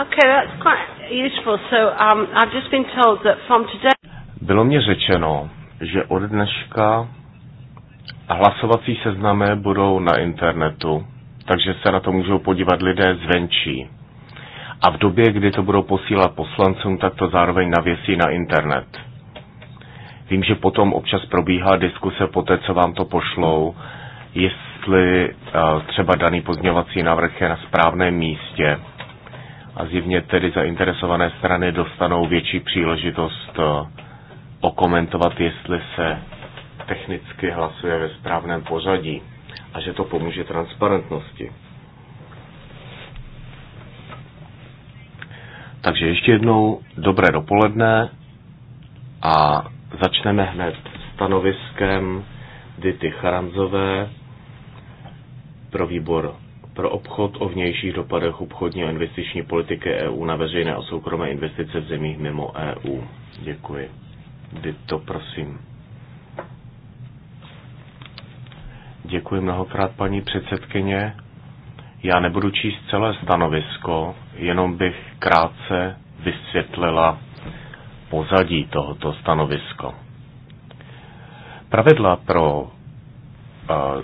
Okay, that's quite useful. So um, I've just been told that from today. Bylo mě řečeno, že od dneška hlasovací seznamy budou na internetu, takže se na to můžou podívat lidé zvenčí. A v době, kdy to budou posílat poslancům, tak to zároveň navěsí na internet. Vím, že potom občas probíhá diskuse po té, co vám to pošlou, jestli uh, třeba daný pozměňovací návrh je na správném místě a zjevně tedy zainteresované strany dostanou větší příležitost eh, okomentovat, jestli se technicky hlasuje ve správném pořadí a že to pomůže transparentnosti. Takže ještě jednou dobré dopoledne a začneme hned stanoviskem Dity Charanzové pro výbor pro obchod o vnějších dopadech obchodní a investiční politiky EU na veřejné a soukromé investice v zemích mimo EU. Děkuji. Kdy to prosím. Děkuji mnohokrát, paní předsedkyně. Já nebudu číst celé stanovisko, jenom bych krátce vysvětlila pozadí tohoto stanovisko. Pravidla pro eh,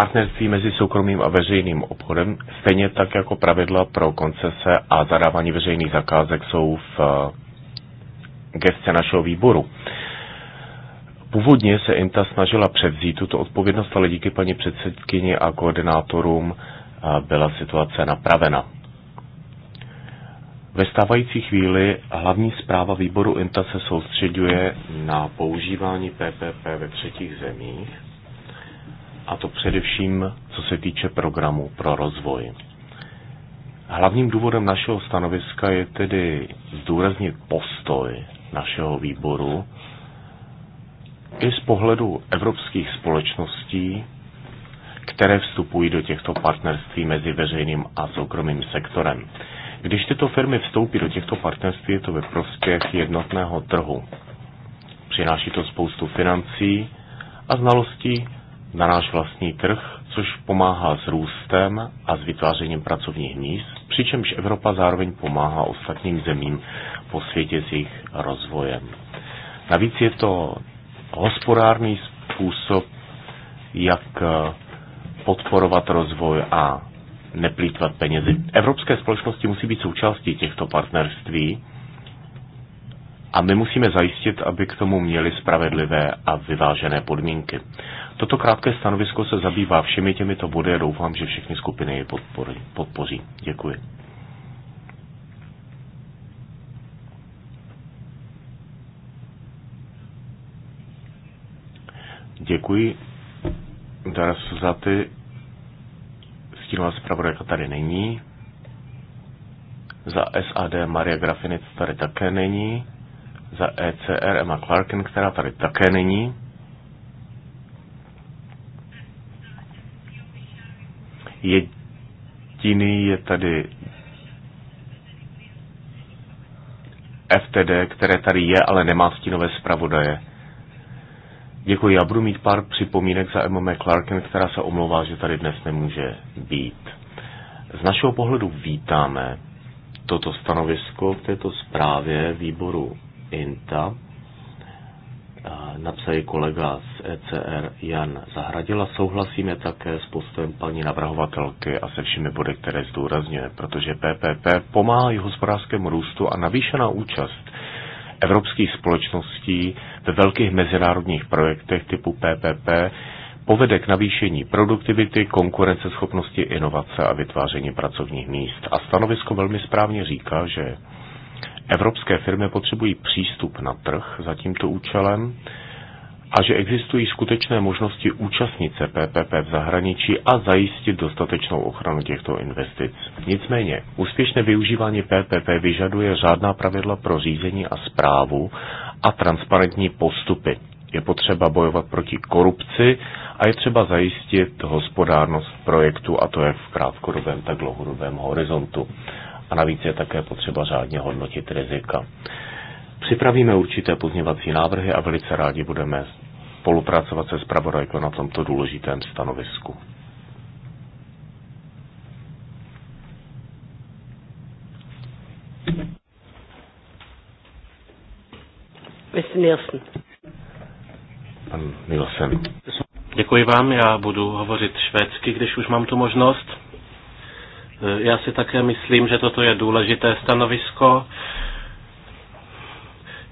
partnerství mezi soukromým a veřejným obchodem, stejně tak jako pravidla pro koncese a zadávání veřejných zakázek jsou v eh, gestce našeho výboru. Původně se INTA snažila převzít tuto odpovědnost, ale díky paní předsedkyni a koordinátorům eh, byla situace napravena. Ve stávající chvíli hlavní zpráva výboru INTA se soustředuje na používání PPP ve třetích zemích a to především co se týče programu pro rozvoj. Hlavním důvodem našeho stanoviska je tedy zdůraznit postoj našeho výboru i z pohledu evropských společností, které vstupují do těchto partnerství mezi veřejným a soukromým sektorem. Když tyto firmy vstoupí do těchto partnerství, je to ve prospěch jednotného trhu. Přináší to spoustu financí a znalostí na náš vlastní trh, což pomáhá s růstem a s vytvářením pracovních míst, přičemž Evropa zároveň pomáhá ostatním zemím po světě s jejich rozvojem. Navíc je to hospodárný způsob, jak eh, podporovat rozvoj a neplýtvat penězi. Evropské společnosti musí být součástí těchto partnerství a my musíme zajistit, aby k tomu měli spravedlivé a vyvážené podmínky. Toto krátké stanovisko se zabývá všemi těmito body a doufám, že všechny skupiny je podporí, podpoří. Děkuji. Děkuji. za ty stínová zpravodajka tady není. Za SAD Maria Grafinic tady také není. Za ECR Emma Clarkin, která tady také není. Jediný je tady FTD, které tady je, ale nemá stínové zpravodaje. Děkuji, já budu mít pár připomínek za Emma McClarken, která se omlouvá, že tady dnes nemůže být. Z našeho pohledu vítáme toto stanovisko v této zprávě výboru INTA napsali kolega z ECR Jan Zahradila. Souhlasíme také s postem paní navrhovatelky a se všemi body, které zdůrazňuje, protože PPP pomáhá i hospodářskému růstu a navýšená účast evropských společností ve velkých mezinárodních projektech typu PPP povede k navýšení produktivity, konkurenceschopnosti, inovace a vytváření pracovních míst. A stanovisko velmi správně říká, že evropské firmy potřebují přístup na trh za tímto účelem a že existují skutečné možnosti účastnit se PPP v zahraničí a zajistit dostatečnou ochranu těchto investic. Nicméně, úspěšné využívání PPP vyžaduje řádná pravidla pro řízení a zprávu a transparentní postupy. Je potřeba bojovat proti korupci a je třeba zajistit hospodárnost projektu, a to jak v krátkodobém, tak dlouhodobém horizontu a navíc je také potřeba řádně hodnotit rizika. Připravíme určité pozměvací návrhy a velice rádi budeme spolupracovat se zpravodajkou na tomto důležitém stanovisku. Mr. Nielsen. Pan Nielsen. Děkuji vám, já budu hovořit švédsky, když už mám tu možnost. Já si také myslím, že toto je důležité stanovisko.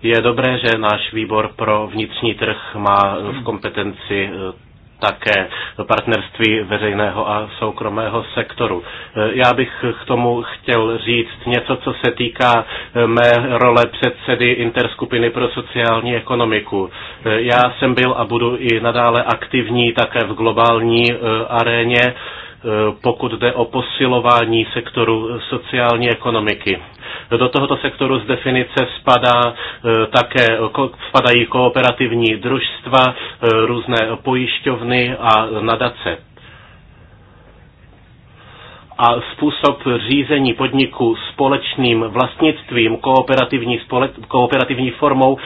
Je dobré, že náš výbor pro vnitřní trh má v kompetenci eh, také partnerství veřejného a soukromého sektoru. Eh, já bych k tomu chtěl říct něco, co se týká eh, mé role předsedy Interskupiny pro sociální ekonomiku. Já jsem byl a budu i nadále aktivní také v globální aréně Eh, pokud jde o posilování sektoru sociální ekonomiky. Do tohoto sektoru z definice spadá eh, také, spadají kooperativní družstva, eh, různé pojišťovny a nadace a způsob řízení podniku společným vlastnictvím, kooperativní, spole, kooperativní formou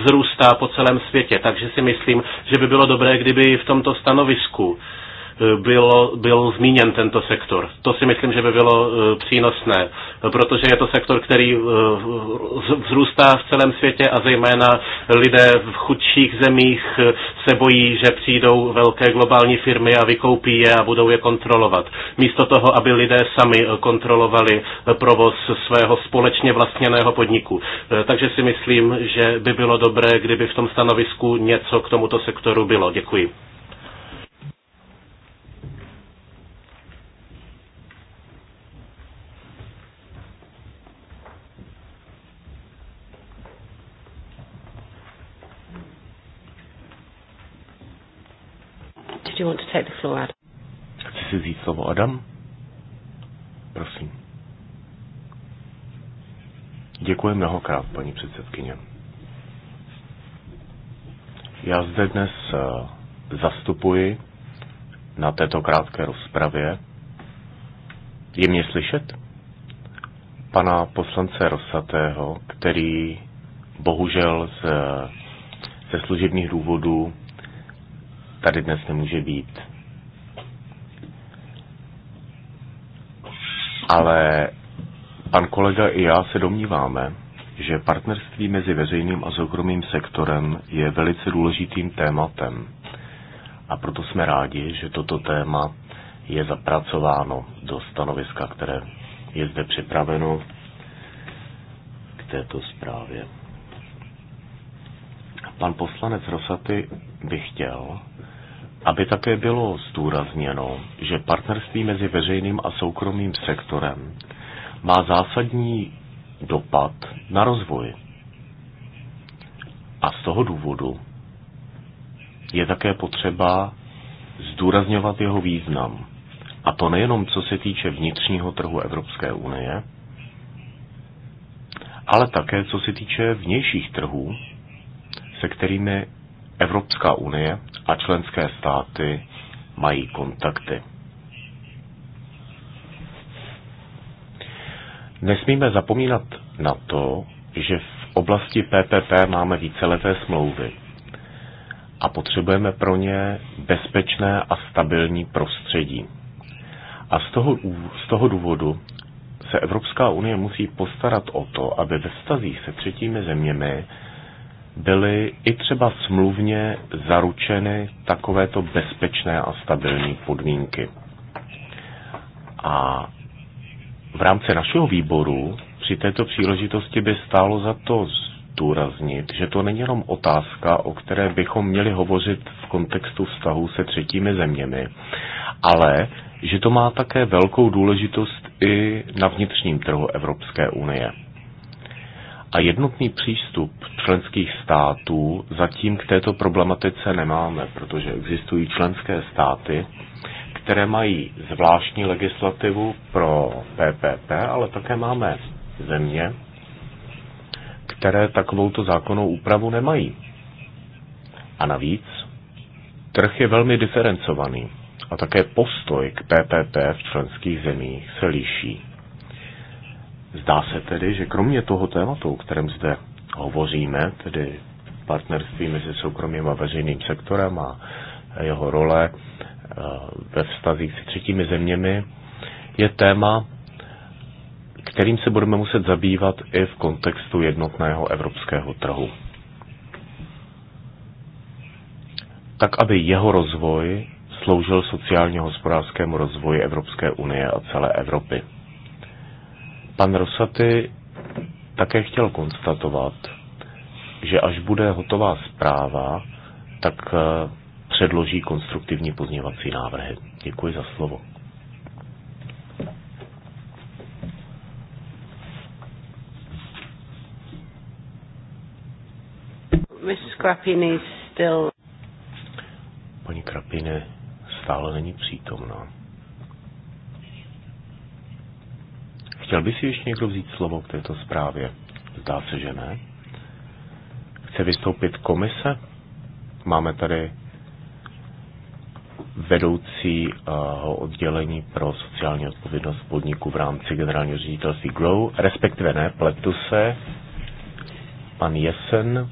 vzrůstá po celém světě. Takže si myslím, že by bylo dobré, kdyby v tomto stanovisku bylo, byl zmíněn tento sektor. To si myslím, že by bylo eh, přínosné, protože je to sektor, který eh, vzrůstá v celém světě a zejména lidé v chudších zemích eh, se bojí, že přijdou velké globální firmy a vykoupí je a budou je kontrolovat. Místo toho, aby lidé sami kontrolovali provoz svého společně vlastněného podniku. Takže si myslím, že by bylo dobré, kdyby v tom stanovisku něco k tomuto sektoru bylo. Děkuji. do you want to take the floor, Adam? Chci si vzít slovo Adam? Prosím. Děkuji mnohokrát, paní předsedkyně. Já zde dnes eh, zastupuji na této krátké rozpravě. Je mě slyšet? Pana poslance Rosatého, který bohužel z, eh, ze služebních důvodů tady dnes nemůže být. Ale pan kolega i já se domníváme, že partnerství mezi veřejným a soukromým sektorem je velice důležitým tématem. A proto jsme rádi, že toto téma je zapracováno do stanoviska, které je zde připraveno k této zprávě. Pan poslanec Rosaty by chtěl, aby také bylo zdůrazněno, že partnerství mezi veřejným a soukromým sektorem má zásadní dopad na rozvoj. A z toho důvodu je také potřeba zdůrazňovat jeho význam. A to nejenom co se týče vnitřního trhu Evropské unie, ale také co se týče vnějších trhů, se kterými Evropská unie a členské státy mají kontakty. Nesmíme zapomínat na to, že v oblasti PPP máme víceleté smlouvy a potřebujeme pro ně bezpečné a stabilní prostředí. A z toho, z toho důvodu se Evropská unie musí postarat o to, aby ve vztazích se třetími zeměmi byly i třeba smluvně zaručeny takovéto bezpečné a stabilní podmínky. A v rámci našeho výboru při této příležitosti by stálo za to zdůraznit, že to není jenom otázka, o které bychom měli hovořit v kontextu vztahu se třetími zeměmi, ale že to má také velkou důležitost i na vnitřním trhu Evropské unie. A jednotný přístup členských států zatím k této problematice nemáme, protože existují členské státy, které mají zvláštní legislativu pro PPP, ale také máme země, které takovouto zákonnou úpravu nemají. A navíc, trh je velmi diferencovaný a také postoj k PPP v členských zemích se liší. Zdá se tedy, že kromě toho tématu, o kterém zde hovoříme, tedy partnerství mezi soukromým a veřejným sektorem a jeho role eh, ve vztazích s třetími zeměmi, je téma, kterým se budeme muset zabývat i v kontextu jednotného evropského trhu. Tak, aby jeho rozvoj sloužil sociálně hospodářskému rozvoji Evropské unie a celé Evropy. Pan Rosaty také chtěl konstatovat, že až bude hotová zpráva, tak eh, předloží konstruktivní pozměňovací návrhy. Děkuji za slovo. Paní Krapiny stále není přítomná. Chtěl by si ještě někdo vzít slovo k této zprávě? Zdá se, že ne. Chce vystoupit komise? Máme tady vedoucího eh, oddělení pro sociální odpovědnost podniku v rámci generálního ředitelství GROW, respektive ne, pletu se, pan Jesen,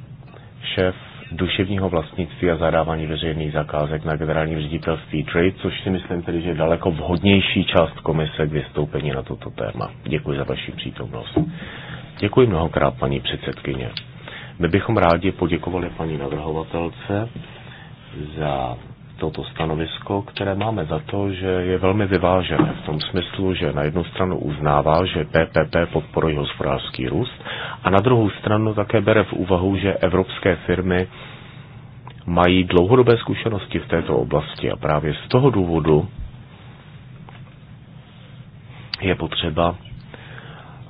šéf duševního vlastnictví a zadávání veřejných zakázek na generální ředitelství Trade, což si myslím tedy, že je daleko vhodnější část komise k vystoupení na toto téma. Děkuji za vaši přítomnost. Děkuji mnohokrát, paní předsedkyně. My bychom rádi poděkovali paní navrhovatelce za toto stanovisko, které máme za to, že je velmi vyvážené v tom smyslu, že na jednu stranu uznává, že PPP podporuje hospodářský růst a na druhou stranu také bere v úvahu, že evropské firmy mají dlouhodobé zkušenosti v této oblasti a právě z toho důvodu je potřeba,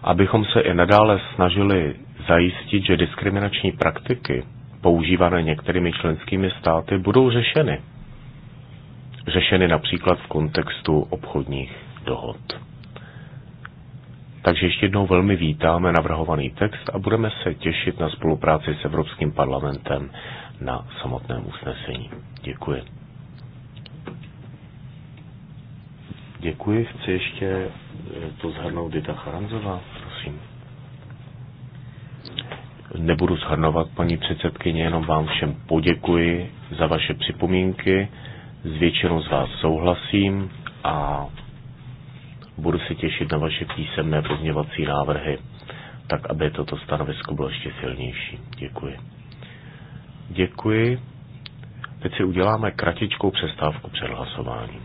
abychom se i nadále snažili zajistit, že diskriminační praktiky používané některými členskými státy budou řešeny řešeny například v kontextu obchodních dohod. Takže ještě jednou velmi vítáme navrhovaný text a budeme se těšit na spolupráci s Evropským parlamentem na samotném usnesení. Děkuji. Děkuji. Chci ještě eh, to zhrnout Dita Charanzová, prosím. Nebudu zhrnovat, paní předsedkyně, jenom vám všem poděkuji za vaše připomínky. S většinou z vás souhlasím a budu se těšit na vaše písemné pozměvací návrhy, tak aby toto stanovisko bylo ještě silnější. Děkuji. Děkuji. Teď si uděláme kratičkou přestávku před hlasováním.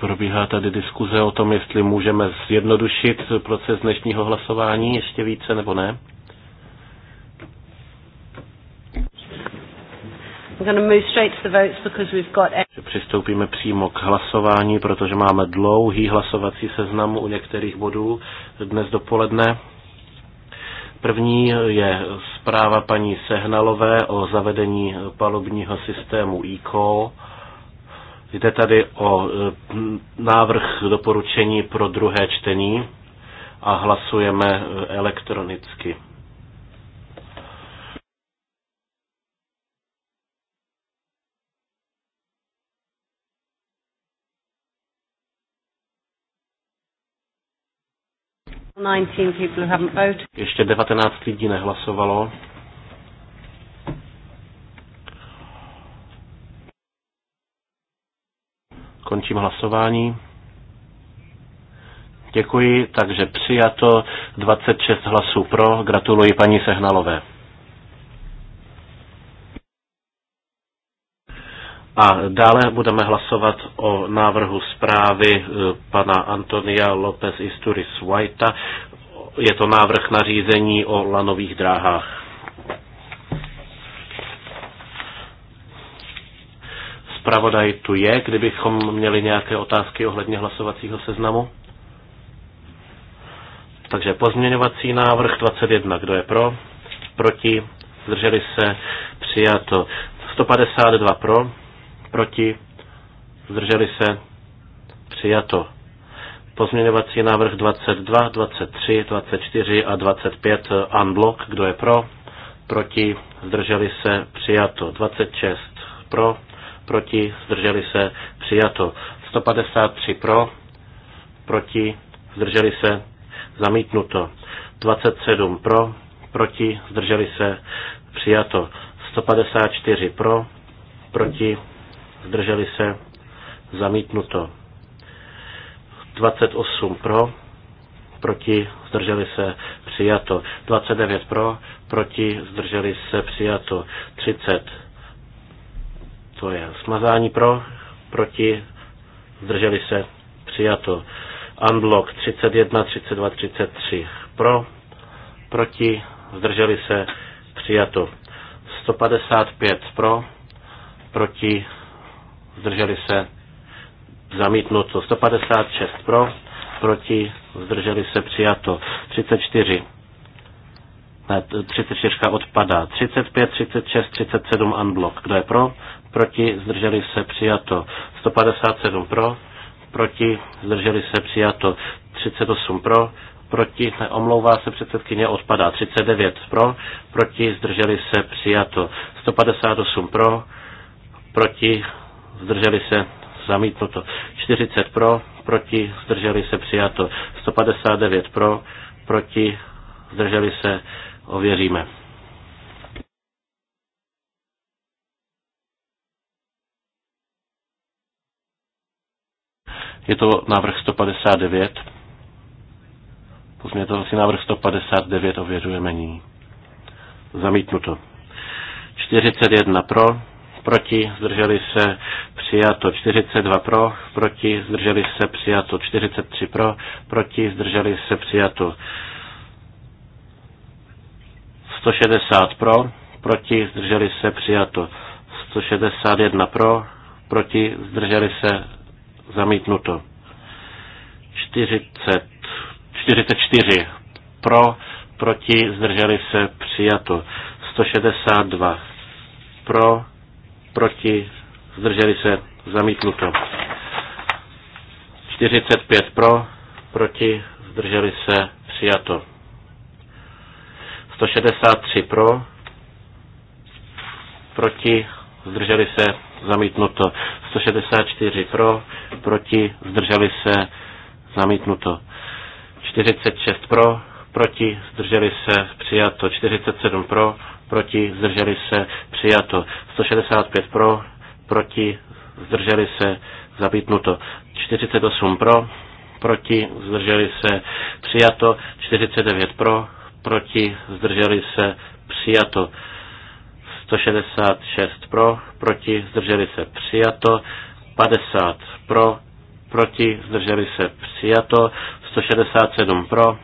Probíhá tady diskuze o tom, jestli můžeme zjednodušit proces dnešního hlasování ještě více nebo ne. E- přistoupíme přímo k hlasování, protože máme dlouhý hlasovací seznam u některých bodů dnes dopoledne. První je zpráva paní Sehnalové o zavedení palubního systému ICO. Jde tady o eh, návrh doporučení pro druhé čtení a hlasujeme eh, elektronicky. Ještě 19 lidí nehlasovalo. Končím hlasování. Děkuji, takže přijato 26 hlasů pro. Gratuluji paní Sehnalové. A dále budeme hlasovat o návrhu zprávy eh, pana Antonia López Isturis Whitea. Je to návrh na řízení o lanových dráhách. Zpravodaj tu je, kdybychom měli nějaké otázky ohledně hlasovacího seznamu. Takže pozměňovací návrh 21. Kdo je pro? Proti? Zdrželi se? Přijato. 152 pro? proti, zdrželi se, přijato. Pozměňovací návrh 22, 23, 24 a 25 unblock, eh, kdo je pro, proti, zdrželi se, přijato. 26 pro, proti, zdrželi se, přijato. 153 pro, proti, zdrželi se, zamítnuto. 27 pro, proti, zdrželi se, přijato. 154 pro, proti, zdrželi se, zamítnuto. 28 pro, proti, zdrželi se, přijato. 29 pro, proti, zdrželi se, přijato. 30, to je smazání pro, proti, zdrželi se, přijato. Unblock 31, 32, 33 pro, proti, zdrželi se, přijato. 155 pro, proti, zdrželi se, zamítnuto 156 pro, proti, zdrželi se, přijato 34. Ne, 34 odpadá. 35, 36, 37 unblock. Kdo je pro? Proti, zdrželi se, přijato. 157 pro, proti, zdrželi se, přijato. 38 pro, proti, ne, omlouvá se předsedkyně, odpadá. 39 pro, proti, zdrželi se, přijato. 158 pro, proti, zdrželi se, zamítnuto. 40 pro, proti, zdrželi se, přijato. 159 pro, proti, zdrželi se, ověříme. Je to návrh 159. asi návrh 159 ověřujeme nyní. Zamítnuto. 41 pro, proti, zdrželi se, přijato 42 pro, proti, zdrželi se, přijato 43 pro, proti, zdrželi se, přijato 160 pro, proti, zdrželi se, přijato 161 pro, proti, zdrželi se, zamítnuto 40, 44 pro, proti, zdrželi se, přijato 162 pro, proti, zdrželi se, zamítnuto. 45 pro, proti, zdrželi se, přijato. 163 pro, proti, zdrželi se, zamítnuto. 164 pro, proti, zdrželi se, zamítnuto. 46 pro, proti, zdrželi se, přijato. 47 pro, proti, zdrželi se, přijato. 165 pro, proti, zdrželi se, zabítnuto 48 pro, proti, zdrželi se, přijato. 49 pro, proti, zdrželi se, přijato. 166 pro, proti, zdrželi se, přijato. 50 pro, proti, zdrželi se, přijato. 167 pro,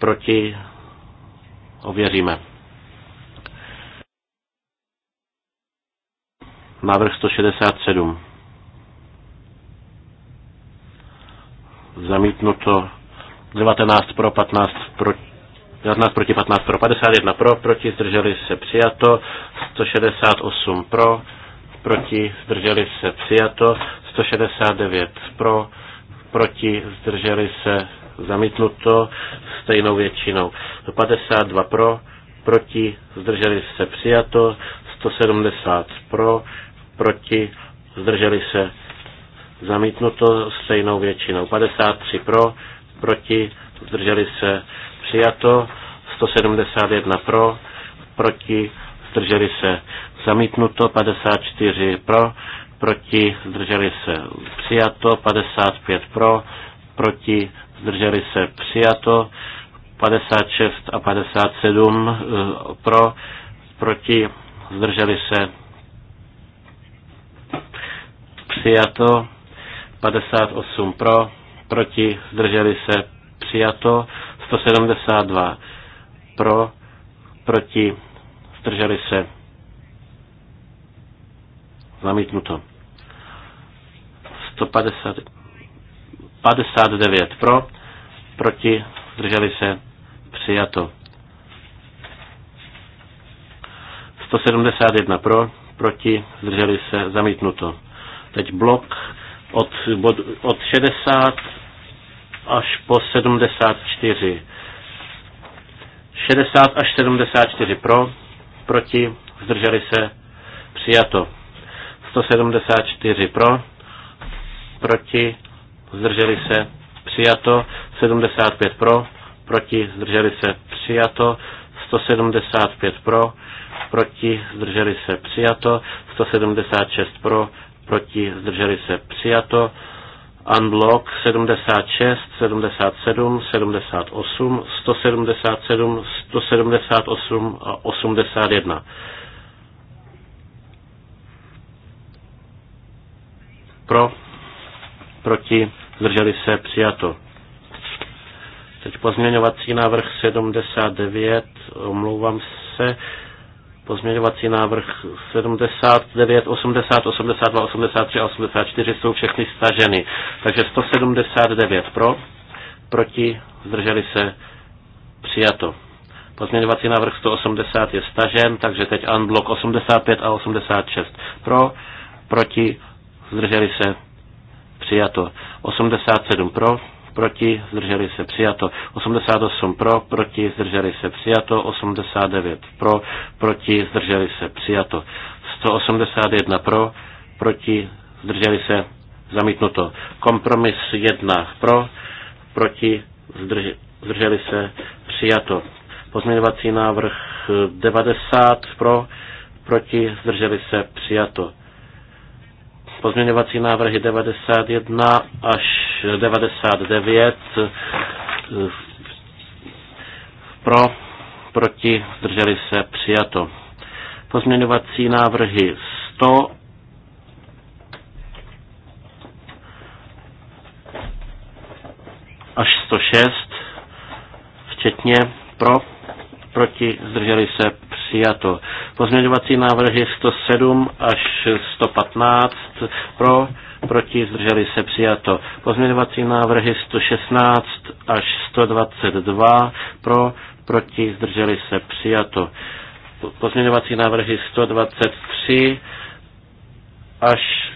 proti, ověříme. Návrh 167. Zamítnuto 19 pro 15 pro 19 proti 15 pro, 51 pro, proti zdrželi se přijato, 168 pro, proti zdrželi se přijato, 169 pro, proti zdrželi se zamítnuto stejnou většinou, 52 pro, proti zdrželi se přijato, 170 pro, proti, zdrželi se, zamítnuto stejnou většinou. 53 pro, proti, zdrželi se, přijato. 171 pro, proti, zdrželi se, zamítnuto. 54 pro, proti, zdrželi se, přijato. 55 pro, proti, zdrželi se, přijato. 56 a 57 eh, pro, proti, zdrželi se, přijato, 58 pro, proti, zdrželi se, přijato, 172 pro, proti, zdrželi se, zamítnuto. 150, 59 pro, proti, zdrželi se, přijato. 171 pro, proti, zdrželi se, zamítnuto. Teď blok od, bod, od 60 až po 74. 60 až 74 pro, proti, zdrželi se, přijato. 174 pro, proti, zdrželi se, přijato. 75 pro, proti, zdrželi se, přijato. 175 pro, proti, zdrželi se přijato, 176 pro, proti, zdrželi se přijato, unblock 76, 77, 78, 177, 178 a 81. Pro, proti, zdrželi se přijato. Teď pozměňovací návrh 79, omlouvám se, Pozměňovací návrh 79, 80, 82, 83 a 84 jsou všechny staženy. Takže 179 pro, proti, zdrželi se, přijato. Pozměňovací návrh 180 je stažen, takže teď unblock 85 a 86 pro, proti, zdrželi se, přijato. 87 pro, proti, zdrželi se přijato. 88 pro, proti, zdrželi se přijato. 89 pro, proti, zdrželi se přijato. 181 pro, proti, zdrželi se zamítnuto. Kompromis 1 pro, proti, zdrž, zdrželi se přijato. Pozměňovací návrh 90 pro, proti, zdrželi se přijato. Pozměňovací návrhy 91 až 99 pro, proti, zdrželi se, přijato. Pozměňovací návrhy 100 až 106, včetně pro, proti, zdrželi se, přijato. Pozměňovací návrhy 107 až 115 pro, proti, zdrželi se, přijato. Pozměňovací návrhy 116 až 122 pro, proti, zdrželi se, přijato. Pozměňovací návrhy 123 až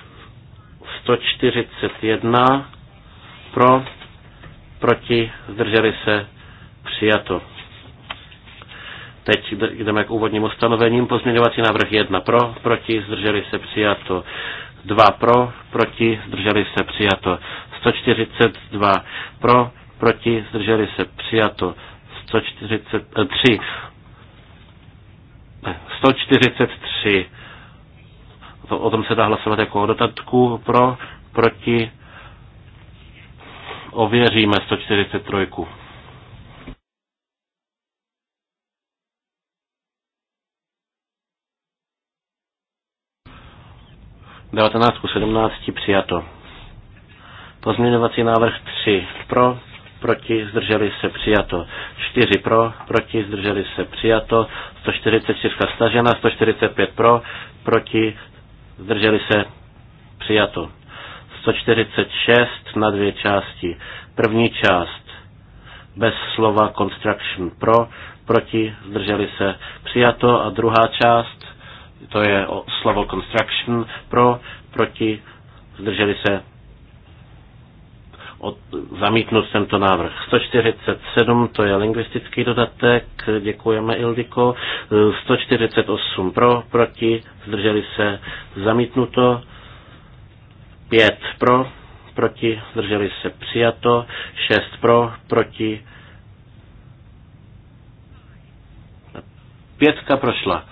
141 pro, proti, zdrželi se, přijato. Teď jdeme k úvodním ustanovením. Pozměňovací návrh 1 pro, proti, zdrželi se přijato. 2 pro, proti, zdrželi se přijato. 142 pro, proti, zdrželi se přijato. 143 eh, ne, 143 to, o tom se dá hlasovat jako o dodatku pro, proti ověříme 143 19 17 přijato. Pozměňovací návrh 3 pro, proti, zdrželi se přijato. 4 pro, proti, zdrželi se přijato. 144 stažena, 145 pro, proti, zdrželi se přijato. 146 na dvě části. První část bez slova construction pro, proti, zdrželi se přijato a druhá část to je slovo construction pro, proti, zdrželi se od, zamítnout tento návrh. 147, to je lingvistický dodatek, děkujeme Ildiko. 148 pro, proti, zdrželi se, zamítnuto. 5 pro, proti, zdrželi se, přijato. 6 pro, proti. Pětka prošla.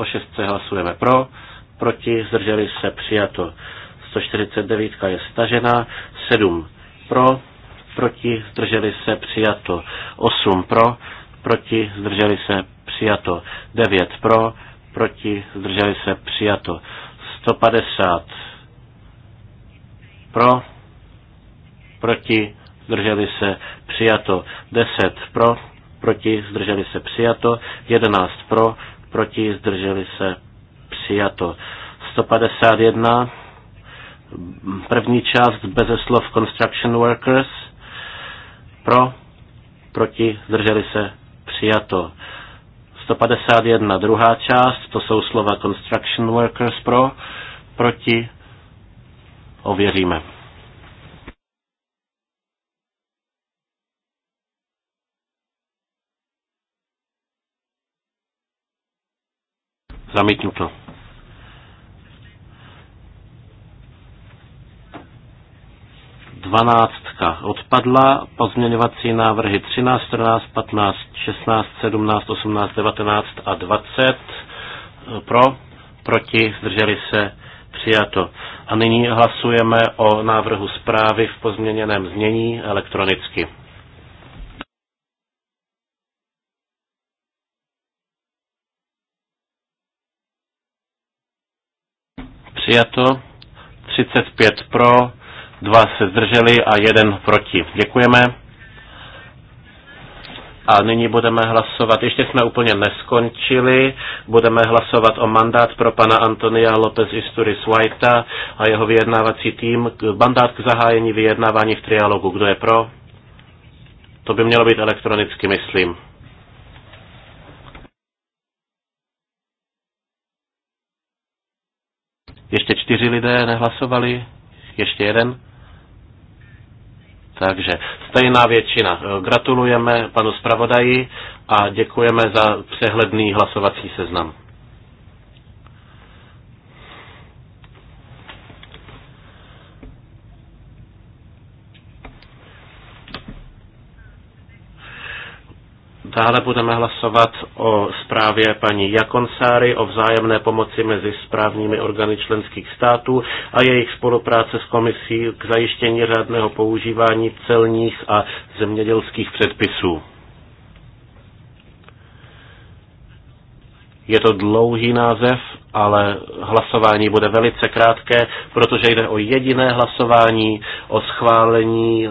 O 6 hlasujeme pro, proti, zdrželi se, přijato. 149 je stažena, 7 pro, proti, zdrželi se, přijato. 8 pro, proti, zdrželi se, přijato. 9 pro, proti, zdrželi se, přijato. 150 pro, proti, zdrželi se, přijato. 10 pro, proti, zdrželi se, přijato. 11 pro, proti, zdrželi se, přijato. 151, první část beze slov Construction Workers, pro, proti, zdrželi se, přijato. 151, druhá část, to jsou slova Construction Workers pro, proti, ověříme. Zamítnuto. Dvanáctka odpadla, pozměňovací návrhy 13, 14, 15, 16, 17, 18, 19 a 20 pro, proti, zdrželi se, přijato. A nyní hlasujeme o návrhu zprávy v pozměněném znění elektronicky. přijato, 35 pro, 2 se zdrželi a 1 proti. Děkujeme. A nyní budeme hlasovat, ještě jsme úplně neskončili, budeme hlasovat o mandát pro pana Antonia López Isturis Whitea a jeho vyjednávací tým, mandát k zahájení vyjednávání v trialogu. Kdo je pro? To by mělo být elektronicky, myslím. Ještě čtyři lidé nehlasovali? Ještě jeden? Takže stejná většina. Eh, Gratulujeme panu zpravodaji a děkujeme za přehledný hlasovací seznam. Dále budeme hlasovat o zprávě paní Jakonsáry o vzájemné pomoci mezi správními orgány členských států a jejich spolupráce s komisí k zajištění řádného používání celních a zemědělských předpisů. Je to dlouhý název, ale hlasování bude velice krátké, protože jde o jediné hlasování o schválení,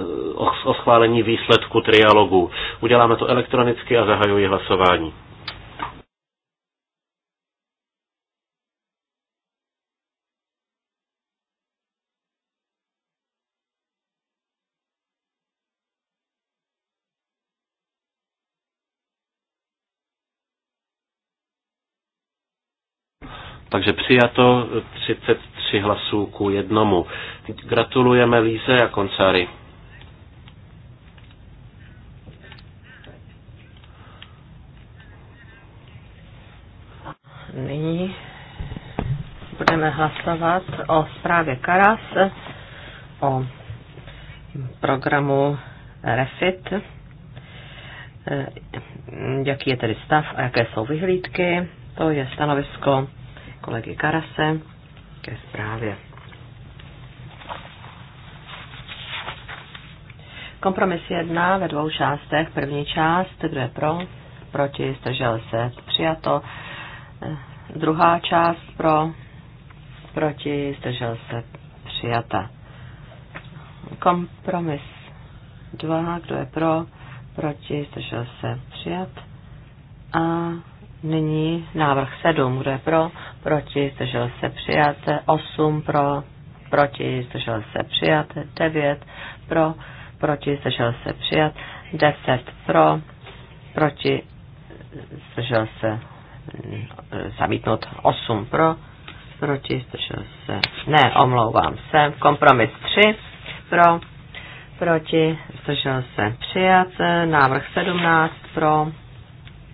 o, schválení výsledku trialogu. Uděláme to elektronicky a zahajuji hlasování. Takže přijato 33 hlasů ku jednomu. Gratulujeme Líze a Koncary. Nyní budeme hlasovat o zprávě Karas, o programu Refit, e, jaký je tedy stav a jaké jsou vyhlídky. To je stanovisko kolegy Karase ke zprávě. Kompromis jedna, ve dvou částech. První část, kdo je pro, proti, zdržel se, přijato. Druhá část pro, proti, zdržel se, přijata. Kompromis 2, kdo je pro, proti, zdržel se, přijat. A nyní návrh 7, kdo je pro, proti, zdržel se přijat, 8 pro, proti, zdržel se přijat, 9 pro, proti, zdržel se přijat, 10 pro, proti, zdržel se eh, zamítnout 8 pro, proti, zdržel se, ne, omlouvám se, kompromis 3 pro, proti, zdržel se přijat, eh, návrh 17 pro,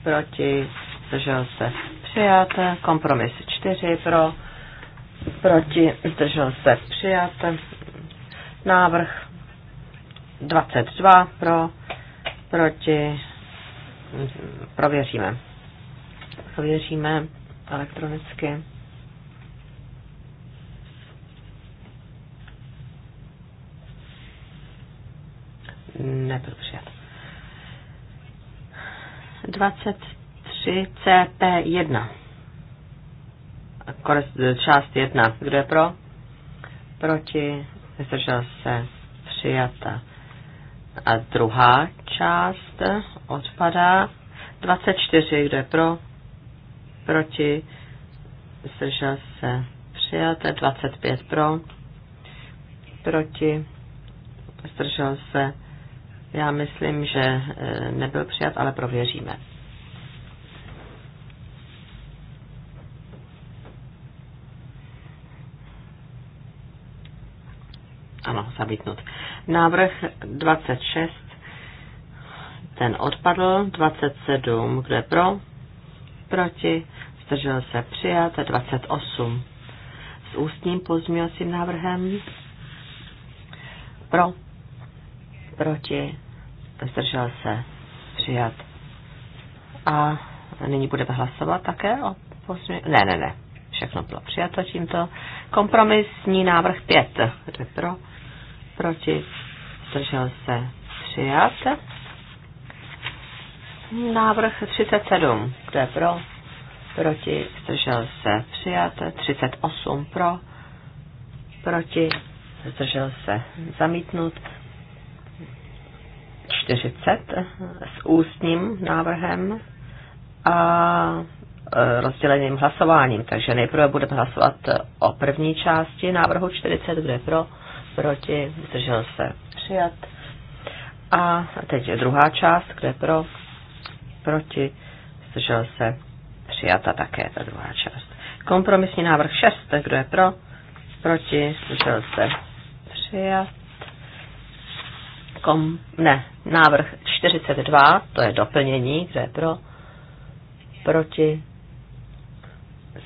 proti, zdržel se přijat, kompromis 4 pro, proti, zdržel se přijat, návrh 22 pro, proti, prověříme. Prověříme elektronicky. Nebyl přijat. 20 3 CP1. Část 1. Kdo je pro? Proti. Zdržel se. Přijata. A druhá část odpadá. 24. Kdo je pro? Proti. Zdržel se. Přijata. 25 pro. Proti. Zdržel se. Já myslím, že e, nebyl přijat, ale prověříme. Ano, zamítnut. Návrh 26, ten odpadl. 27, kde pro? Proti. Zdržel se přijat. 28 s ústním pozměňovacím návrhem. Pro. Proti. Zdržel se přijat. A nyní budeme hlasovat také o pozměň... Ne, ne, ne. Všechno bylo přijato tímto. Kompromisní návrh 5. Kdo pro? Proti? Zdržel se? Přijat. Návrh 37. Kdo je pro? Proti? Zdržel se? Přijat. 38 pro? Proti? Zdržel se? Zamítnut. 40 s ústním návrhem a Eh, rozděleným hlasováním. Takže nejprve budeme hlasovat eh, o první části návrhu 40, kde pro, proti, zdržel se přijat. A teď je druhá část, kde pro, proti, zdržel se přijata také ta druhá část. Kompromisní návrh 6, kdo je pro, proti, zdržel se přijat. Kom, ne, návrh 42, to je doplnění, kdo je pro, proti,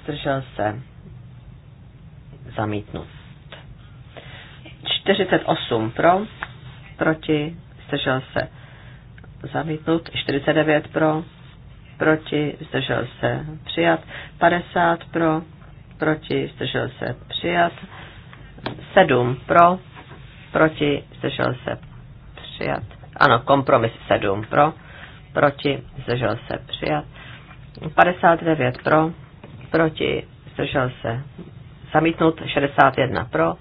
zdržel se, zamítnut. 48 pro, proti, zdržel se, zamítnut. 49 pro, proti, zdržel se, přijat. 50 pro, proti, zdržel se, přijat. 7 pro, proti, zdržel se, přijat. Ano, kompromis 7 pro, proti, zdržel se, přijat. 59 pro, proti, zdržel se zamítnut, 61 pro,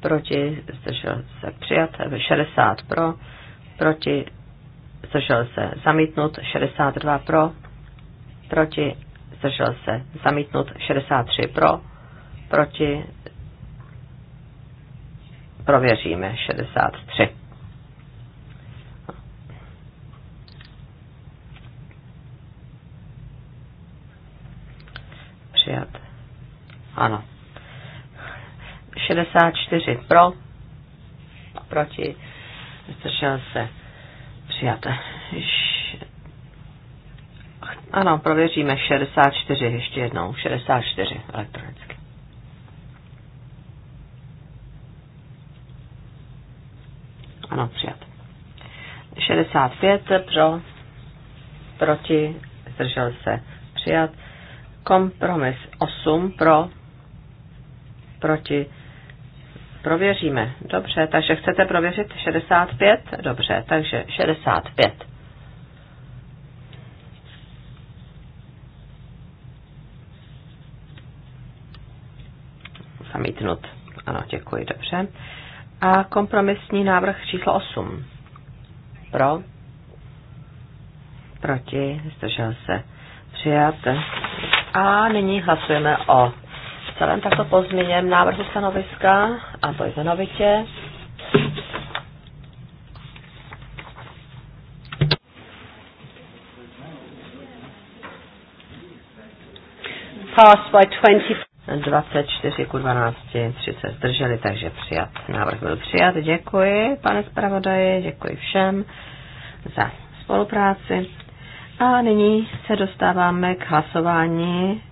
proti, zdržel se přijat, 60 pro, proti, zdržel se zamítnut, 62 pro, proti, zdržel se zamítnut, 63 pro, proti, prověříme, 63. Přijat. Ano. 64 pro, proti, zdržel se, přijat. Ano, prověříme 64 ještě jednou, 64 elektronicky. Ano, přijat. 65 pro, proti, zdržel se, přijat. Kompromis 8 pro, proti, prověříme. Dobře, takže chcete prověřit 65? Dobře, takže 65. Zamítnut. Ano, děkuji, dobře. A kompromisní návrh číslo 8. Pro, proti, zdržel se přijat. A nyní hlasujeme o celém takto pozměněném návrhu stanoviska a to jmenovitě. Passed by 20. 24 ku 12, 30 zdrželi, takže přijat. Návrh byl přijat. Děkuji, pane zpravodaji, děkuji všem za spolupráci. A nyní se dostáváme k hlasování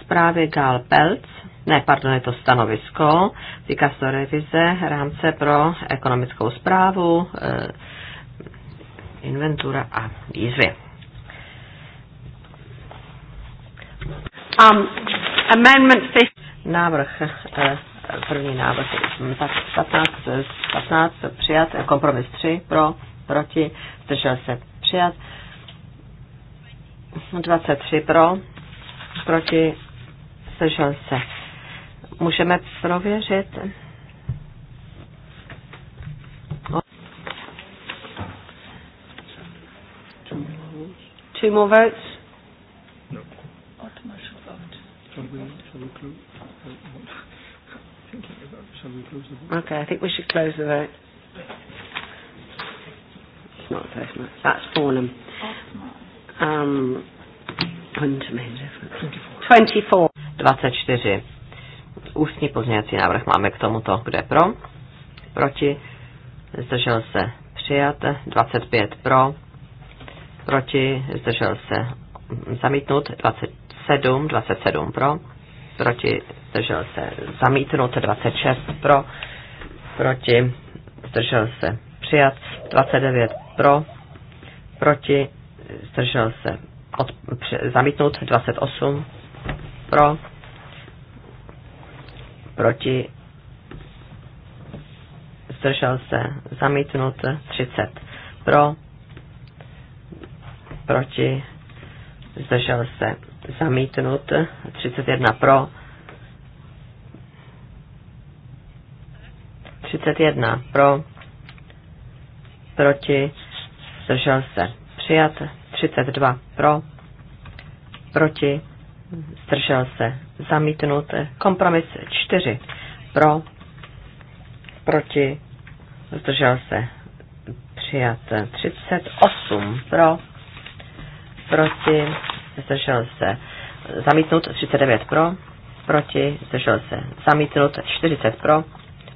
zprávy Gál Pelc. Ne, pardon, je to stanovisko. Týká se revize rámce pro ekonomickou zprávu, e, eh, inventura a výzvy. Um, amendment Návrh, e, první návrh, tak 15, 15 eh, přijat, kompromis 3 pro, proti, zdržel se přijat. 23 pro, proti, zdržel se. Můžeme prověřit. Two more votes. No. vote. Shall we, close? the vote? Okay, I think we should close the vote. It's not close enough. That's Fornham. Oh. Um, 24. Ústní pozměňovací návrh máme k tomuto, kde pro, proti, zdržel se přijat, 25 pro, proti, zdržel se zamítnut, 27, 27 pro, proti, zdržel se zamítnut, 26 pro, proti, zdržel se přijat, 29 pro, proti, zdržel se od, zamítnout 28 pro, proti, zdržel se zamítnut 30 pro, proti, zdržel se zamítnut 31 pro, 31 pro, proti, zdržel se přijat 32 pro, proti, zdržel se, zamítnut. Kompromis 4 pro, proti, zdržel se, přijat. 38 pro, proti, zdržel se, zamítnut. 39 pro, proti, zdržel se, zamítnut. 40 pro,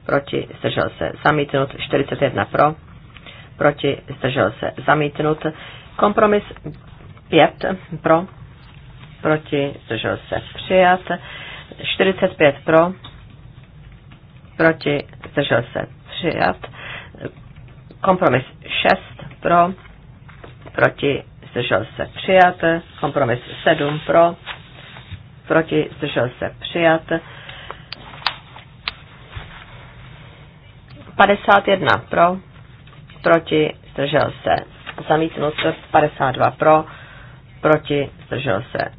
proti, zdržel se, zamítnut. 41 pro, proti, zdržel se, zamítnut. Kompromis 5 pro, proti, zdržel se přijat. 45 pro, proti, zdržel se přijat. Kompromis 6 pro, proti, zdržel se přijat. Kompromis 7 pro, proti, zdržel se přijat. 51 pro, proti, zdržel se zamítnut 52 pro, proti, zdržel se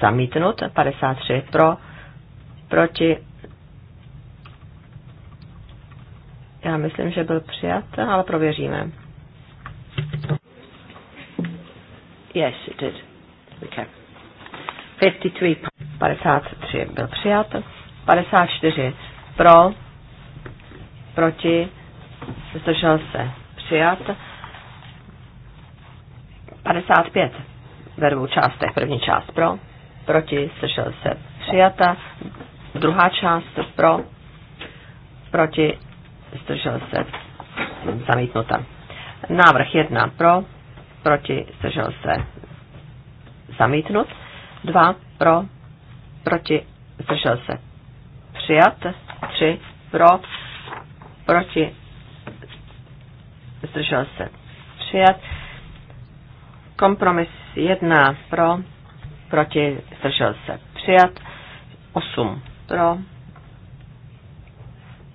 zamítnut 53 pro, proti, já myslím, že byl přijat, ale prověříme. Yes, it did. Okay. 53. 53 byl přijat. 54 pro, proti, zdržel se přijat. 55 ve dvou částech. První část pro, proti, slyšel se přijata. Druhá část pro, proti, zdržel se zamítnuta. Návrh 1 pro, proti, zdržel se zamítnut. 2 pro, proti, zdržel se přijat. 3 pro, proti, zdržel se přijat. Kompromis 1 pro, proti, zdržel se přijat. 8 pro,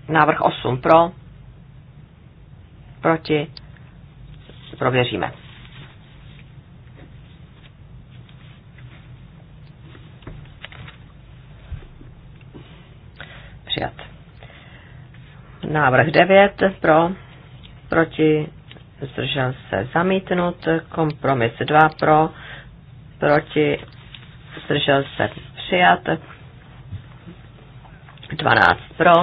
návrh 8 pro, proti, prověříme. Přijat. Návrh 9 pro, proti, zdržel se zamítnut, kompromis 2 pro, proti, zdržel se přijat, 12 pro,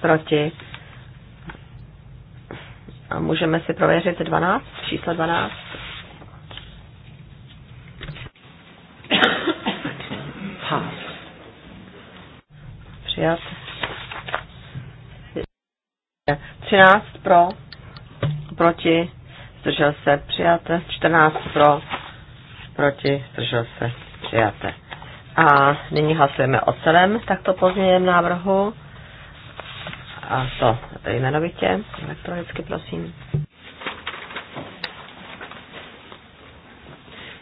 proti, a můžeme si prověřit 12, číslo 12. Přijat. 13 pro, proti, zdržel se, přijaté. 14 pro, proti, zdržel se, přijaté. A nyní hlasujeme o celém takto pozdějem návrhu. A to jmenovitě, elektronicky prosím.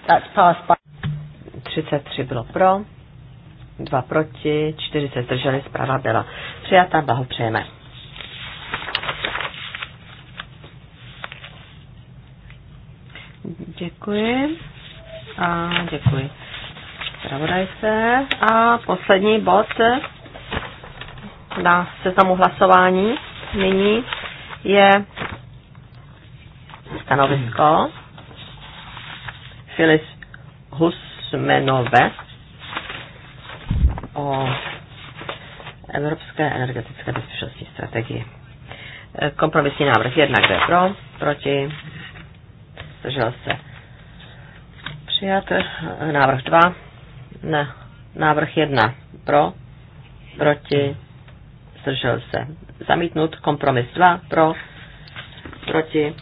That's passed by 33 bylo pro, 2 proti, 4 se zdrželi, zpráva byla přijata, blahopřejeme. Děkuji. A děkuji. Pravodajce. A poslední bod na seznamu hlasování nyní je stanovisko Filis Husmenové o Evropské energetické bezpečnostní strategii. Kompromisní návrh jednak kde je pro, proti, zdržel se Přijat návrh 2. Ne. Návrh 1. Pro. Proti. Zdržel se. Zamítnut. Kompromis 2. Pro. Proti.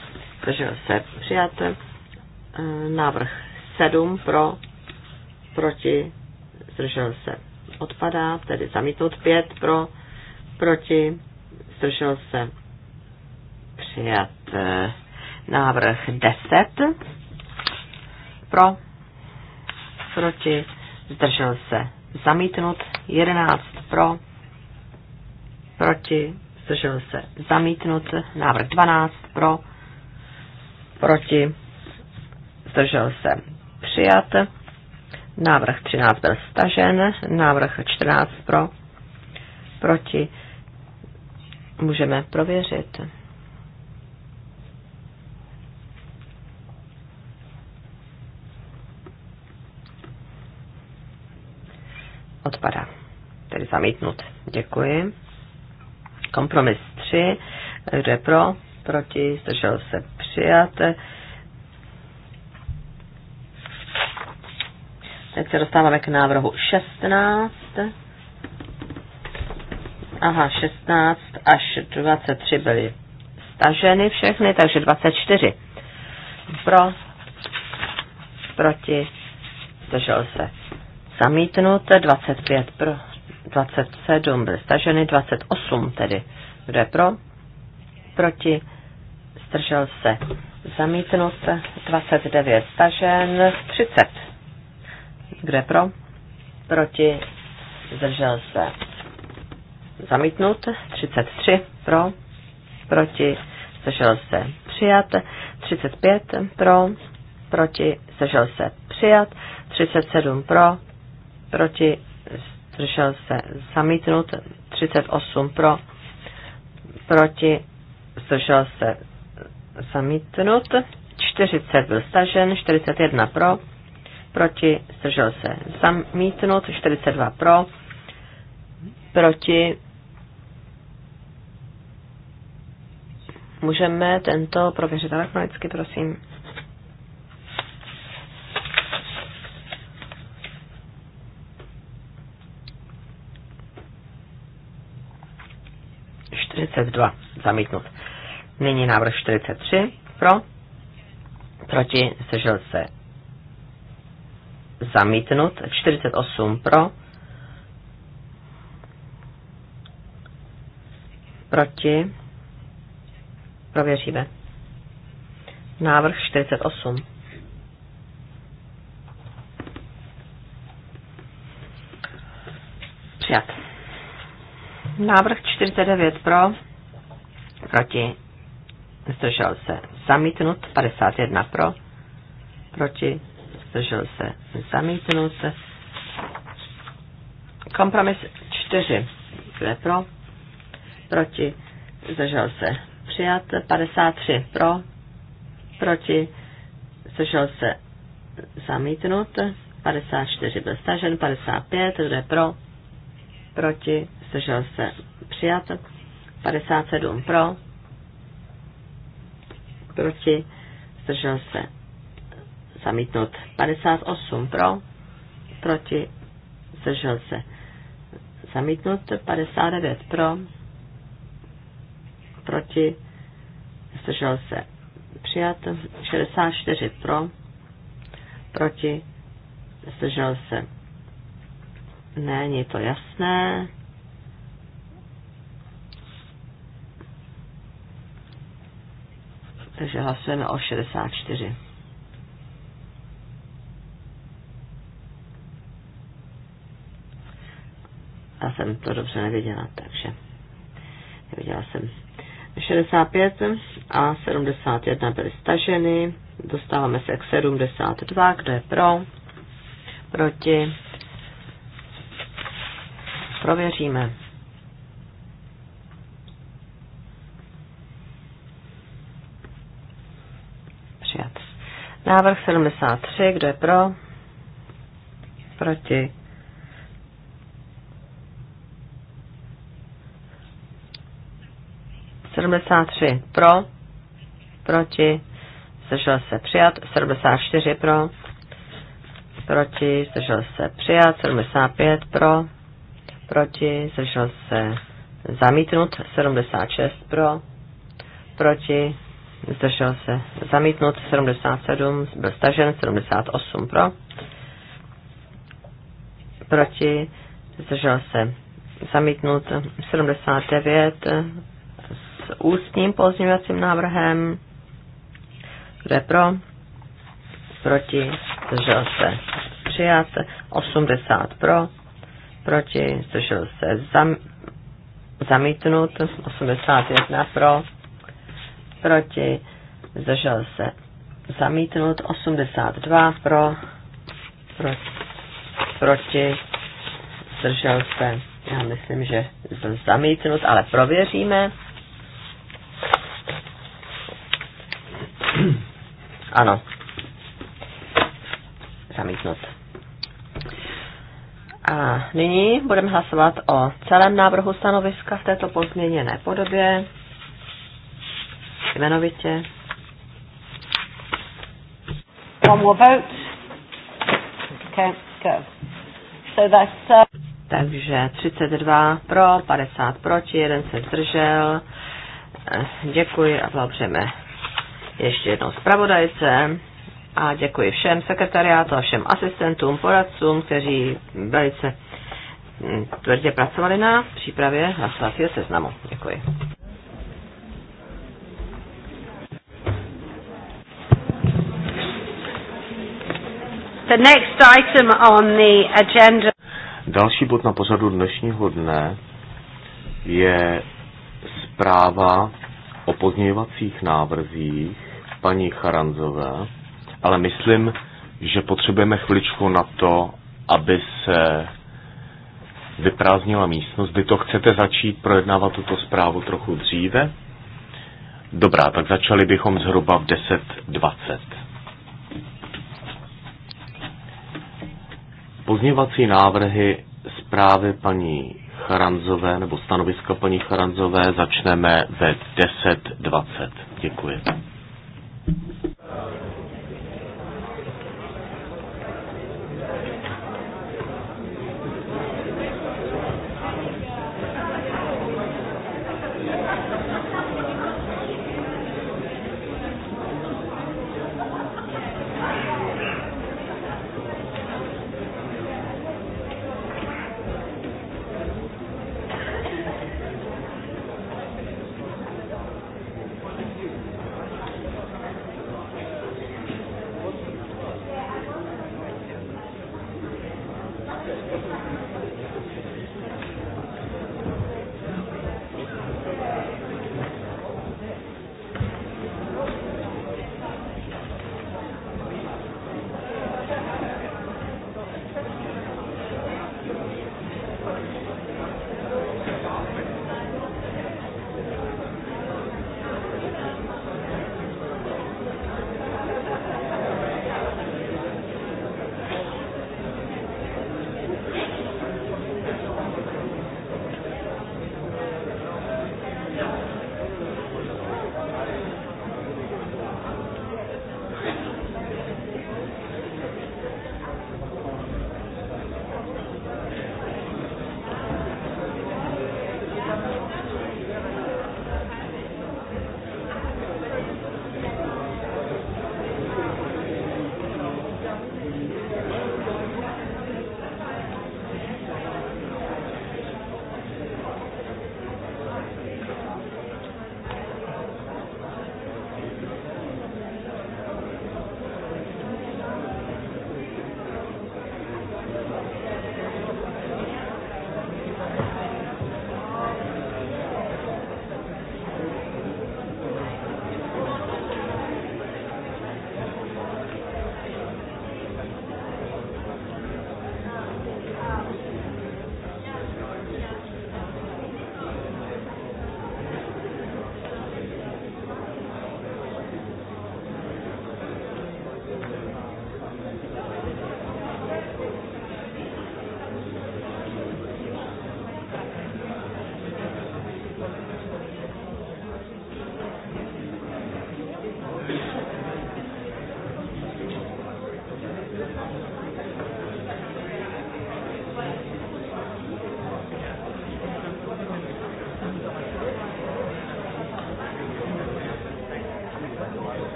Zdržel se. Přijat. Eh, návrh 7. Pro. Proti. Zdržel se. Odpadá. Tedy zamítnut 5. Pro. Proti. Zdržel se. Přijat. Eh, návrh 10. Pro proti, zdržel se zamítnut, 11 pro, proti, zdržel se zamítnut, návrh 12 pro, proti, zdržel se přijat, návrh 13 byl stažen, návrh 14 pro, proti, můžeme prověřit. Odpadá. Tedy zamítnut. Děkuji. Kompromis 3. Kdo je pro? Proti? Zdržel se přijat. Teď se dostáváme k návrhu 16. Aha, 16 až 23 byly staženy všechny, takže 24. Pro, proti, zdržel se zamítnut, 25 pro, 27 byly staženy, 28 tedy. Kdo je pro? Proti? stržel se. Zamítnut, 29 stažen, 30. Kdo je pro? Proti? Zdržel se. Zamítnut, 33 pro, proti, zdržel se přijat, 35 pro, proti, zdržel se přijat, 37 pro, proti, zdržel se zamítnut, 38 pro, proti, zdržel se zamítnut, 40 byl stažen, 41 pro, proti, zdržel se zamítnut, 42 pro, proti, můžeme tento prověřit elektronicky, prosím. 42 zamítnut. Nyní návrh 43 pro, proti, sežil se zamítnut, 48 pro, proti, prověříme. Návrh 48. Přijat. Návrh 49 pro, proti, zdržel se, zamítnut, 51 pro, proti, zdržel se, zamítnut, kompromis 4, kde pro, proti, zdržel se, přijat, 53 pro, proti, zdržel se, zamítnut, 54 byl stažen, 55, kde pro, proti, zdržel se přijat, 57 pro, proti, zdržel se zamítnut, 58 pro, proti, zdržel se zamítnut, 59 pro, proti, zdržel se přijat, 64 pro, proti, zdržel se Není to jasné. Takže hlasujeme o 64. Já jsem to dobře neviděla, takže neviděla jsem. 65 a 71 byly staženy. Dostáváme se k 72. Kdo je pro? Proti? Prověříme. Přijat. Návrh 73, kdo je pro? Proti. Sedmdesát pro, proti, zdržel se přijat, 74 pro, proti, zdržel se přijat, 75 pro, proti, zdržel se zamítnut, 76 pro, proti, zdržel se zamítnut, 77 byl stažen, 78 pro, proti, zdržel se zamítnut, 79 s ústním pozměňovacím návrhem, kde pro, proti, zdržel se přijat, 80 pro, proti, zdržel se zam, zamítnut, 81 pro, proti, zdržel se zamítnut, 82 pro, pro proti, zdržel se, já myslím, že zamítnut, ale prověříme. Ano. Zamítnut. A nyní budeme hlasovat o celém návrhu stanoviska v této pozměněné podobě, jmenovitě. One more vote. Okay, go. So that's, uh... Takže 32 pro, 50 proti, jeden se zdržel. Eh, děkuji a blahopřejeme ještě jednou zpravodajce a děkuji všem sekretariátu a všem asistentům, poradcům, kteří velice mm, tvrdě pracovali na přípravě hlasovacího seznamu. Děkuji. The next item on the agenda. Další bod na pořadu dnešního dne je zpráva o pozměňovacích návrzích paní Charanzové ale myslím, že potřebujeme chviličku na to, aby se vyprázdnila místnost. Vy to chcete začít projednávat tuto zprávu trochu dříve? Dobrá, tak začali bychom zhruba v 10.20. Pozněvací návrhy zprávy paní Charanzové nebo stanoviska paní Charanzové začneme ve 10.20. Děkuji.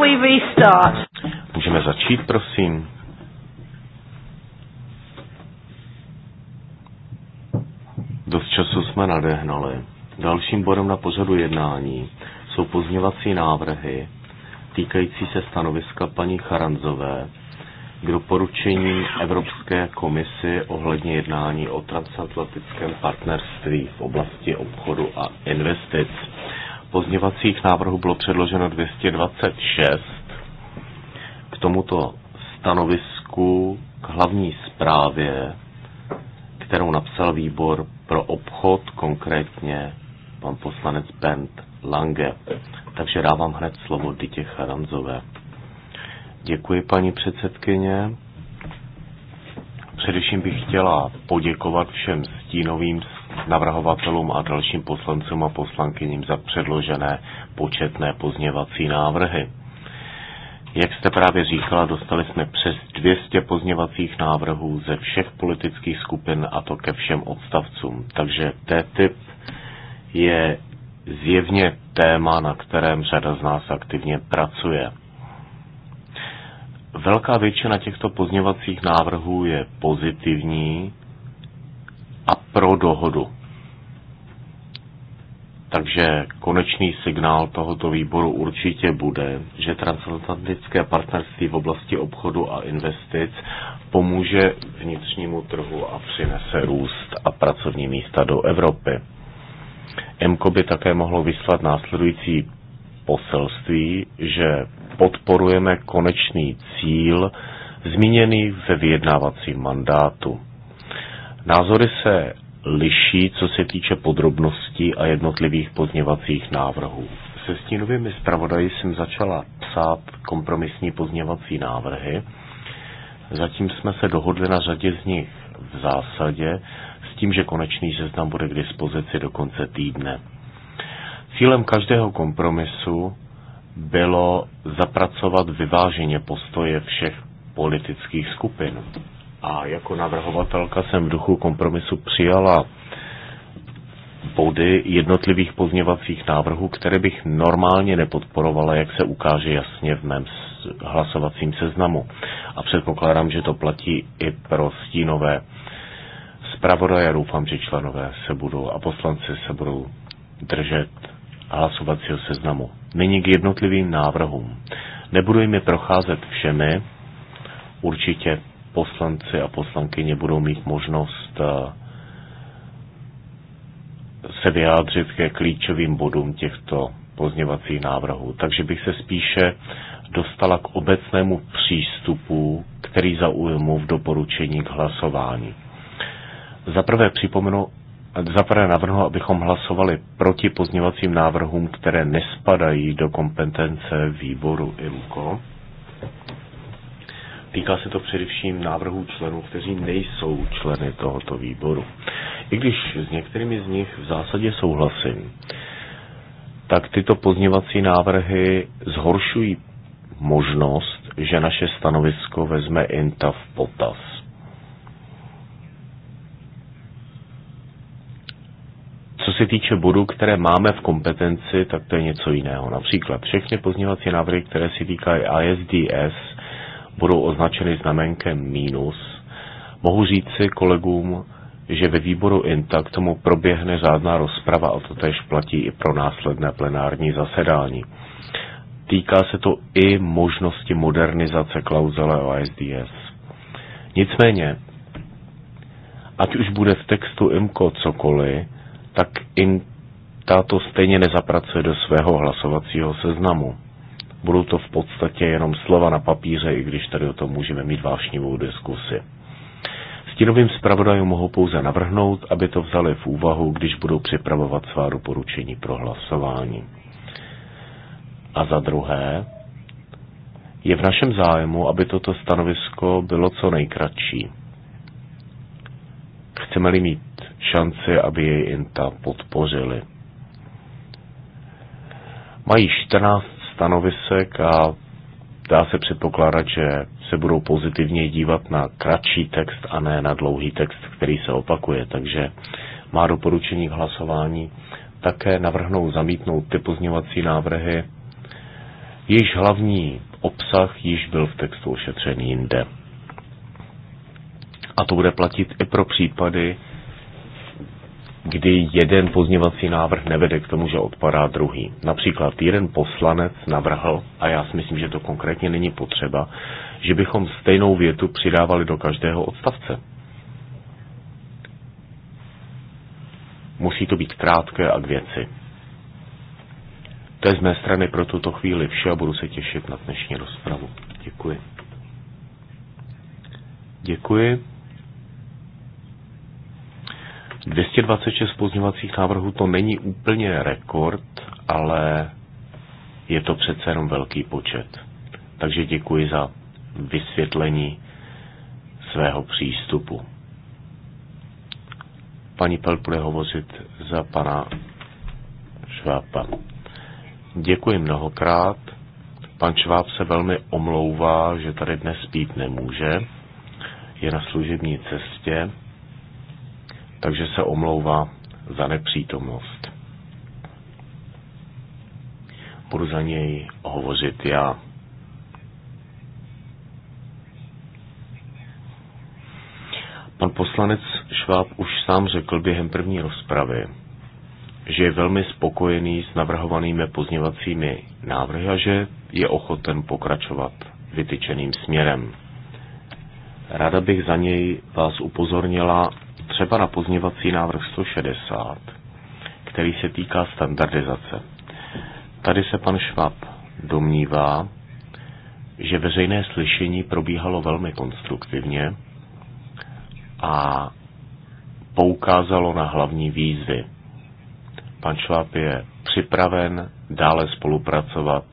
we restart? Můžeme začít, prosím. Dost času jsme nadehnali. Dalším bodem na pořadu jednání jsou pozměvací návrhy týkající se stanoviska paní Charanzové k doporučení Evropské komisi ohledně jednání o transatlantickém partnerství v oblasti obchodu a investic. Pozněvacích návrhů bylo předloženo 226. K tomuto stanovisku k hlavní zprávě, kterou napsal výbor pro obchod, konkrétně pan poslanec Bent Lange. Takže dávám hned slovo Ditě Charanzové. Děkuji, paní předsedkyně. Především bych chtěla poděkovat všem stínovým navrhovatelům a dalším poslancům a poslankyním za předložené početné pozněvací návrhy. Jak jste právě říkala, dostali jsme přes 200 pozněvacích návrhů ze všech politických skupin a to ke všem odstavcům. Takže TTIP je zjevně téma, na kterém řada z nás aktivně pracuje. Velká většina těchto pozněvacích návrhů je pozitivní a pro dohodu. Takže konečný signál tohoto výboru určitě bude, že transatlantické partnerství v oblasti obchodu a investic pomůže vnitřnímu trhu a přinese růst a pracovní místa do Evropy. MKO by také mohlo vyslat následující poselství, že podporujeme konečný cíl zmíněný ve vyjednávacím mandátu. Názory se liší, co se týče podrobností a jednotlivých pozněvacích návrhů. Se stínovými zpravodaji jsem začala psát kompromisní pozněvací návrhy. Zatím jsme se dohodli na řadě z nich v zásadě s tím, že konečný seznam bude k dispozici do konce týdne. Cílem každého kompromisu bylo zapracovat vyváženě postoje všech politických skupin a jako navrhovatelka jsem v duchu kompromisu přijala body jednotlivých pozněvacích návrhů, které bych normálně nepodporovala, jak se ukáže jasně v mém hlasovacím seznamu. A předpokládám, že to platí i pro stínové zpravodaje. Doufám, že členové se budou a poslanci se budou držet hlasovacího seznamu. Nyní k jednotlivým návrhům. Nebudu jim je procházet všemi, určitě poslanci a poslankyně budou mít možnost eh, se vyjádřit ke klíčovým bodům těchto pozněvacích návrhů. Takže bych se spíše dostala k obecnému přístupu, který zaujmu v doporučení k hlasování. Za prvé připomenu, za prvé navrhu, abychom hlasovali proti pozněvacím návrhům, které nespadají do kompetence výboru IMCO. Týká se to především návrhů členů, kteří nejsou členy tohoto výboru. I když s některými z nich v zásadě souhlasím, tak tyto pozněvací návrhy zhoršují možnost, že naše stanovisko vezme INTA v potaz. Co se týče bodů, které máme v kompetenci, tak to je něco jiného. Například všechny pozněvací návrhy, které se týkají ISDS, budou označeny znamenkem mínus. Mohu říci kolegům, že ve výboru INTA k tomu proběhne řádná rozprava a to tež platí i pro následné plenární zasedání. Týká se to i možnosti modernizace klauzele OSDS. Nicméně, ať už bude v textu IMCO cokoliv, tak INTA to stejně nezapracuje do svého hlasovacího seznamu budou to v podstatě jenom slova na papíře, i když tady o tom můžeme mít vášnivou diskusi. Stínovým zpravodajům mohou pouze navrhnout, aby to vzali v úvahu, když budou připravovat svá doporučení pro hlasování. A za druhé, je v našem zájmu, aby toto stanovisko bylo co nejkratší. Chceme-li mít šanci, aby jej INTA podpořili. Mají 14 stanovisek a dá se předpokládat, že se budou pozitivně dívat na kratší text a ne na dlouhý text, který se opakuje. Takže má doporučení k hlasování také navrhnou zamítnout ty pozměňovací návrhy, jejichž hlavní obsah již byl v textu ošetřený jinde. A to bude platit i pro případy, kdy jeden pozněvací návrh nevede k tomu, že odpadá druhý. Například jeden poslanec navrhl, a já si myslím, že to konkrétně není potřeba, že bychom stejnou větu přidávali do každého odstavce. Musí to být krátké a k věci. To je z mé strany pro tuto chvíli vše a budu se těšit na dnešní rozpravu. Děkuji. Děkuji. 226 pozměňovacích návrhů to není úplně rekord, ale je to přece jenom velký počet. Takže děkuji za vysvětlení svého přístupu. Paní Pel bude hovořit za pana Švápa. Děkuji mnohokrát. Pan Šváb se velmi omlouvá, že tady dnes spít nemůže. Je na služební cestě takže se omlouvá za nepřítomnost. Budu za něj hovořit já. Pan poslanec Šváb už sám řekl během první rozpravy, že je velmi spokojený s navrhovanými pozněvacími návrhy a že je ochoten pokračovat vytyčeným směrem. Rada bych za něj vás upozornila třeba na pozměvací návrh 160, který se týká standardizace. Tady se pan Švab domnívá, že veřejné slyšení probíhalo velmi konstruktivně a poukázalo na hlavní výzvy. Pan Šváb je připraven dále spolupracovat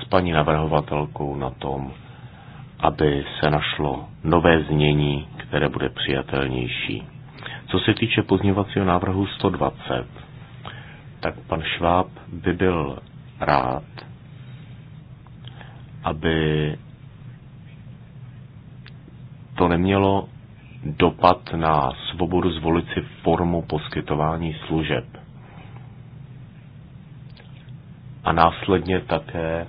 s paní navrhovatelkou na tom, aby se našlo nové znění které bude přijatelnější. Co se týče pozměvacího návrhu 120, tak pan Šváb by byl rád, aby to nemělo dopad na svobodu zvolit si formu poskytování služeb. A následně také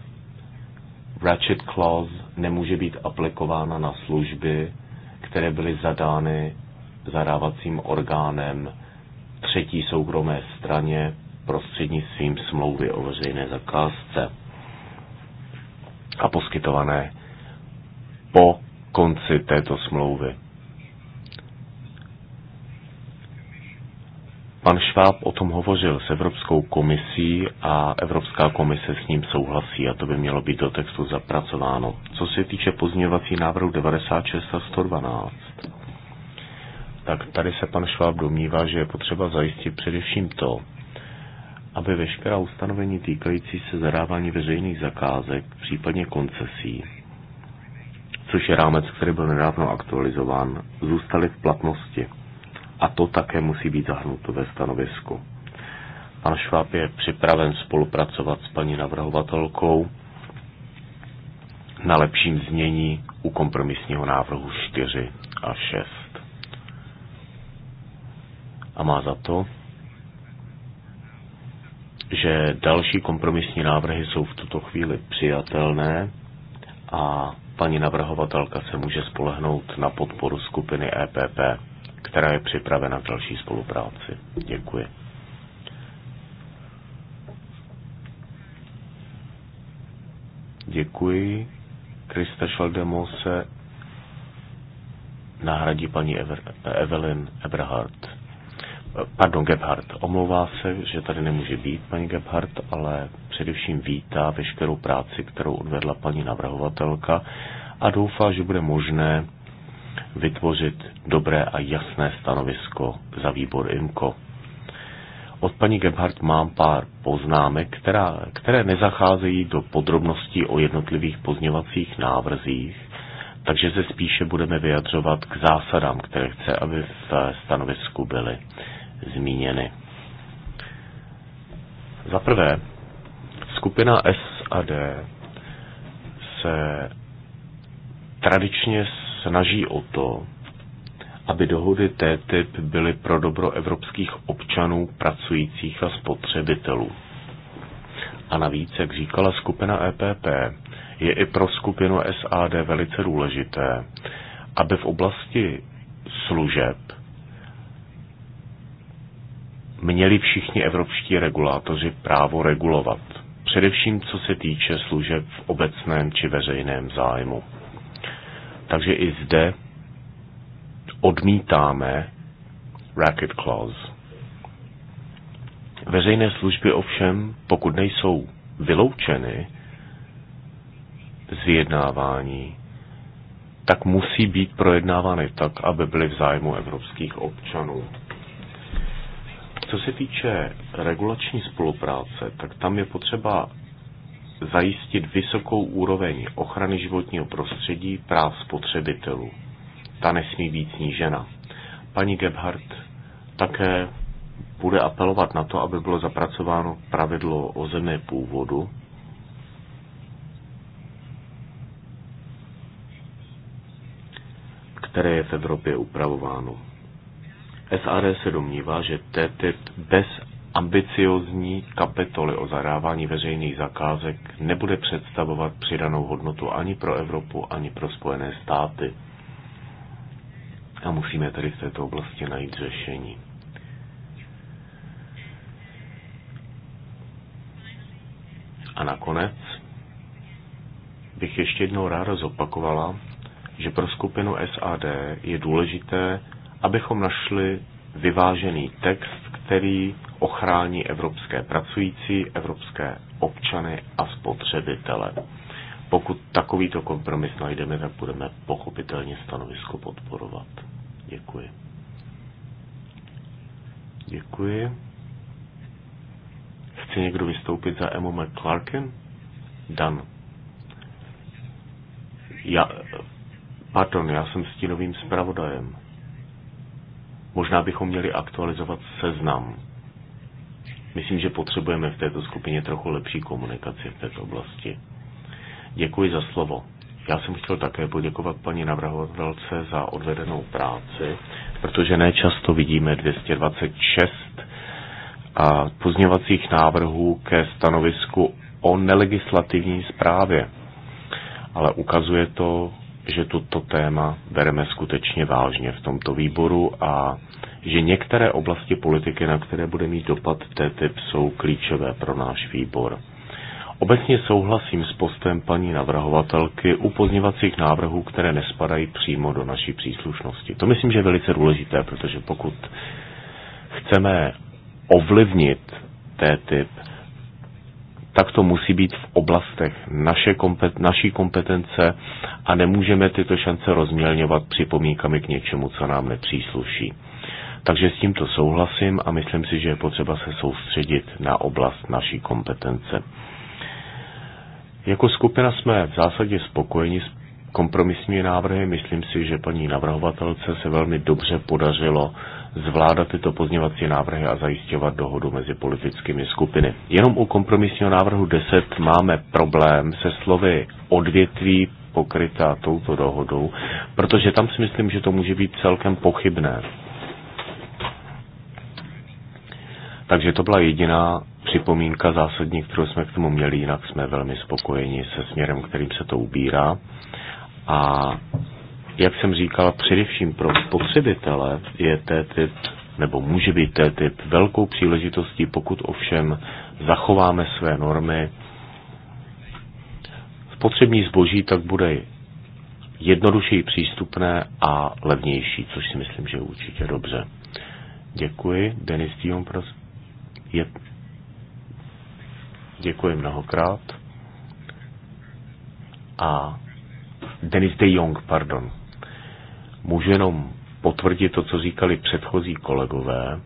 ratchet clause nemůže být aplikována na služby, které byly zadány zadávacím orgánem třetí soukromé straně prostřednictvím smlouvy o veřejné zakázce a poskytované po konci této smlouvy. Pan Šváb o tom hovořil s Evropskou komisí a Evropská komise s ním souhlasí a to by mělo být do textu zapracováno. Co se týče pozměňovací návrhu 96 a 112, tak tady se pan Šváb domnívá, že je potřeba zajistit především to, aby veškerá ustanovení týkající se zadávání veřejných zakázek, případně koncesí, což je rámec, který byl nedávno aktualizován, zůstaly v platnosti a to také musí být zahrnuto ve stanovisku. Pan Šváb je připraven spolupracovat s paní navrhovatelkou na lepším znění u kompromisního návrhu 4 a 6. A má za to, že další kompromisní návrhy jsou v tuto chvíli přijatelné a paní navrhovatelka se může spolehnout na podporu skupiny EPP která je připravena k další spolupráci. Děkuji. Děkuji. Krista se nahradí paní Ever, Evelyn Eberhardt. Pardon, Gebhardt. Omlouvá se, že tady nemůže být paní Gebhardt, ale především vítá veškerou práci, kterou odvedla paní navrhovatelka a doufá, že bude možné vytvořit dobré a jasné stanovisko za výbor IMCO. Od paní Gebhardt mám pár poznámek, která, které nezacházejí do podrobností o jednotlivých pozněvacích návrzích, takže se spíše budeme vyjadřovat k zásadám, které chce, aby v stanovisku byly zmíněny. Za prvé, skupina SAD se tradičně snaží o to, aby dohody TTIP byly pro dobro evropských občanů, pracujících a spotřebitelů. A navíc, jak říkala skupina EPP, je i pro skupinu SAD velice důležité, aby v oblasti služeb měli všichni evropští regulátoři právo regulovat, především co se týče služeb v obecném či veřejném zájmu. Takže i zde odmítáme racket clause. Veřejné služby ovšem, pokud nejsou vyloučeny z vyjednávání, tak musí být projednávány tak, aby byly v zájmu evropských občanů. Co se týče regulační spolupráce, tak tam je potřeba zajistit vysokou úroveň ochrany životního prostředí práv spotřebitelů. Ta nesmí být snížena. Paní Gebhardt také bude apelovat na to, aby bylo zapracováno pravidlo o zemi původu. které je v Evropě upravováno. SAD se domnívá, že TTIP bez ambiciozní kapitoly o zadávání veřejných zakázek nebude představovat přidanou hodnotu ani pro Evropu, ani pro Spojené státy. A musíme tedy v této oblasti najít řešení. A nakonec bych ještě jednou ráda zopakovala, že pro skupinu SAD je důležité, abychom našli vyvážený text, který ochrání evropské pracující, evropské občany a spotřebitele. Pokud takovýto kompromis najdeme, tak budeme pochopitelně stanovisko podporovat. Děkuji. Děkuji. Chce někdo vystoupit za Emu McClarkin? Dan. Já, pardon, já jsem stínovým zpravodajem. Možná bychom měli aktualizovat seznam. Myslím, že potřebujeme v této skupině trochu lepší komunikaci v této oblasti. Děkuji za slovo. Já jsem chtěl také poděkovat paní navrhovatelce za odvedenou práci, protože nečasto vidíme 226 a pozněvacích návrhů ke stanovisku o nelegislativní zprávě. Ale ukazuje to, že toto téma bereme skutečně vážně v tomto výboru a že některé oblasti politiky, na které bude mít dopad TTIP, jsou klíčové pro náš výbor. Obecně souhlasím s postem paní navrhovatelky u pozněvacích návrhů, které nespadají přímo do naší příslušnosti. To myslím, že je velice důležité, protože pokud chceme ovlivnit TTIP, tak to musí být v oblastech naše kompet, naší kompetence a nemůžeme tyto šance rozmělňovat připomínkami k něčemu, co nám nepřísluší. Takže s tímto souhlasím a myslím si, že je potřeba se soustředit na oblast naší kompetence. Jako skupina jsme v zásadě spokojeni s kompromisními návrhy. Myslím si, že paní navrhovatelce se velmi dobře podařilo zvládat tyto pozněvací návrhy a zajišťovat dohodu mezi politickými skupiny. Jenom u kompromisního návrhu 10 máme problém se slovy odvětví pokrytá touto dohodou, protože tam si myslím, že to může být celkem pochybné Takže to byla jediná připomínka zásadní, kterou jsme k tomu měli, jinak jsme velmi spokojeni se směrem, kterým se to ubírá. A jak jsem říkal, především pro spotřebitele je TTIP, nebo může být TTIP velkou příležitostí, pokud ovšem zachováme své normy. Spotřební zboží tak bude jednodušeji přístupné a levnější, což si myslím, že je určitě dobře. Děkuji. Denis Dion, prosím. Je... Děkuji mnohokrát. A Denis de Jong, pardon. Můžu jenom potvrdit to, co říkali předchozí kolegové.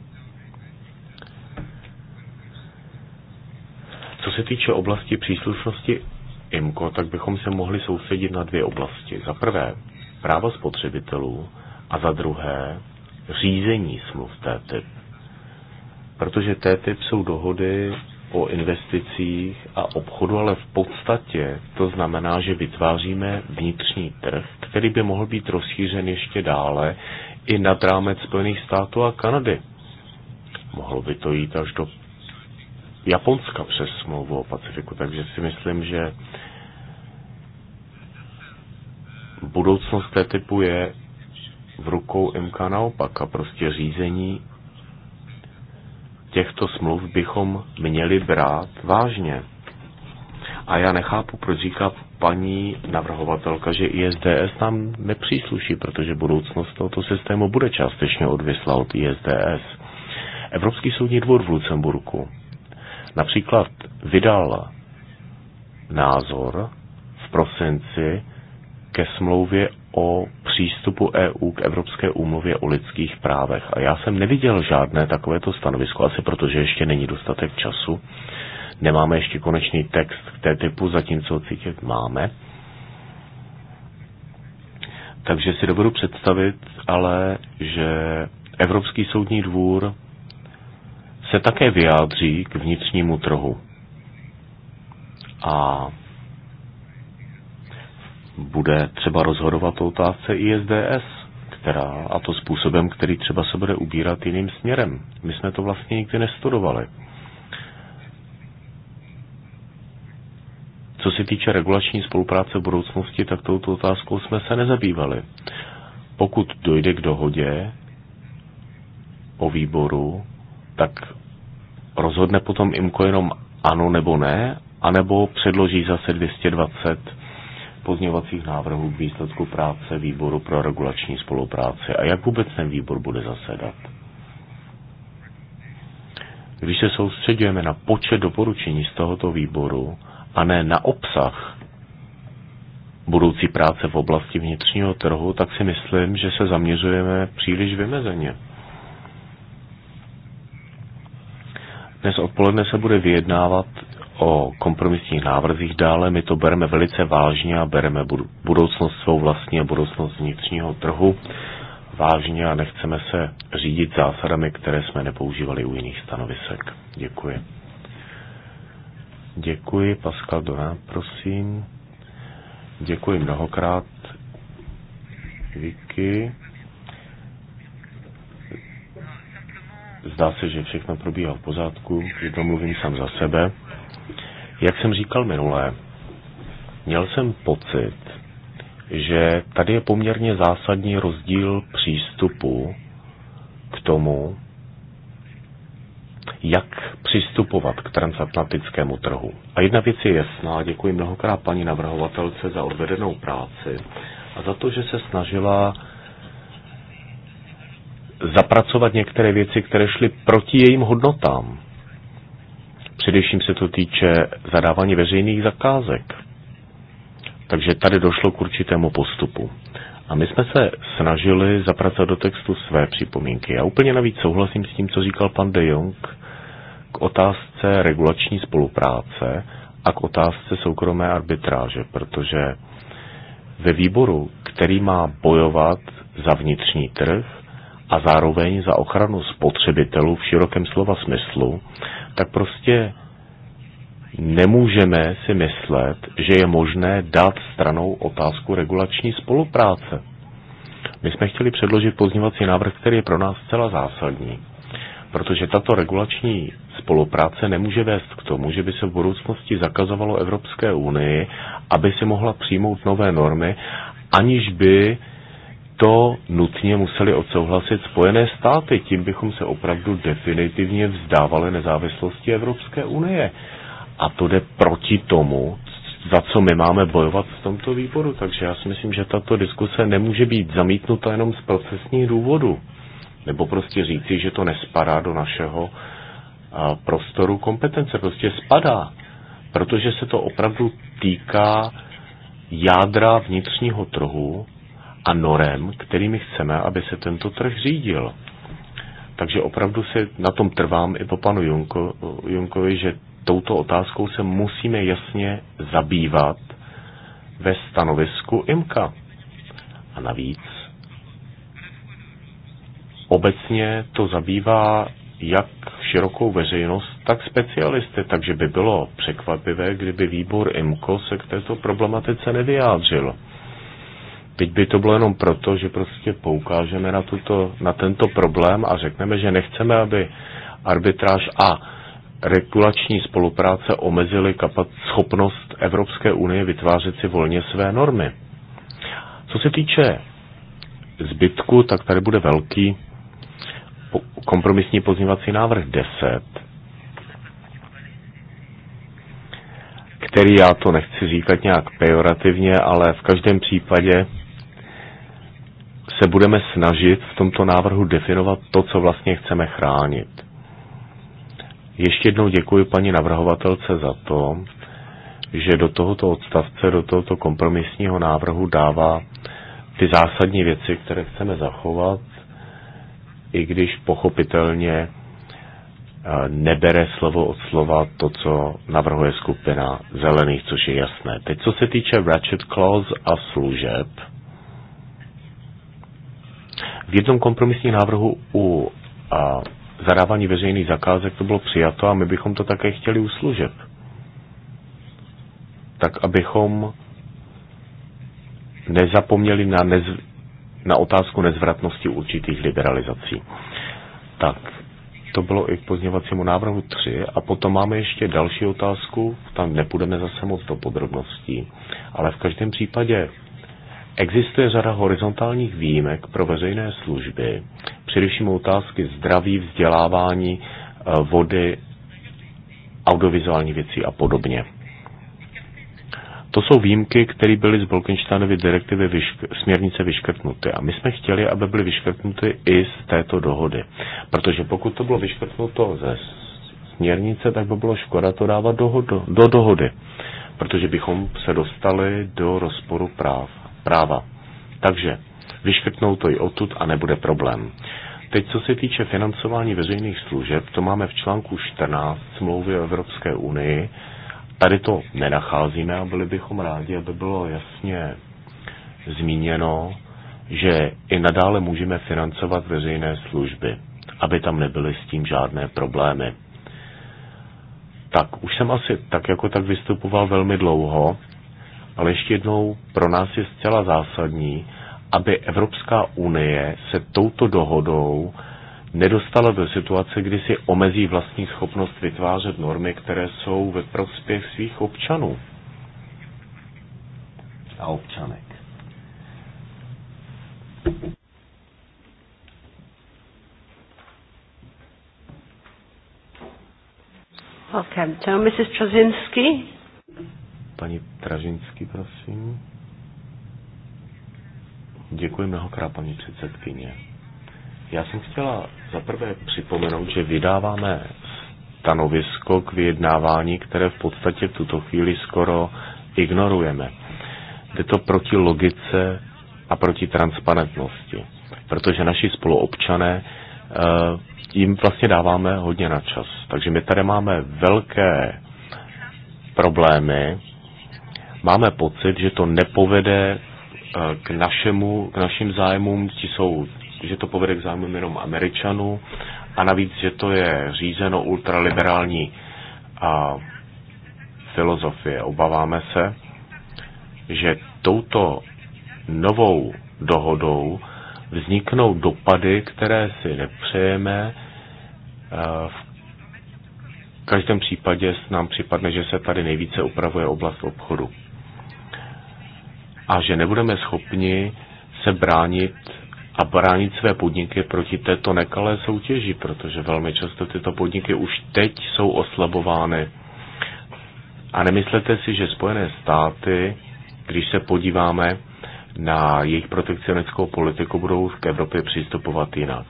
Co se týče oblasti příslušnosti IMCO, tak bychom se mohli soustředit na dvě oblasti. Za prvé práva spotřebitelů a za druhé řízení smluv té typ protože TTIP jsou dohody o investicích a obchodu, ale v podstatě to znamená, že vytváříme vnitřní trh, který by mohl být rozšířen ještě dále i nad rámec Spojených států a Kanady. Mohlo by to jít až do Japonska přes smlouvu o Pacifiku, takže si myslím, že budoucnost té typu je v rukou MK naopak a prostě řízení těchto smluv bychom měli brát vážně. A já nechápu, proč říká paní navrhovatelka, že ISDS nám nepřísluší, protože budoucnost tohoto systému bude částečně odvislá od ISDS. Evropský soudní dvor v Lucemburku například vydal názor v prosinci ke smlouvě o přístupu EU k Evropské úmluvě o lidských právech. A já jsem neviděl žádné takovéto stanovisko, asi protože ještě není dostatek času. Nemáme ještě konečný text k té typu, zatímco cítit máme. Takže si dovedu představit, ale že Evropský soudní dvůr se také vyjádří k vnitřnímu trhu. A bude třeba rozhodovat o otázce ISDS, která, a to způsobem, který třeba se bude ubírat jiným směrem. My jsme to vlastně nikdy nestudovali. Co se týče regulační spolupráce v budoucnosti, tak touto otázkou jsme se nezabývali. Pokud dojde k dohodě o výboru, tak rozhodne potom IMCO jenom ano nebo ne, anebo předloží zase 220 pozněvacích návrhů k výsledku práce výboru pro regulační spolupráci a jak vůbec ten výbor bude zasedat. Když se soustředujeme na počet doporučení z tohoto výboru a ne na obsah budoucí práce v oblasti vnitřního trhu, tak si myslím, že se zaměřujeme příliš vymezeně. Dnes odpoledne se bude vyjednávat o kompromisních návrzích dále. My to bereme velice vážně a bereme budoucnost svou vlastní a budoucnost vnitřního trhu vážně a nechceme se řídit zásadami, které jsme nepoužívali u jiných stanovisek. Děkuji. Děkuji, Pascal Dona, prosím. Děkuji mnohokrát, Vicky. Zdá se, že všechno probíhá v pořádku, že domluvím sám za sebe. Jak jsem říkal minule, měl jsem pocit, že tady je poměrně zásadní rozdíl přístupu k tomu, jak přistupovat k transatlantickému trhu. A jedna věc je jasná, děkuji mnohokrát paní navrhovatelce za odvedenou práci a za to, že se snažila zapracovat některé věci, které šly proti jejím hodnotám. Především se to týče zadávání veřejných zakázek. Takže tady došlo k určitému postupu. A my jsme se snažili zapracovat do textu své připomínky. Já úplně navíc souhlasím s tím, co říkal pan De Jong k otázce regulační spolupráce a k otázce soukromé arbitráže, protože ve výboru, který má bojovat za vnitřní trh a zároveň za ochranu spotřebitelů v širokém slova smyslu, tak prostě nemůžeme si myslet, že je možné dát stranou otázku regulační spolupráce. My jsme chtěli předložit pozněvací návrh, který je pro nás zcela zásadní, protože tato regulační spolupráce nemůže vést k tomu, že by se v budoucnosti zakazovalo Evropské unii, aby si mohla přijmout nové normy, aniž by to nutně museli odsouhlasit Spojené státy. Tím bychom se opravdu definitivně vzdávali nezávislosti Evropské unie. A to jde proti tomu, za co my máme bojovat v tomto výboru. Takže já si myslím, že tato diskuse nemůže být zamítnuta jenom z procesních důvodů. Nebo prostě říci, že to nespadá do našeho prostoru kompetence. Prostě spadá. Protože se to opravdu týká jádra vnitřního trhu a norem, kterými chceme, aby se tento trh řídil. Takže opravdu si na tom trvám i po panu Junko, Junkovi, že touto otázkou se musíme jasně zabývat ve stanovisku IMKA. A navíc obecně to zabývá jak širokou veřejnost, tak specialisty, takže by bylo překvapivé, kdyby výbor IMKO se k této problematice nevyjádřil. Byť by to bylo jenom proto, že prostě poukážeme na, tuto, na tento problém a řekneme, že nechceme, aby arbitráž a regulační spolupráce omezily schopnost Evropské unie vytvářet si volně své normy. Co se týče zbytku, tak tady bude velký kompromisní pozměvací návrh 10, který já to nechci říkat nějak pejorativně, ale v každém případě se budeme snažit v tomto návrhu definovat to, co vlastně chceme chránit. Ještě jednou děkuji paní navrhovatelce za to, že do tohoto odstavce, do tohoto kompromisního návrhu dává ty zásadní věci, které chceme zachovat, i když pochopitelně eh, nebere slovo od slova to, co navrhuje skupina zelených, což je jasné. Teď, co se týče ratchet clause a služeb, v jednom kompromisním návrhu u a, zadávání veřejných zakázek to bylo přijato a my bychom to také chtěli u služeb. Tak abychom nezapomněli na, nez, na otázku nezvratnosti určitých liberalizací. Tak, to bylo i k pozněvacímu návrhu 3. A potom máme ještě další otázku, tam nepůjdeme zase moc do podrobností. Ale v každém případě Existuje řada horizontálních výjimek pro veřejné služby, především otázky zdraví, vzdělávání, e, vody, audiovizuální věcí a podobně. To jsou výjimky, které byly z Bolkenštánovy direktivy vyšk- směrnice vyškrtnuty. A my jsme chtěli, aby byly vyškrtnuty i z této dohody. Protože pokud to bylo vyškrtnuto ze směrnice, tak by bylo škoda to dávat do, do, do dohody. Protože bychom se dostali do rozporu práv práva. Takže vyškrtnou to i odtud a nebude problém. Teď, co se týče financování veřejných služeb, to máme v článku 14 smlouvy o Evropské unii. Tady to nenacházíme a byli bychom rádi, aby bylo jasně zmíněno, že i nadále můžeme financovat veřejné služby, aby tam nebyly s tím žádné problémy. Tak, už jsem asi tak jako tak vystupoval velmi dlouho. Ale ještě jednou, pro nás je zcela zásadní, aby Evropská unie se touto dohodou nedostala do situace, kdy si omezí vlastní schopnost vytvářet normy, které jsou ve prospěch svých občanů a občanek. Welcome to, Mrs. Trzynski paní Tražinský, prosím. Děkuji mnohokrát, paní předsedkyně. Já jsem chtěla zaprvé připomenout, že vydáváme stanovisko k vyjednávání, které v podstatě v tuto chvíli skoro ignorujeme. Jde to proti logice a proti transparentnosti, protože naši spoluobčané eh, jim vlastně dáváme hodně na čas. Takže my tady máme velké problémy máme pocit, že to nepovede eh, k, našemu, k našim zájmům, ti jsou, že to povede k zájmům jenom Američanů a navíc, že to je řízeno ultraliberální a, filozofie. Obáváme se, že touto novou dohodou vzniknou dopady, které si nepřejeme. Eh, v každém případě nám připadne, že se tady nejvíce upravuje oblast obchodu a že nebudeme schopni se bránit a bránit své podniky proti této nekalé soutěži, protože velmi často tyto podniky už teď jsou oslabovány. A nemyslete si, že Spojené státy, když se podíváme na jejich protekcionickou politiku, budou k Evropě přistupovat jinak.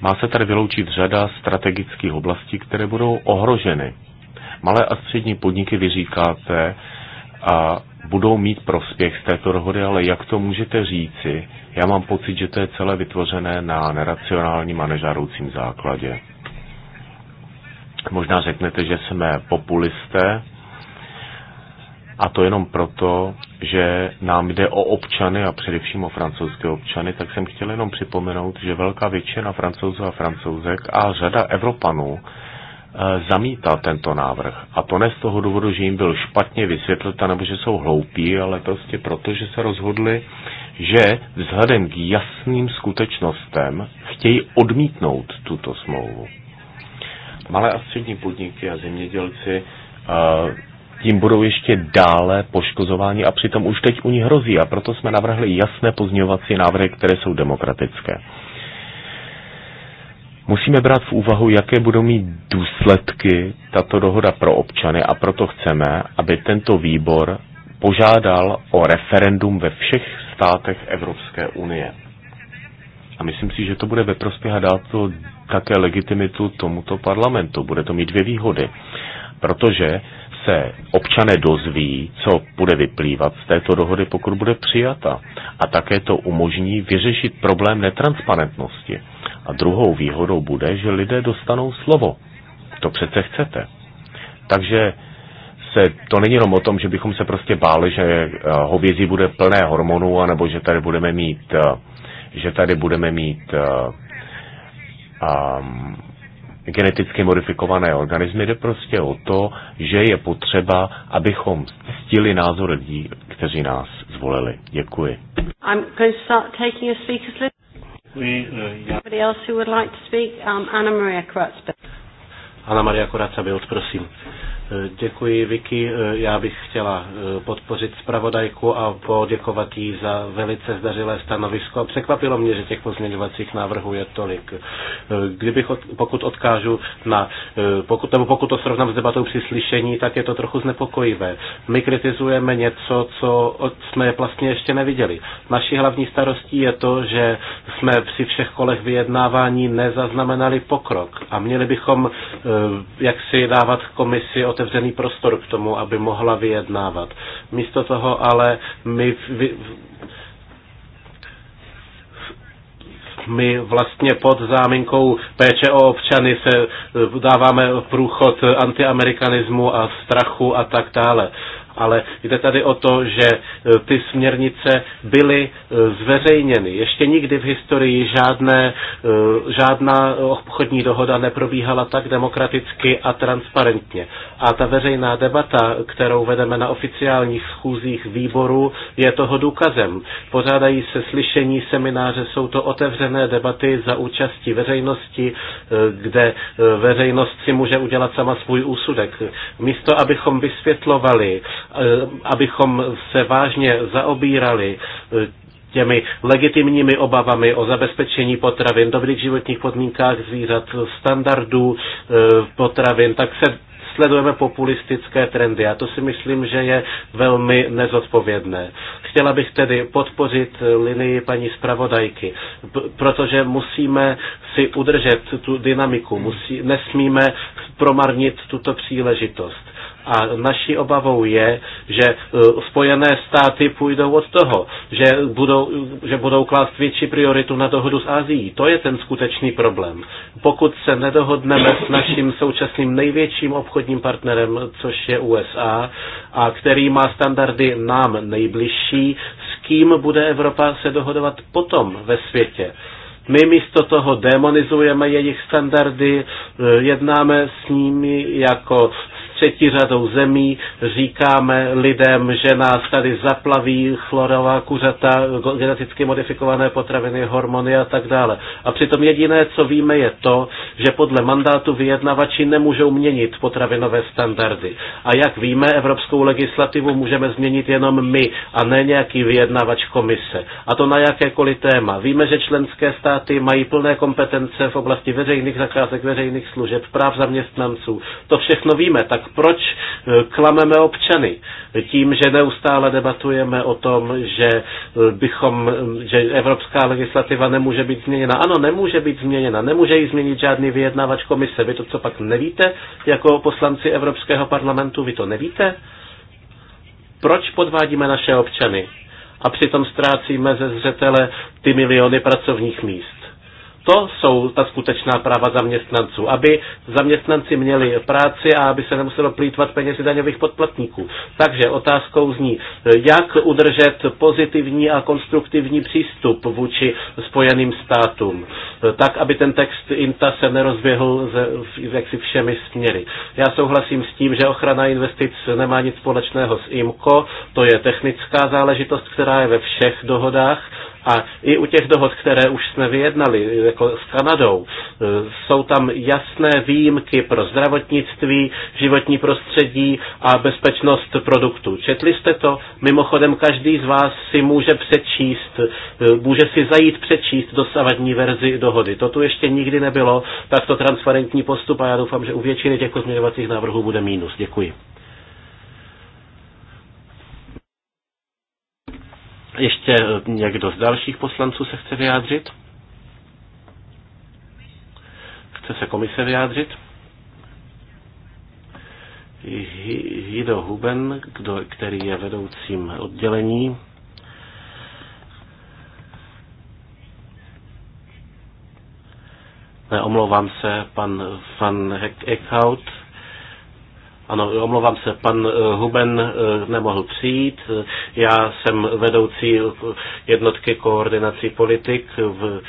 Má se tady vyloučit řada strategických oblastí, které budou ohroženy. Malé a střední podniky vyříkáte a budou mít prospěch z této dohody, ale jak to můžete říci? Já mám pocit, že to je celé vytvořené na neracionálním a nežádoucím základě. Možná řeknete, že jsme populisté, a to jenom proto, že nám jde o občany a především o francouzské občany, tak jsem chtěl jenom připomenout, že velká většina francouzů a francouzek a řada Evropanů Eh, zamítá tento návrh. A to ne z toho důvodu, že jim byl špatně vysvětlit, nebo že jsou hloupí, ale prostě proto, že se rozhodli, že vzhledem k jasným skutečnostem chtějí odmítnout tuto smlouvu. Malé a střední podniky a zemědělci tím eh, budou ještě dále poškozováni a přitom už teď u nich hrozí a proto jsme navrhli jasné pozměňovací návrhy, které jsou demokratické. Musíme brát v úvahu, jaké budou mít důsledky tato dohoda pro občany a proto chceme, aby tento výbor požádal o referendum ve všech státech Evropské unie. A myslím si, že to bude ve prospěch a dát to také legitimitu tomuto parlamentu. Bude to mít dvě výhody. Protože se občané dozví, co bude vyplývat z této dohody, pokud bude přijata. A také to umožní vyřešit problém netransparentnosti. A druhou výhodou bude, že lidé dostanou slovo. To přece chcete. Takže se, to není jenom o tom, že bychom se prostě báli, že eh, hovězí bude plné hormonů, anebo že tady budeme mít, eh, že tady budeme mít um, geneticky modifikované organismy. Jde prostě o to, že je potřeba, abychom ctili názor lidí, kteří nás zvolili. Děkuji. Děkuji. Eh, else who would like to speak? Um, Anna Maria Kratzbild. Anna Maria Kratzbild, prosím. Děkuji, Vicky. E, já bych chtěla e, podpořit zpravodajku a poděkovat jí za velice zdařilé stanovisko. Překvapilo mě, že těch pozměňovacích návrhů je tolik. E, kdybych, od, pokud odkážu na, pokud, nebo pokud to srovnám s debatou při slyšení, tak je to trochu znepokojivé. My kritizujeme něco, co jsme vlastně ještě neviděli. Naší hlavní starostí je to, že jsme při všech kolech vyjednávání nezaznamenali pokrok a měli bychom jak si dávat komisi od otevřený prostor k tomu, aby mohla vyjednávat. Místo toho ale my vy, my vlastně pod záminkou péče o občany se eh, dáváme průchod antiamerikanismu a strachu a tak dále ale jde tady o to, že e, ty směrnice byly e, zveřejněny. Ještě nikdy v historii žádné, e, žádná obchodní dohoda neprobíhala tak demokraticky a transparentně. A ta veřejná debata, kterou vedeme na oficiálních schůzích výboru, je toho důkazem. Pořádají se slyšení, semináře, jsou to otevřené debaty za účastí veřejnosti, kde veřejnost si může udělat sama svůj úsudek. Místo, abychom vysvětlovali, Eh, abychom se vážně zaobírali eh, těmi legitimními obavami o zabezpečení potravin, dobrých životních podmínkách zvířat, standardů eh, potravin, tak se sledujeme populistické trendy a to si myslím, že je velmi nezodpovědné. Chtěla bych tedy podpořit linii paní zpravodajky, protože musíme si udržet tu dynamiku, musí, nesmíme promarnit tuto příležitost. A naší obavou je, že e, Spojené státy půjdou od toho, že budou, že budou klást větší prioritu na dohodu s Azií. To je ten skutečný problém. Pokud se nedohodneme s naším současným největším obchodním partnerem, což je USA, a který má standardy nám nejbližší, s kým bude Evropa se dohodovat potom ve světě. My místo toho demonizujeme jejich standardy, e, jednáme s nimi jako třetí řadou zemí, říkáme lidem, že nás tady zaplaví chlorová kuřata, geneticky modifikované potraviny, hormony a tak dále. A přitom jediné, co víme, je to, že podle mandátu vyjednavači nemůžou měnit potravinové standardy. A jak víme, evropskou legislativu můžeme změnit jenom my a ne nějaký vyjednavač komise. A to na jakékoliv téma. Víme, že členské státy mají plné kompetence v oblasti veřejných zakázek, veřejných služeb, práv zaměstnanců. To všechno víme, tak proč eh, klameme občany? Tím, že neustále debatujeme o tom, že, eh, bychom, eh, že evropská legislativa nemůže být změněna. Ano, nemůže být změněna. Nemůže ji změnit žádný vyjednávač komise. Vy to co pak nevíte jako poslanci Evropského parlamentu? Vy to nevíte? Proč podvádíme naše občany? A přitom ztrácíme ze zřetele ty miliony pracovních míst. To jsou ta skutečná práva zaměstnanců, aby zaměstnanci měli práci a aby se nemuselo plýtvat penězi daňových podplatníků. Takže otázkou zní, jak udržet pozitivní a konstruktivní přístup vůči spojeným státům, tak, aby ten text INTA se nerozběhl jaksi všemi směry. Já souhlasím s tím, že ochrana investic nemá nic společného s IMCO, to je technická záležitost, která je ve všech dohodách, a i u těch dohod, které už jsme vyjednali, jako s Kanadou, eh, jsou tam jasné výjimky pro zdravotnictví, životní prostředí a bezpečnost produktů. Četli jste to? Mimochodem, každý z vás si může přečíst, eh, může si zajít přečíst dosavadní verzi dohody. To tu ještě nikdy nebylo, takto transparentní postup a já doufám, že u většiny těch pozměňovacích návrhů bude mínus. Děkuji. Ještě eh, někdo z dalších poslanců se chce vyjádřit? Chce se komise vyjádřit? Jido Huben, kdo, který je vedoucím oddělení. Ne, omlouvám se, pan Van Eckhout ano, omlouvám se, pan eh, Huben eh, nemohl přijít. Já jsem vedoucí jednotky koordinací politik v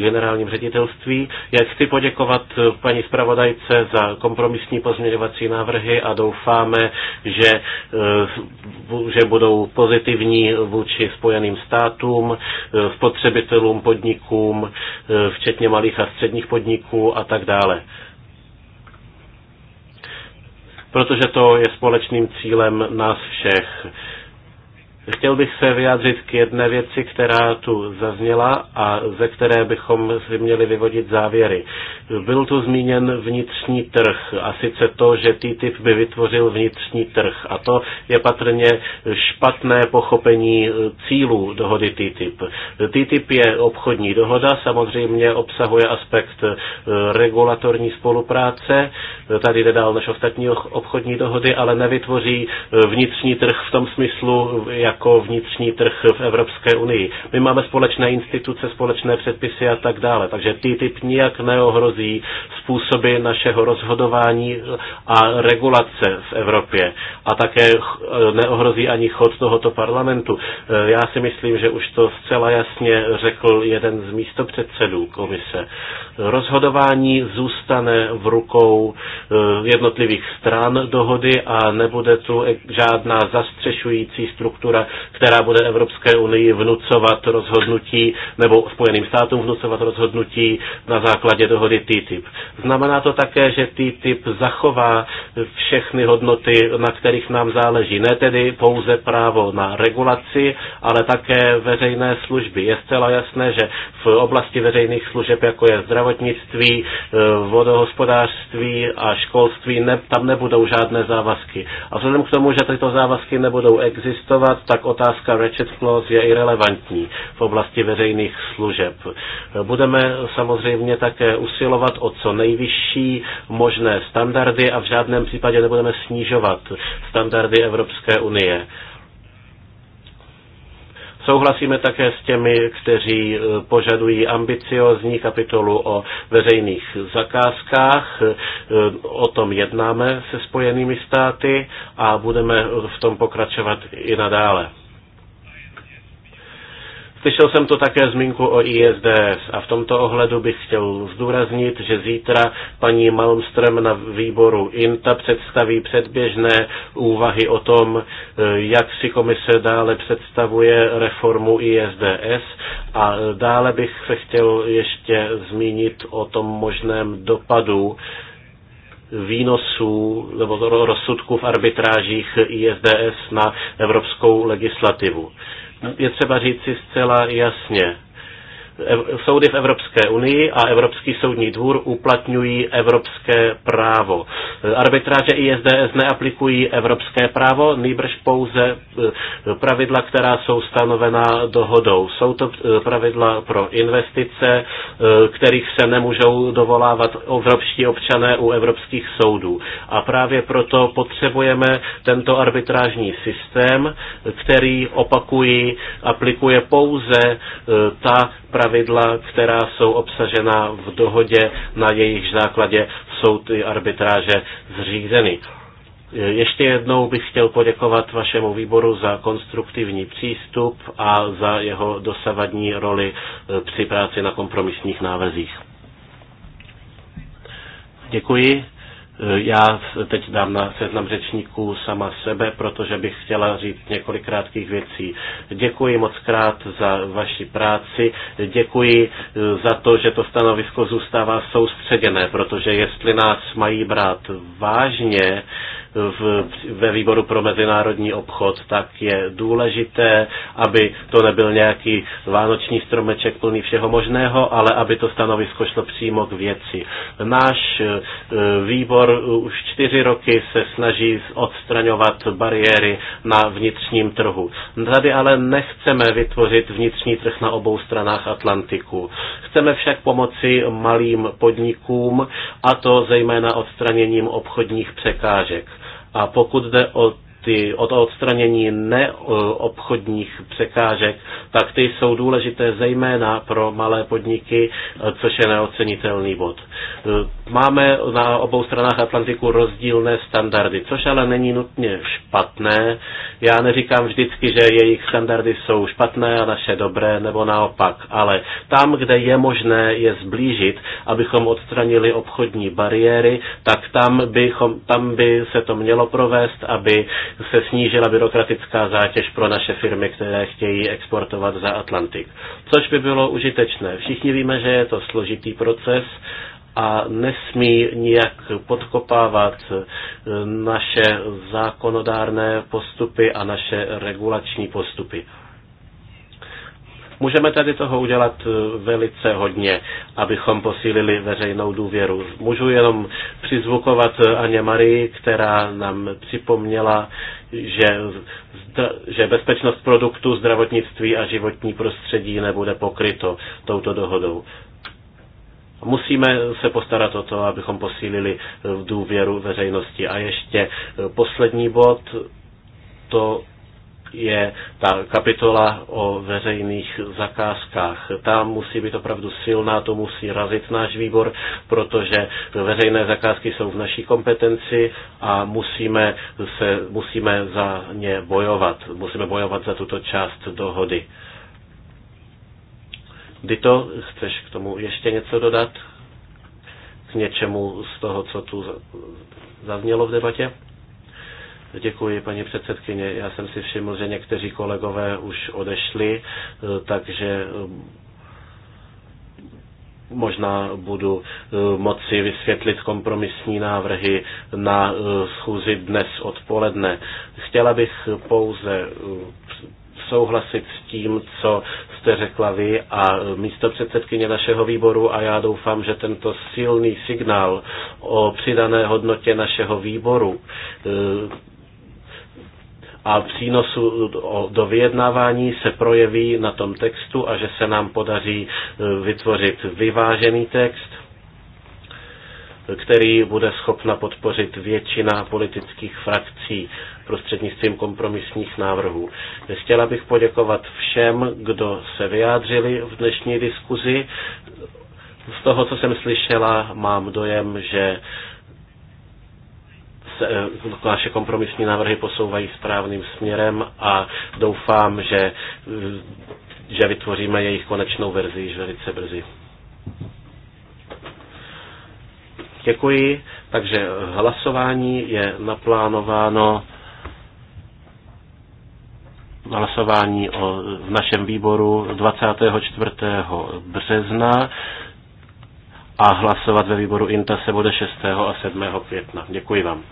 generálním ředitelství. Já chci poděkovat eh, paní zpravodajce za kompromisní pozměňovací návrhy a doufáme, že, že budou pozitivní vůči Spojeným státům, spotřebitelům, podnikům, včetně malých a středních podniků a tak dále protože to je společným cílem nás všech. Chtěl bych se vyjádřit k jedné věci, která tu zazněla a ze které bychom si měli vyvodit závěry. Byl tu zmíněn vnitřní trh a sice to, že TTIP by vytvořil vnitřní trh a to je patrně špatné pochopení eh, cílů dohody TTIP. TTIP je obchodní dohoda, samozřejmě obsahuje aspekt eh, regulatorní spolupráce, tady jde dál než ostatní obchodní dohody, ale nevytvoří eh, vnitřní trh v tom smyslu, jak jako vnitřní trh v Evropské unii. My máme společné instituce, společné předpisy a tak dále, takže TTIP nijak neohrozí způsoby našeho rozhodování a regulace v Evropě a také eh, neohrozí ani chod tohoto parlamentu. Eh, já si myslím, že už to zcela jasně řekl jeden z místopředsedů komise. Rozhodování zůstane v rukou eh, jednotlivých stran dohody a nebude tu žádná zastřešující struktura která bude Evropské unii vnucovat rozhodnutí nebo Spojeným státům vnucovat rozhodnutí na základě dohody TTIP. Znamená to také, že TTIP zachová všechny hodnoty, na kterých nám záleží. Ne tedy pouze právo na regulaci, ale také veřejné služby. Je zcela jasné, že v oblasti veřejných služeb, jako je zdravotnictví, eh, vodohospodářství a školství, ne, tam nebudou žádné závazky. A vzhledem k tomu, že tyto závazky nebudou existovat, tak otázka ratchet clause je irrelevantní v oblasti veřejných služeb. Budeme samozřejmě také usilovat o co nejvyšší možné standardy a v žádném případě nebudeme snižovat standardy Evropské unie. Souhlasíme také s těmi, kteří e, požadují ambiciozní kapitolu o veřejných zakázkách. E, o tom jednáme se Spojenými státy a budeme v tom pokračovat i nadále. Slyšel jsem to také zmínku o ISDS a v tomto ohledu bych chtěl zdůraznit, že zítra paní Malmström na výboru INTA představí předběžné úvahy o tom, eh, jak si komise dále představuje reformu ISDS a eh, dále bych se chtěl ještě zmínit o tom možném dopadu výnosů nebo rozsudků v arbitrážích ISDS na evropskou legislativu. No, je třeba říci zcela jasně, soudy v Evropské unii a Evropský soudní dvůr uplatňují evropské právo. Arbitráže ISDS neaplikují evropské právo, nýbrž pouze eh, pravidla, která jsou stanovena dohodou. Jsou to eh, pravidla pro investice, eh, kterých se nemůžou dovolávat evropští občané u evropských soudů. A právě proto potřebujeme tento arbitrážní systém, který, opakují, aplikuje pouze ta pravidla, která jsou obsažena v dohodě, na jejich základě jsou ty arbitráže zřízeny. Ještě jednou bych chtěl poděkovat vašemu výboru za konstruktivní přístup a za jeho dosavadní roli eh, při práci na kompromisních návrzích. Děkuji. Eh, já teď dám na seznam řečníků sama sebe, protože bych chtěla říct několik krátkých věcí. Děkuji moc krát za vaši práci, děkuji eh, za to, že to stanovisko zůstává soustředěné, protože jestli nás mají brát vážně, v, ve výboru pro mezinárodní obchod, tak je důležité, aby to nebyl nějaký vánoční stromeček plný všeho možného, ale aby to stanovisko šlo přímo k věci. Náš e, výbor e, už čtyři roky se snaží odstraňovat bariéry na vnitřním trhu. Tady ale nechceme vytvořit vnitřní trh na obou stranách Atlantiku. Chceme však pomoci malým podnikům, a to zejména odstraněním obchodních překážek. A pokud jde o ty, o to odstranění neobchodních překážek, tak ty jsou důležité zejména pro malé podniky, což je neocenitelný bod. Máme na obou stranách Atlantiku rozdílné standardy, což ale není nutně špatné. Já neříkám vždycky, že jejich standardy jsou špatné a naše dobré, nebo naopak, ale tam, kde je možné je zblížit, abychom odstranili obchodní bariéry, tak tam, bychom, tam by se to mělo provést, aby se snížila byrokratická zátěž pro naše firmy, které chtějí exportovat za Atlantik. Což by bylo užitečné. Všichni víme, že je to složitý proces a nesmí nijak podkopávat eh, naše zákonodárné postupy a naše regulační postupy. Můžeme tady toho udělat eh, velice hodně, abychom posílili veřejnou důvěru. Můžu jenom přizvukovat eh, Aně Marii, která nám připomněla, že, že bezpečnost produktu, zdravotnictví a životní prostředí nebude pokryto touto dohodou. Musíme se postarat o to, abychom posílili eh, důvěru veřejnosti. A ještě poslední bod, to je ta kapitola o veřejných zakázkách. Tam musí být opravdu silná, to musí razit náš výbor, protože veřejné zakázky jsou v naší kompetenci a musíme, se, musíme za ně bojovat. Musíme bojovat za tuto část dohody. Dito, chceš k tomu ještě něco dodat? K něčemu z toho, co tu zaznělo v debatě? Děkuji, paní předsedkyně. Já jsem si všiml, že někteří kolegové už odešli, eh, takže eh, možná budu eh, moci vysvětlit kompromisní návrhy na schůzi dnes odpoledne. Chtěla bych pouze souhlasit s tím, co jste řekla vy a místo předsedkyně našeho výboru a já doufám, že tento silný signál o přidané hodnotě našeho výboru a přínosu do vyjednávání se projeví na tom textu a že se nám podaří e, vytvořit vyvážený text, který bude schopna podpořit většina politických frakcí prostřednictvím kompromisních návrhů. Chtěla bych poděkovat všem, kdo se vyjádřili v dnešní diskuzi. Z toho, co jsem slyšela, mám dojem, že Eh, naše kompromisní návrhy posouvají správným směrem a doufám, že, eh, že vytvoříme jejich konečnou verzi již velice brzy. Děkuji. Takže eh, hlasování je naplánováno hlasování o, v našem výboru 24. března a hlasovat ve výboru INTA se bude 6. a 7. května. Děkuji vám.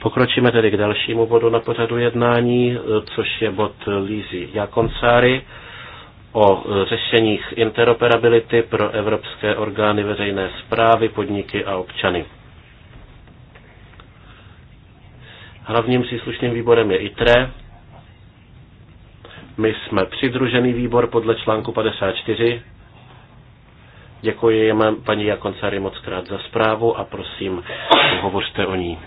Pokročíme tedy k dalšímu bodu na pořadu jednání, e, což je bod e, Lízy Jakoncáry o e, řešeních interoperability pro evropské orgány veřejné zprávy, podniky a občany. Hlavním příslušným výborem je ITRE. My jsme přidružený výbor podle článku 54. Děkuji paní Jakoncary moc krát za zprávu a prosím, hovořte o ní.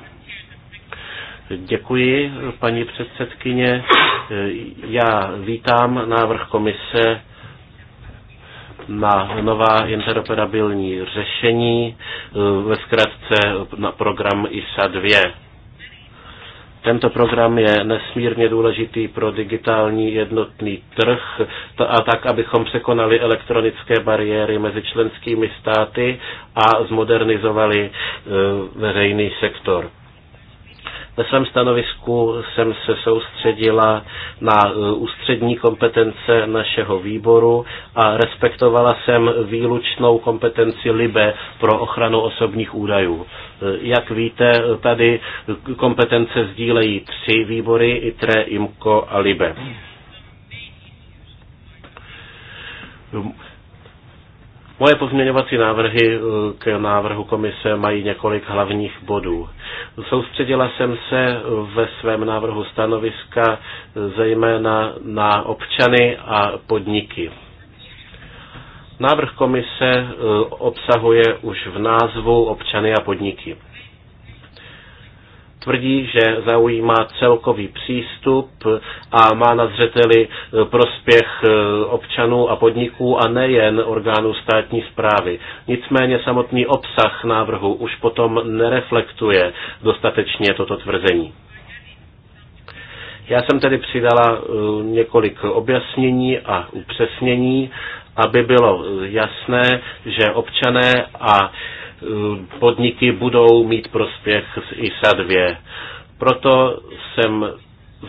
Děkuji, paní předsedkyně. Já vítám návrh komise na nová interoperabilní řešení, eh, ve zkratce na program ISA 2. Tento program je nesmírně důležitý pro digitální jednotný trh a tak, abychom překonali elektronické bariéry mezi členskými státy a zmodernizovali eh, veřejný sektor. Ve svém stanovisku jsem se soustředila na eh, ústřední kompetence našeho výboru a respektovala jsem výlučnou kompetenci LIBE pro ochranu osobních údajů. Eh, jak víte, tady kompetence sdílejí tři výbory, ITRE, IMCO a LIBE. Moje pozměňovací návrhy eh, k návrhu komise mají několik hlavních bodů. Soustředila jsem se eh, ve svém návrhu stanoviska eh, zejména na občany a podniky. Návrh komise obsahuje už v názvu občany a podniky tvrdí, že zaujímá celkový přístup a má na zřeteli e, prospěch e, občanů a podniků a nejen orgánů státní zprávy. Nicméně samotný obsah návrhu už potom nereflektuje dostatečně toto tvrzení. Já jsem tedy přidala e, několik objasnění a upřesnění, aby bylo jasné, že občané a podniky budou mít prospěch z ISA 2. Proto jsem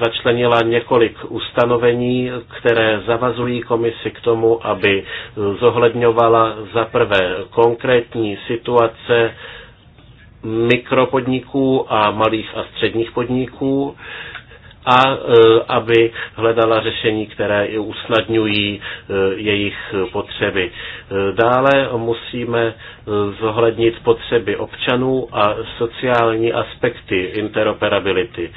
začlenila několik ustanovení, které zavazují komisi k tomu, aby zohledňovala za prvé konkrétní situace mikropodniků a malých a středních podniků, a e, aby hledala řešení, které i usnadňují e, jejich potřeby. E, dále musíme zohlednit potřeby občanů a sociální aspekty interoperability.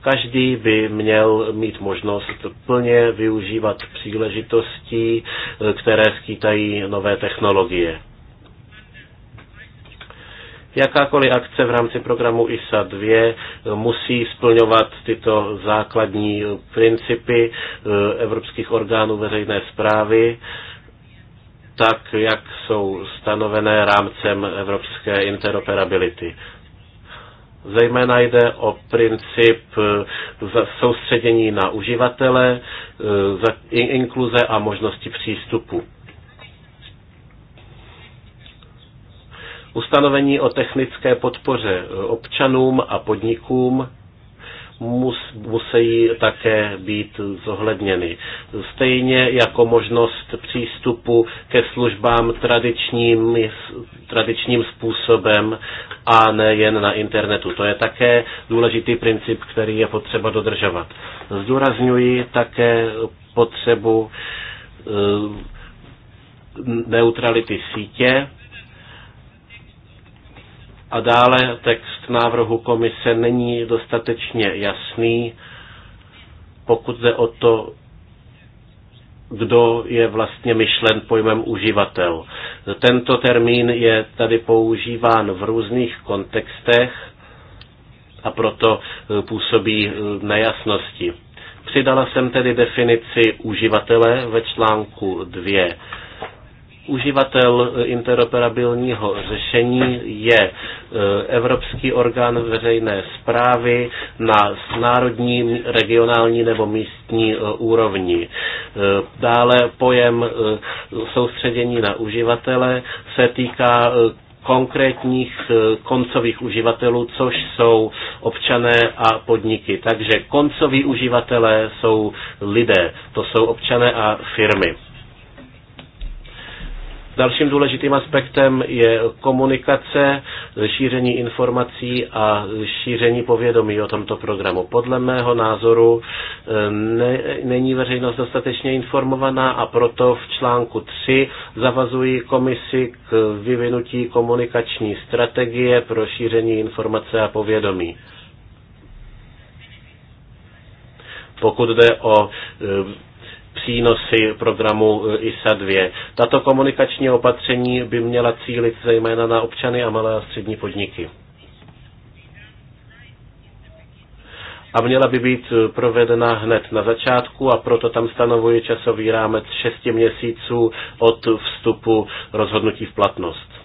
Každý by měl mít možnost plně využívat příležitostí, které skýtají nové technologie. Jakákoliv akce v rámci programu ISA 2 eh, musí splňovat tyto základní eh, principy eh, evropských orgánů veřejné zprávy, tak jak jsou stanovené rámcem evropské interoperability. Zejména jde o princip soustředění na uživatele, inkluze a možnosti přístupu. Ustanovení o technické podpoře občanům a podnikům mus, musí také být zohledněny. Stejně jako možnost přístupu ke službám tradičním, tradičním způsobem a nejen na internetu. To je také důležitý princip, který je potřeba dodržovat. Zdůrazňuji také potřebu eh, neutrality sítě a dále text návrhu komise není dostatečně jasný, pokud jde o to, kdo je vlastně myšlen pojmem uživatel. Tento termín je tady používán v různých kontextech a proto eh, působí eh, nejasnosti. Přidala jsem tedy definici uživatele ve článku 2 Uživatel e, interoperabilního řešení je e, Evropský orgán veřejné zprávy na národní, regionální nebo místní e, úrovni. Dále pojem soustředění na uživatele se týká konkrétních koncových uživatelů, což jsou občané a podniky. Takže koncoví uživatelé jsou lidé, to jsou občané a firmy. Dalším důležitým aspektem je komunikace, šíření informací a šíření povědomí o tomto programu. Podle mého názoru eh, ne, není veřejnost dostatečně informovaná a proto v článku 3 zavazují komisi k vyvinutí komunikační strategie pro šíření informace a povědomí pokud jde o eh, přínosy programu eh, ISA 2. Tato komunikační opatření by měla cílit zejména na občany a malé a střední podniky. a měla by být eh, provedena hned na začátku a proto tam stanovuje časový rámec 6 měsíců od vstupu rozhodnutí v platnost.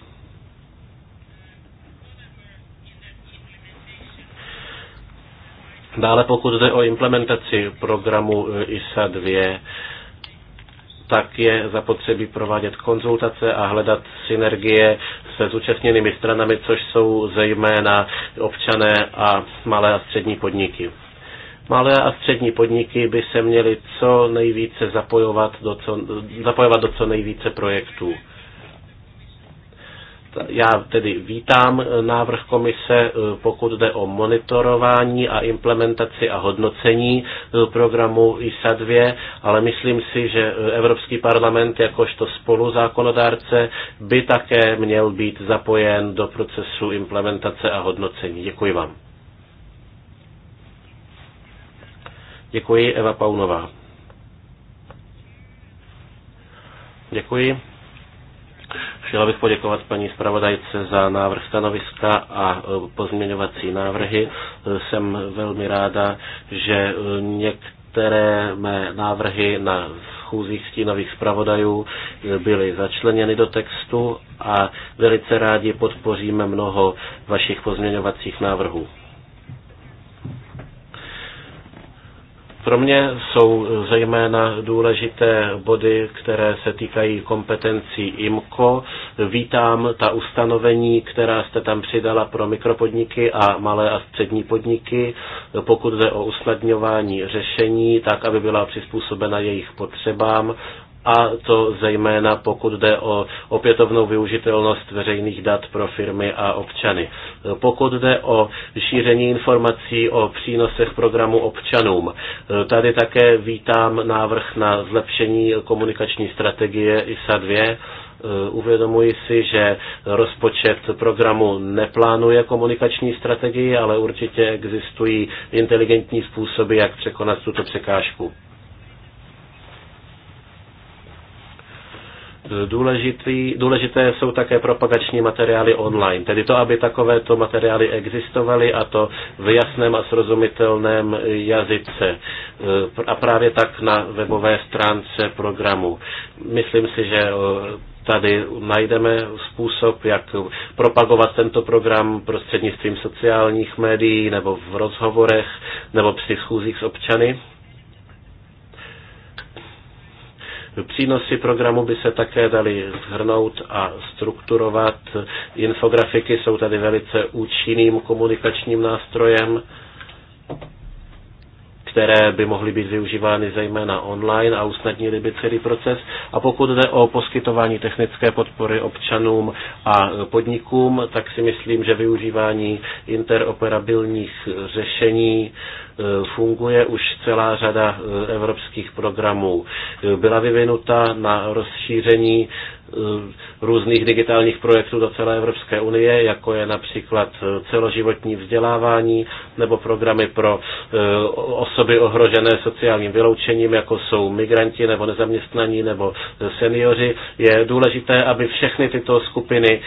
Dále pokud jde o implementaci programu e, ISA 2, tak je zapotřebí provádět konzultace a hledat synergie se zúčastněnými stranami, což jsou zejména občané a malé a střední podniky. Malé a střední podniky by se měly co nejvíce zapojovat do co, zapojovat do co nejvíce projektů já tedy vítám eh, návrh komise, eh, pokud jde o monitorování a implementaci a hodnocení eh, programu ISA 2, ale myslím si, že Evropský parlament jakožto spoluzákonodárce by také měl být zapojen do procesu implementace a hodnocení. Děkuji vám. Děkuji, Eva Paunová. Děkuji. Chtěla bych poděkovat paní zpravodajce za návrh stanoviska a e, pozměňovací návrhy. E, jsem velmi ráda, že e, některé mé návrhy na schůzích stínových zpravodajů byly začleněny do textu a velice rádi podpoříme mnoho vašich pozměňovacích návrhů. Pro mě jsou zejména důležité body, které se týkají kompetencí IMCO. Vítám ta ustanovení, která jste tam přidala pro mikropodniky a malé a střední podniky, pokud jde o usnadňování řešení, tak aby byla přizpůsobena jejich potřebám a to zejména pokud jde o opětovnou využitelnost veřejných dat pro firmy a občany. Pokud jde o šíření informací o přínosech programu občanům, tady také vítám návrh na zlepšení komunikační strategie ISA 2 uvědomuji si, že rozpočet programu neplánuje komunikační strategii, ale určitě existují inteligentní způsoby, jak překonat tuto překážku. Důležitý, důležité jsou také propagační materiály online, tedy to, aby takovéto materiály existovaly a to v jasném a srozumitelném jazyce e, a právě tak na webové stránce programu. Myslím si, že e, tady najdeme způsob, jak propagovat tento program prostřednictvím sociálních médií nebo v rozhovorech nebo při schůzích s občany. Přínosy programu by se také daly zhrnout a strukturovat. Infografiky jsou tady velice účinným komunikačním nástrojem které by mohly být využívány zejména online a usnadnili by celý proces. A pokud jde o poskytování technické podpory občanům a podnikům, tak si myslím, že využívání interoperabilních řešení Eh, funguje už celá řada eh, evropských programů. Eh, byla vyvinuta na rozšíření Eh, různých digitálních projektů do celé Evropské unie, jako je například eh, celoživotní vzdělávání nebo programy pro eh, osoby ohrožené sociálním vyloučením, jako jsou migranti nebo nezaměstnaní nebo seniori. Je důležité, aby všechny tyto skupiny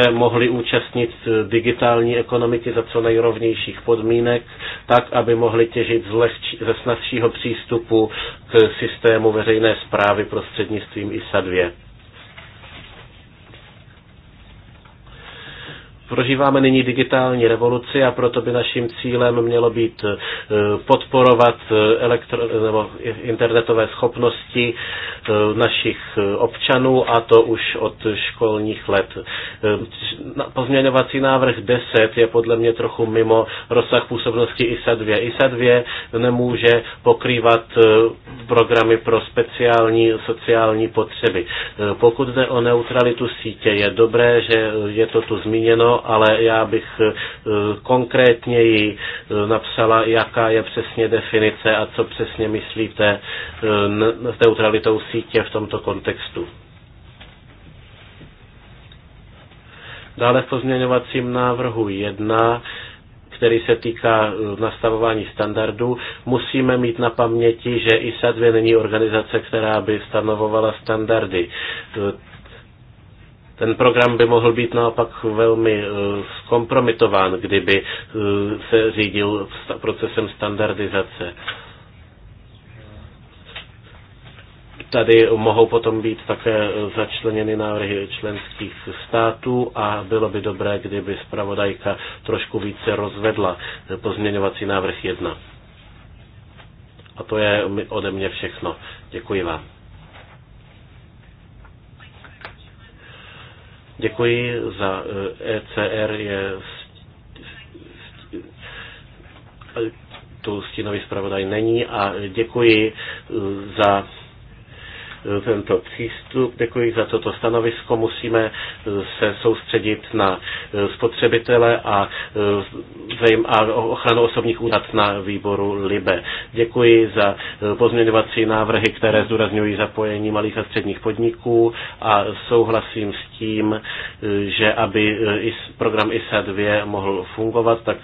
se mohly účastnit digitální ekonomiky za co nejrovnějších podmínek, tak, aby mohly těžit z lehč- ze snadšího přístupu k systému veřejné zprávy prostřednictvím ISA 2. Prožíváme nyní digitální revoluci a proto by naším cílem mělo být eh, podporovat eh, elektro, nebo internetové schopnosti eh, našich občanů a to už od školních let. Pozměňovací návrh 10 je podle mě trochu mimo rozsah působnosti ISA 2. ISA 2 nemůže pokrývat programy pro speciální sociální potřeby. Pokud jde o neutralitu sítě, je dobré, že je to tu zmíněno, ale já bych eh, konkrétněji eh, napsala, jaká je přesně definice a co přesně myslíte eh, s neutralitou sítě v tomto kontextu. Dále v pozměňovacím návrhu 1 který se týká nastavování standardů, musíme mít na paměti, že ISA 2 není organizace, která by stanovovala standardy ten program by mohl být naopak velmi eh, zkompromitován, kdyby eh, se řídil procesem standardizace. Tady mohou potom být také eh, začleněny návrhy členských států a bylo by dobré, kdyby zpravodajka trošku více rozvedla pozměňovací návrh 1. A to je ode mě všechno. Děkuji vám. Děkuji za ECR, eh, e je tu stínový zpravodaj není a děkuji eh, za tento přístup, děkuji za toto stanovisko. Musíme se soustředit na eh, spotřebitele eh, a, ochranu osobních údat na výboru LIBE. Děkuji za eh, pozměňovací návrhy, které zdůrazňují zapojení malých a středních podniků a souhlasím s tím, že aby program ISA 2 mohl fungovat, tak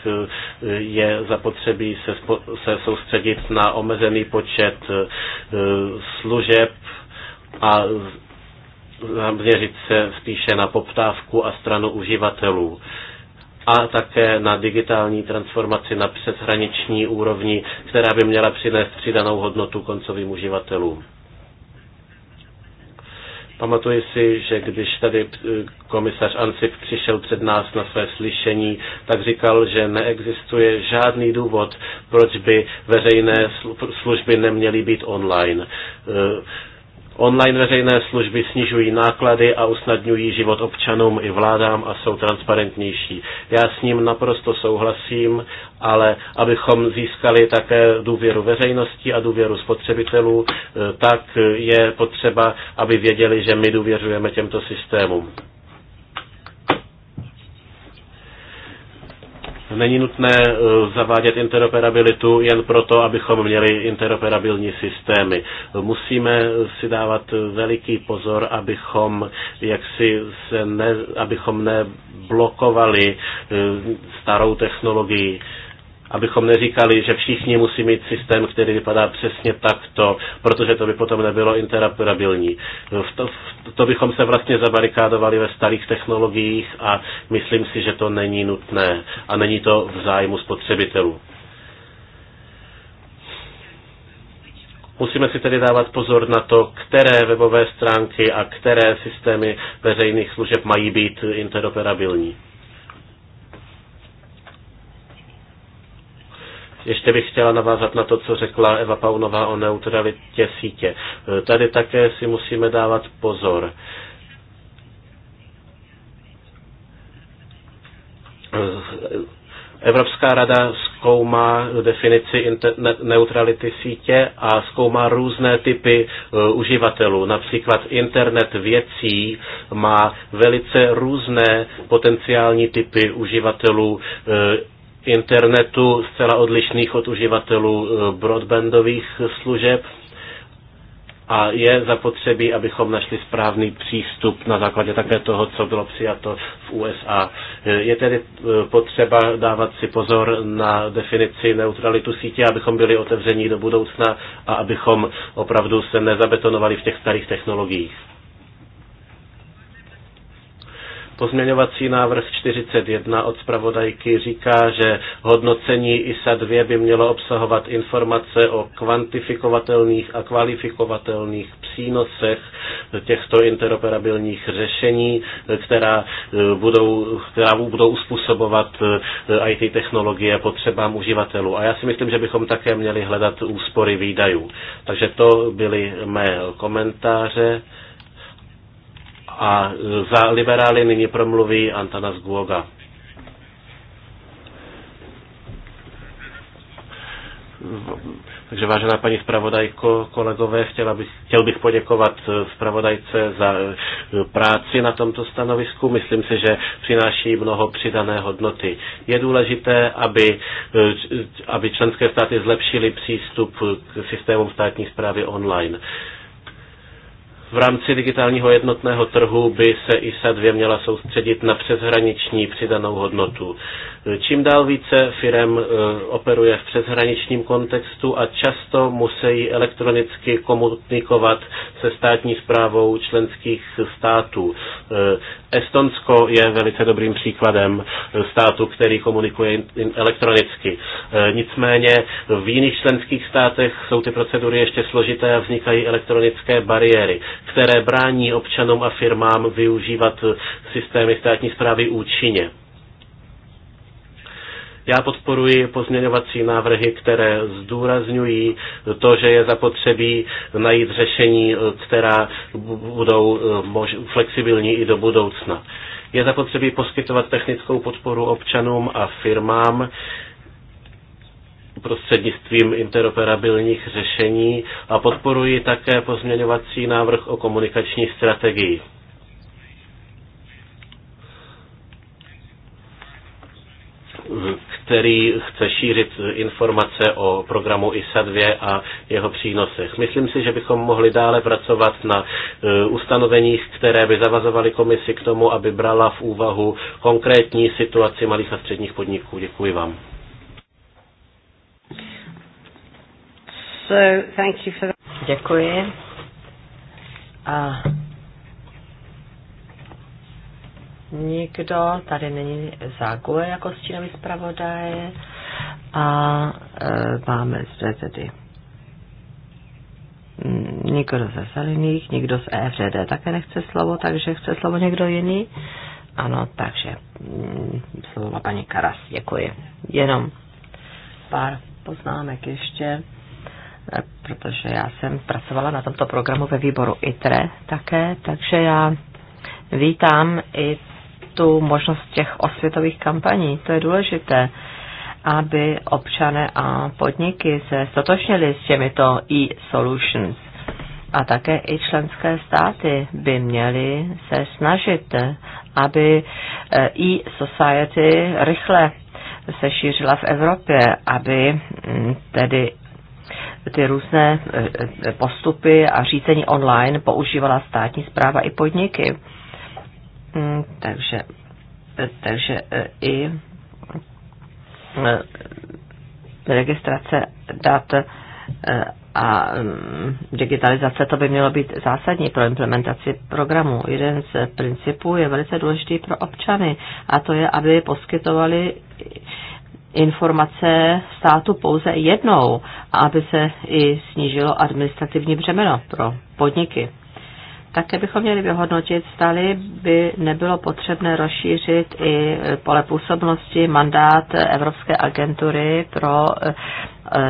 je zapotřebí se soustředit na omezený počet služeb a zaměřit se spíše na poptávku a stranu uživatelů a také na digitální transformaci na přeshraniční úrovni, která by měla přinést přidanou hodnotu koncovým uživatelům. Pamatuji si, že když tady eh, komisař Ansip přišel před nás na své slyšení, tak říkal, že neexistuje žádný důvod, proč by veřejné služby neměly být online. Eh, Online veřejné služby snižují náklady a usnadňují život občanům i vládám a jsou transparentnější. Já s ním naprosto souhlasím, ale abychom získali také důvěru veřejnosti a důvěru spotřebitelů, eh, tak je potřeba, aby věděli, že my důvěřujeme těmto systémům. Není nutné eh, zavádět interoperabilitu jen proto, abychom měli interoperabilní systémy. Musíme si dávat veliký pozor, abychom, jak si se ne, abychom neblokovali eh, starou technologii abychom neříkali, že všichni musí mít systém, který vypadá přesně takto, protože to by potom nebylo interoperabilní. To, to bychom se vlastně zabarikádovali ve starých technologiích a myslím si, že to není nutné a není to v zájmu spotřebitelů. Musíme si tedy dávat pozor na to, které webové stránky a které systémy veřejných služeb mají být interoperabilní. Ještě bych chtěla navázat na to, co řekla Eva Paunová o neutralitě sítě. E, tady také si musíme dávat pozor. E, Evropská rada zkoumá definici neutrality sítě a zkoumá různé typy e, uživatelů. Například internet věcí má velice různé potenciální typy uživatelů internetu zcela odlišných od uživatelů eh, broadbandových služeb a je zapotřebí, abychom našli správný přístup na základě také toho, co bylo přijato v USA. Eh, je tedy eh, potřeba dávat si pozor na definici neutralitu sítě, abychom byli otevření do budoucna a abychom opravdu se nezabetonovali v těch starých technologiích. Pozměňovací návrh 41 od zpravodajky říká, že hodnocení ISA 2 by mělo obsahovat informace o kvantifikovatelných a kvalifikovatelných přínosech těchto interoperabilních řešení, která eh, budou, která budou uspůsobovat eh, IT technologie potřebám uživatelů. A já si myslím, že bychom také měli hledat úspory výdajů. Takže to byly mé komentáře. A za liberály nyní promluví Antanas Guoga. Takže vážená paní zpravodajko, kolegové, chtěla bych, chtěl bych poděkovat zpravodajce za eh, práci na tomto stanovisku. Myslím si, že přináší mnoho přidané hodnoty. Je důležité, aby, eh, aby členské státy zlepšily přístup k systémům státní zprávy online. V rámci digitálního jednotného trhu by se ISA 2 měla soustředit na přeshraniční přidanou hodnotu. Čím dál více firem eh, operuje v přeshraničním kontextu a často musí elektronicky komunikovat se státní zprávou členských států. Eh, Estonsko je velice dobrým příkladem státu, který komunikuje elektronicky. Eh, nicméně v jiných členských státech jsou ty procedury ještě složité a vznikají elektronické bariéry, které brání občanům a firmám využívat systémy státní zprávy účinně. Já podporuji pozměňovací návrhy, které zdůrazňují to, že je zapotřebí najít řešení, eh, která budou eh, flexibilní i do budoucna. Je zapotřebí poskytovat technickou podporu občanům a firmám, prostřednictvím interoperabilních řešení a podporuji také pozměňovací návrh o komunikační strategii. který chce šířit informace o programu ISA 2 a jeho přínosech. Myslím si, že bychom mohli dále pracovat na e, ustanoveních, které by zavazovaly komisi k tomu, aby brala v úvahu konkrétní situaci malých a středních podniků. Děkuji vám. So, thank you for that. Děkuji. A nikdo, tady není Zague jako stínový zpravodaj a e, máme zde tedy nikdo ze zelených, nikdo z EFD také nechce slovo, takže chce slovo někdo jiný. Ano, takže mm, slovo má paní Karas, děkuji. Jenom pár poznámek ještě, e, protože já jsem pracovala na tomto programu ve výboru ITRE také, takže já vítám i tu možnost těch osvětových kampaní. To je důležité, aby občané a podniky se stotočnili s těmito e-solutions. A také i členské státy by měly se snažit, aby eh, e-society rychle se šířila v Evropě, aby hm, tedy ty různé eh, eh, postupy a řízení online používala státní zpráva i podniky. Mm, takže, eh, takže eh, i eh, registrace dat a mm, digitalizace, to by mělo být zásadní pro implementaci programu. Jeden z principů je velice důležitý pro občany a to je, aby poskytovali informace státu pouze jednou a aby se i snížilo administrativní břemeno pro podniky. Také bychom měli vyhodnotit, stali by nebylo potřebné rozšířit i pole působnosti mandát Evropské agentury pro eh,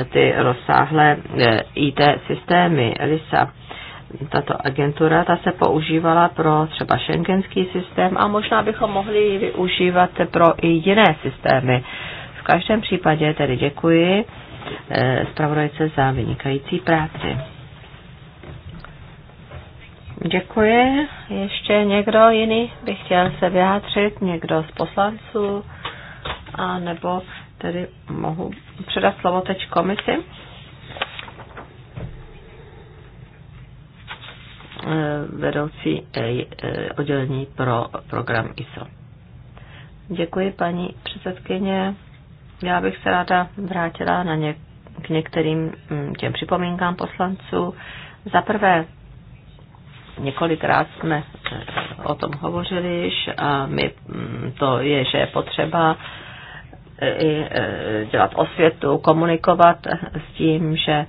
ty rozsáhlé eh, IT systémy LISA. Tato agentura ta se používala pro třeba šengenský systém a možná bychom mohli ji využívat pro i jiné systémy. V každém případě tedy děkuji eh, zpravodajce za vynikající práci. Děkuji. Ještě někdo jiný by chtěl se vyjádřit? Někdo z poslanců? A nebo tedy mohu předat slovo teď komisi? Eh, vedoucí eh, eh, oddělení pro program ISO. Děkuji, paní předsedkyně. Já bych se ráda vrátila na ně, k některým mm, těm připomínkám poslanců. Za prvé, Několikrát jsme o tom hovořili a my, mm, to je, že je potřeba e, i e, dělat osvětu, komunikovat s tím, že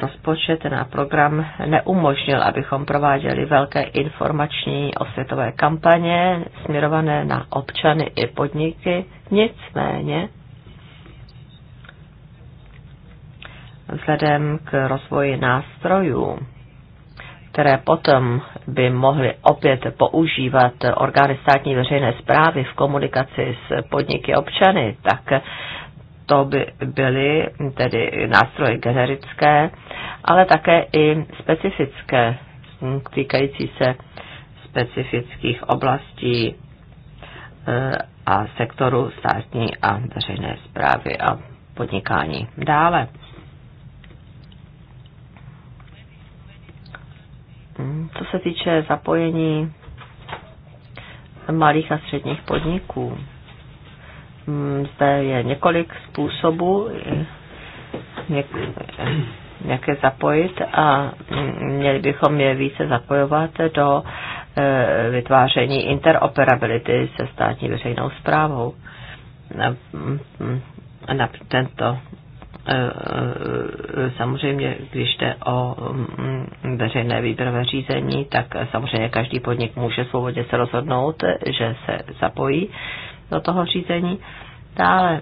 rozpočet na program neumožnil, abychom prováděli velké informační osvětové kampaně směrované na občany i podniky. Nicméně, vzhledem k rozvoji nástrojů, které potom by mohly opět používat orgány státní veřejné zprávy v komunikaci s podniky občany, tak to by byly tedy nástroje generické, ale také i specifické, týkající se specifických oblastí eh, a sektoru státní a veřejné zprávy a podnikání. Dále Co se týče zapojení malých a středních podniků, mm, zde je několik způsobů, jak je zapojit a měli bychom je více zapojovat do e, vytváření interoperability se státní veřejnou zprávou. Na, na tento Eh, eh, samozřejmě, když jde o mm, mm, veřejné výběrové řízení, tak samozřejmě každý podnik může svobodně se rozhodnout, že se zapojí do toho řízení. Dále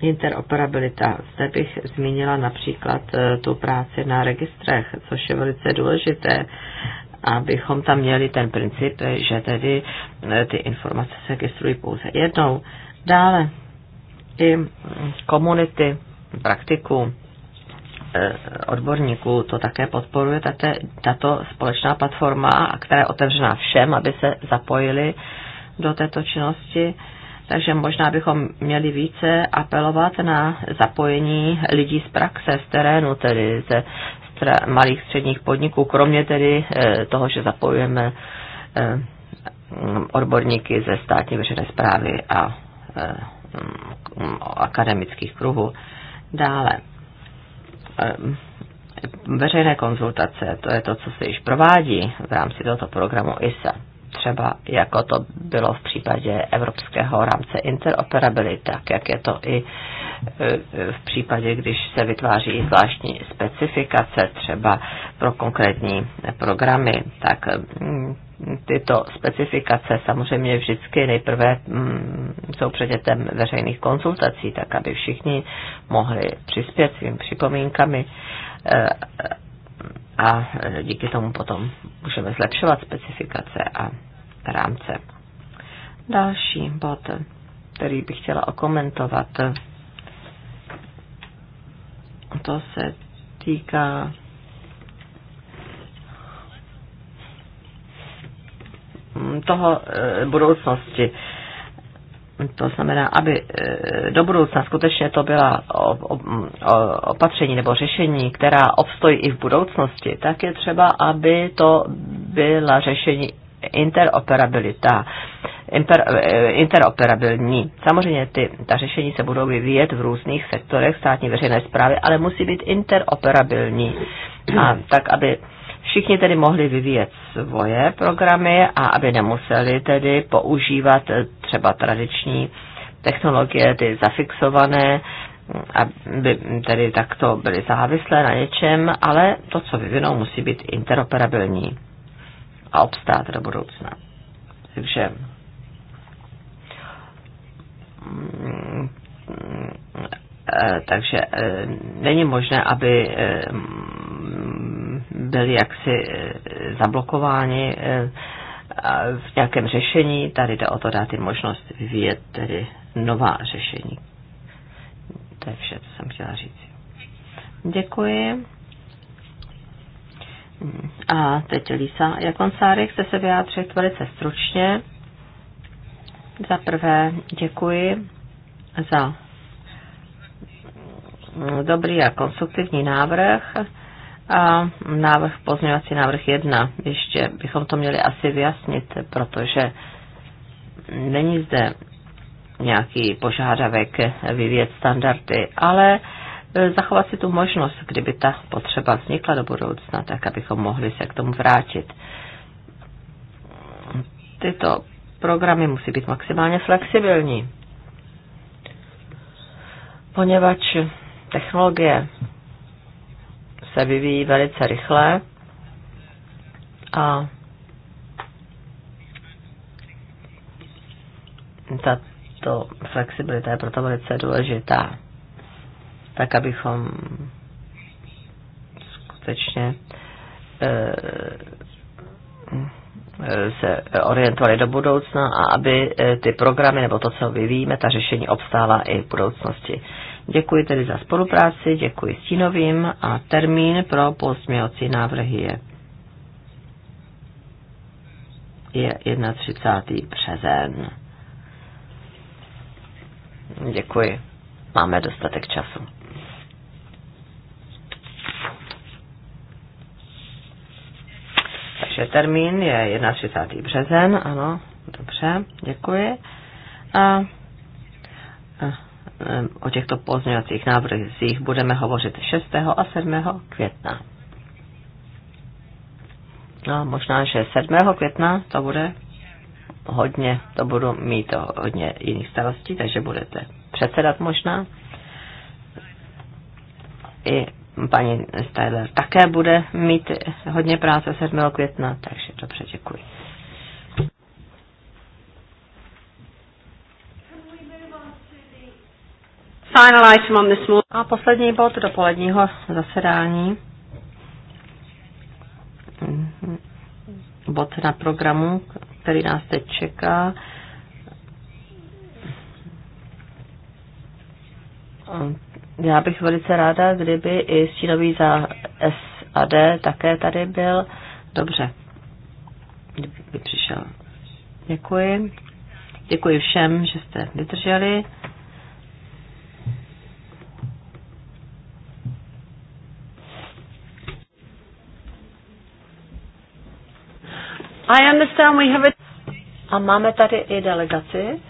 interoperabilita. Zde bych zmínila například eh, tu práci na registrech, což je velice důležité, abychom tam měli ten princip, že tedy ty informace se registrují pouze jednou. Dále i komunity praktiků, eh, odborníků to také podporuje tato, tato společná platforma, která je otevřená všem, aby se zapojili do této činnosti. Takže možná bychom měli více apelovat na zapojení lidí z praxe, z terénu, tedy ze malých středních podniků, kromě tedy eh, toho, že zapojujeme eh, odborníky ze státní veřejné zprávy a Mm, akademických kruhů. Dále, ehm, veřejné konzultace, to je to, co se již provádí v rámci tohoto programu ISA třeba jako to bylo v případě Evropského rámce interoperability, tak jak je to i e, v případě, když se vytváří zvláštní specifikace třeba pro konkrétní programy, tak mm, tyto specifikace samozřejmě vždycky nejprve mm, jsou předmětem veřejných konzultací, tak aby všichni mohli přispět svým připomínkami e, a e, díky tomu potom můžeme zlepšovat specifikace a rámce. Další bod, který bych chtěla okomentovat, to se týká toho e, budoucnosti to znamená, aby e, do budoucna skutečně to byla opatření nebo řešení, která obstojí i v budoucnosti, tak je třeba, aby to byla řešení interoperabilita, imper, e, interoperabilní. Samozřejmě ty, ta řešení se budou vyvíjet v různých sektorech státní veřejné zprávy, ale musí být interoperabilní, a, tak aby všichni tedy mohli vyvíjet svoje programy a aby nemuseli tedy používat třeba tradiční technologie, ty zafixované, aby tedy takto byly závislé na něčem, ale to, co vyvinou, musí být interoperabilní a obstát do budoucna. Takže mm, eh, takže eh, není možné, aby eh, byli jaksi zablokováni v nějakém řešení. Tady jde o to dát jim možnost vyvíjet tedy nová řešení. To je vše, co jsem chtěla říct. Děkuji. A teď Lisa Jakoncáry, chce se vyjádřit velice stručně. Za prvé děkuji za dobrý a konstruktivní návrh a návrh, pozměňovací návrh 1, ještě bychom to měli asi vyjasnit, protože není zde nějaký požádavek vyvíjet standardy, ale e, zachovat si tu možnost, kdyby ta potřeba vznikla do budoucna, tak abychom mohli se k tomu vrátit. Tyto programy musí být maximálně flexibilní, poněvadž technologie se vyvíjí velice rychle a tato flexibilita je proto velice důležitá, tak abychom skutečně e, se orientovali do budoucna a aby e, ty programy nebo to, co vyvíjíme, ta řešení obstála i v budoucnosti. Děkuji tedy za spolupráci, děkuji Stínovým a termín pro pozměňovací návrhy je, je 31. březen. Děkuji. Máme dostatek času. Takže termín je 31. březen, ano, dobře, děkuji. A o těchto pozměňovacích návrzích budeme hovořit 6. a 7. května. No, možná, že 7. května to bude hodně, to budu mít hodně jiných starostí, takže budete předsedat možná. I paní Styler také bude mít hodně práce 7. května, takže dobře, děkuji. final item on this morning. A poslední bod dopoledního zasedání. Mhm. Bod na programu, který nás teď čeká. Já bych velice ráda, kdyby i stínový za SAD také tady byl. Dobře, kdyby přišel. Děkuji. Děkuji všem, že jste vydrželi. I understand we have a... A máme tady i delegaci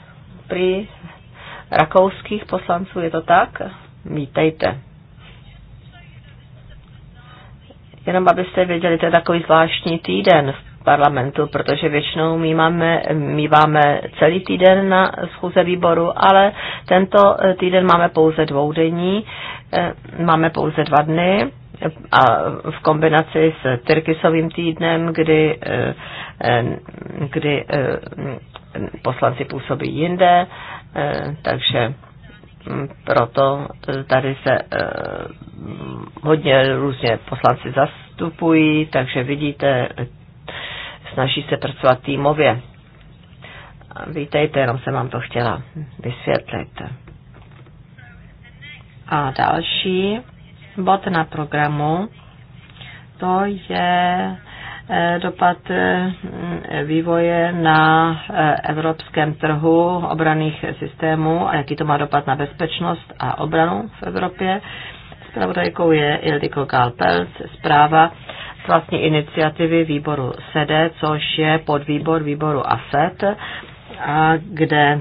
pri rakouských poslanců, je to tak? Vítejte. Jenom abyste věděli, to je takový zvláštní týden v parlamentu, protože většinou my máme celý týden na schůze výboru, ale tento týden máme pouze dvoudenní, eh, máme pouze dva dny a v kombinaci s Tyrkisovým týdnem, kdy, eh, eh, kdy eh, poslanci působí jinde, takže hm, proto tady se hodně různě poslanci zastupují, takže vidíte, snaží se pracovat týmově. Vítejte, jenom jsem vám to chtěla vysvětlit. A další bod na programu, to je eh, dopad eh, vývoje na eh, evropském trhu obraných systémů a jaký to má dopad na bezpečnost a obranu v Evropě. Spravodajkou je Ildiko Kalpelc, zpráva z vlastní iniciativy výboru SEDE, což je podvýbor výboru AFET, a kde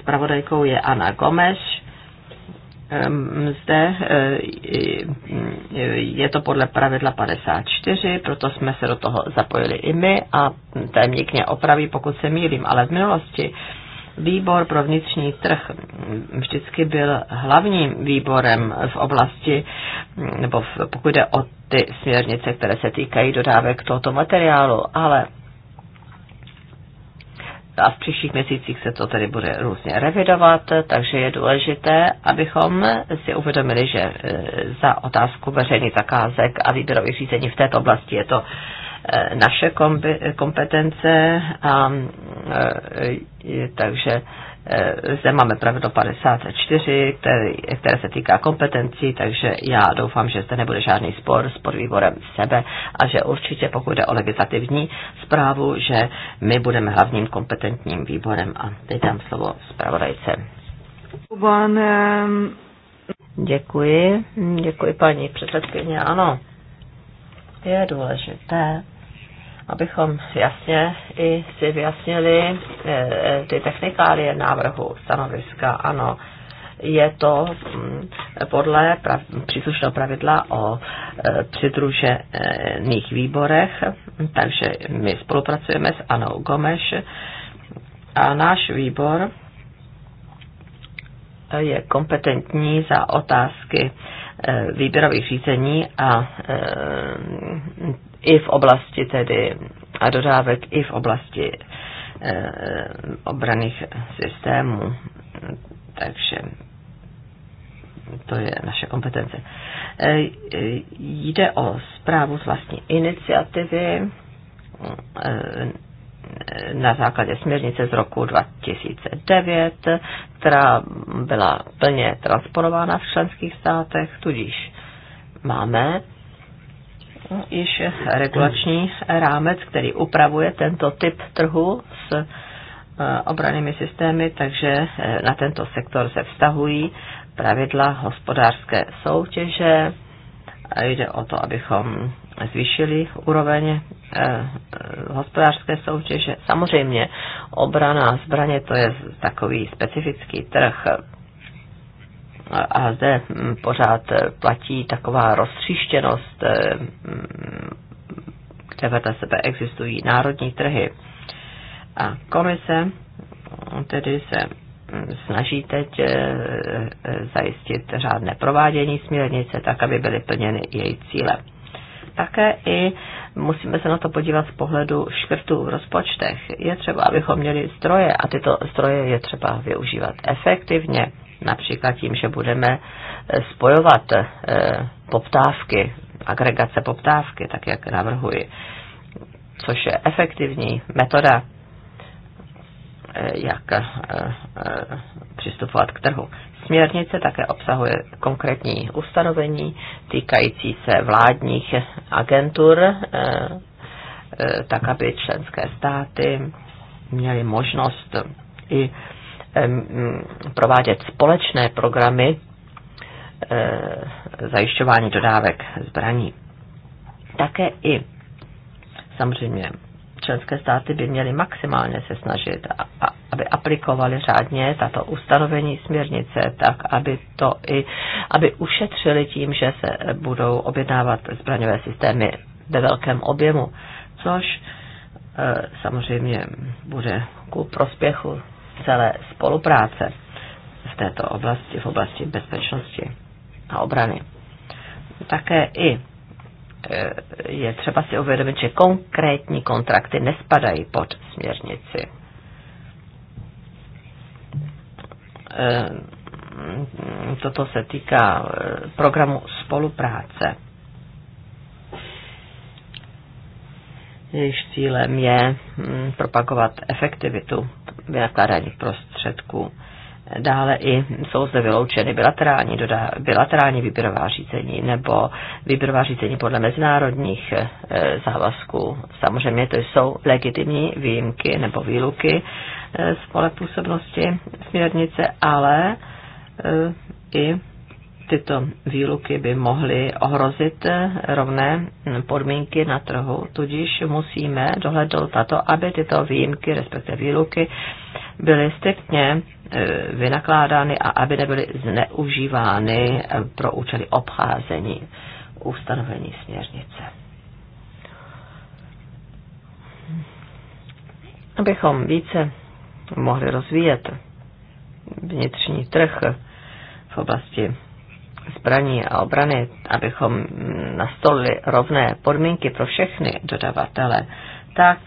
spravodajkou je Ana Gomes Ehm, zde eh, je to podle pravidla 54, proto jsme se do toho zapojili i my a tajemník mě opraví, pokud se mýlím, ale v minulosti výbor pro vnitřní trh vždycky byl hlavním výborem v oblasti, nebo v, pokud jde o ty směrnice, které se týkají dodávek tohoto materiálu, ale a v příštích měsících se to tedy bude různě revidovat, takže je důležité, abychom si uvědomili, že e, za otázku veřejných zakázek a výběrových řízení v této oblasti je to e, naše kompetence, a, e, takže Eh, zde máme pravidlo 54, který, které se týká kompetencí, takže já doufám, že zde nebude žádný spor s podvýborem sebe a že určitě, pokud jde o legislativní zprávu, že my budeme hlavním kompetentním výborem. A teď dám slovo zpravodajce. Eh, děkuji, děkuji paní předsedkyně. Ano, je důležité, abychom jasně i si vyjasnili eh, eh, ty technikálie návrhu stanoviska. Ano, je to mm, podle prav, příslušného pravidla o e, přidružených výborech, takže my spolupracujeme s Anou Gomeš a náš výbor je kompetentní za otázky výběrových řízení a i v oblasti tedy a dodávek i v oblasti e, obraných systémů. Takže to je naše kompetence. E, jde o zprávu z vlastní iniciativy eh, na základě směrnice z roku 2009, která byla plně transponována v členských státech, tudíž máme již regulační rámec, který upravuje tento typ trhu s eh, obranými systémy, takže eh, na tento sektor se vztahují pravidla hospodářské soutěže. A jde o to, abychom zvýšili úroveň eh, hospodářské soutěže. Samozřejmě obrana a zbraně to je takový specifický trh a zde pořád platí taková roztříštěnost, eh, mm, kde vedle sebe existují národní trhy. A komise tedy se mm, snaží teď eh, zajistit řádné provádění směrnice tak, aby byly plněny její cíle. Také i musíme se na to podívat z pohledu škrtů v rozpočtech. Je třeba, abychom měli stroje a tyto stroje je třeba využívat efektivně například tím, že budeme eh, spojovat eh, poptávky, agregace poptávky, tak jak navrhuji, což je efektivní metoda, eh, jak přistupovat k trhu. Směrnice také obsahuje konkrétní ustanovení týkající se vládních agentur, tak aby členské státy měly možnost i provádět společné programy eh, zajišťování dodávek zbraní. Také i samozřejmě členské státy by měly maximálně se snažit, aby aplikovali řádně tato ustanovení směrnice, tak aby to i, aby ušetřili tím, že se budou objednávat zbraňové systémy ve velkém objemu, což eh, samozřejmě bude ku prospěchu celé spolupráce v této oblasti, v oblasti bezpečnosti a obrany. Také i e, je třeba si uvědomit, že konkrétní kontrakty nespadají pod směrnici. E, toto se týká e, programu spolupráce Jejich cílem je hm, propagovat efektivitu vynakládání prostředků. Dále i jsou zde vyloučeny bilaterální, dodá, bilaterální výběrová řízení nebo výběrová řízení podle mezinárodních e, závazků. Samozřejmě to jsou legitimní výjimky nebo výluky e, z pole působnosti směrnice, ale e, i tyto výluky by mohly ohrozit eh, rovné podmínky na trhu, tudíž musíme dohlednout na to, aby tyto výjimky, respektive výluky, byly striktně eh, vynakládány a aby nebyly zneužívány eh, pro účely obcházení ustanovení směrnice. Abychom více mohli rozvíjet vnitřní trh v oblasti zbraní a obrany, abychom nastolili rovné podmínky pro všechny dodavatele, tak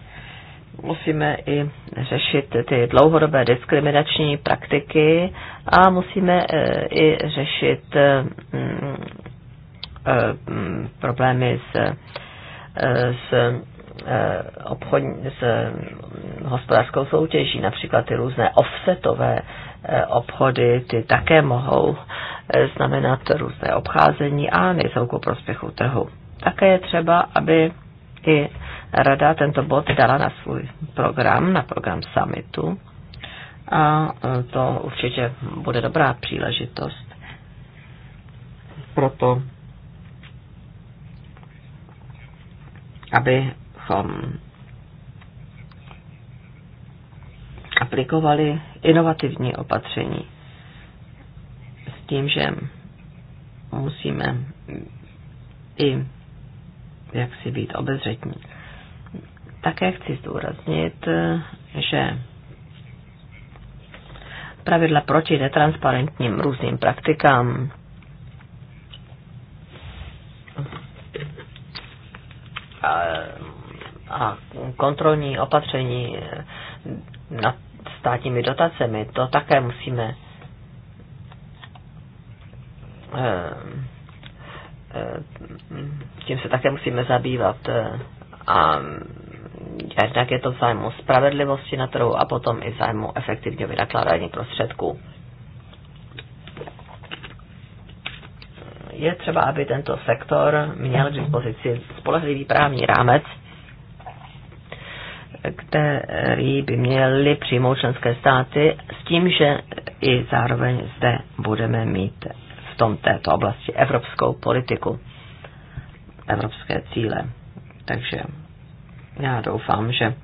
musíme i řešit ty dlouhodobé diskriminační praktiky a musíme eh, i řešit eh, eh, problémy s, s obchodní, s hospodářskou soutěží, například ty různé offsetové obchody, ty také mohou znamenat různé obcházení a nejsou ku prospěchu trhu. Také je třeba, aby i rada tento bod dala na svůj program, na program summitu a e, to určitě bude dobrá příležitost. Proto, abychom aplikovali inovativní opatření tím, že musíme i jak si být obezřetní. Také chci zdůraznit, že pravidla proti netransparentním různým praktikám a, a kontrolní opatření nad státními dotacemi, to také musíme Eh, eh, tím se také musíme zabývat. Eh, a jednak je to v zájmu spravedlivosti na trhu a potom i v zájmu efektivního vynakládání prostředků. Je třeba, aby tento sektor měl k dispozici spolehlivý právní rámec, který by měly přijmout členské státy, s tím, že i zároveň zde budeme mít tom této oblasti evropskou politiku, evropské cíle. Takže já doufám, že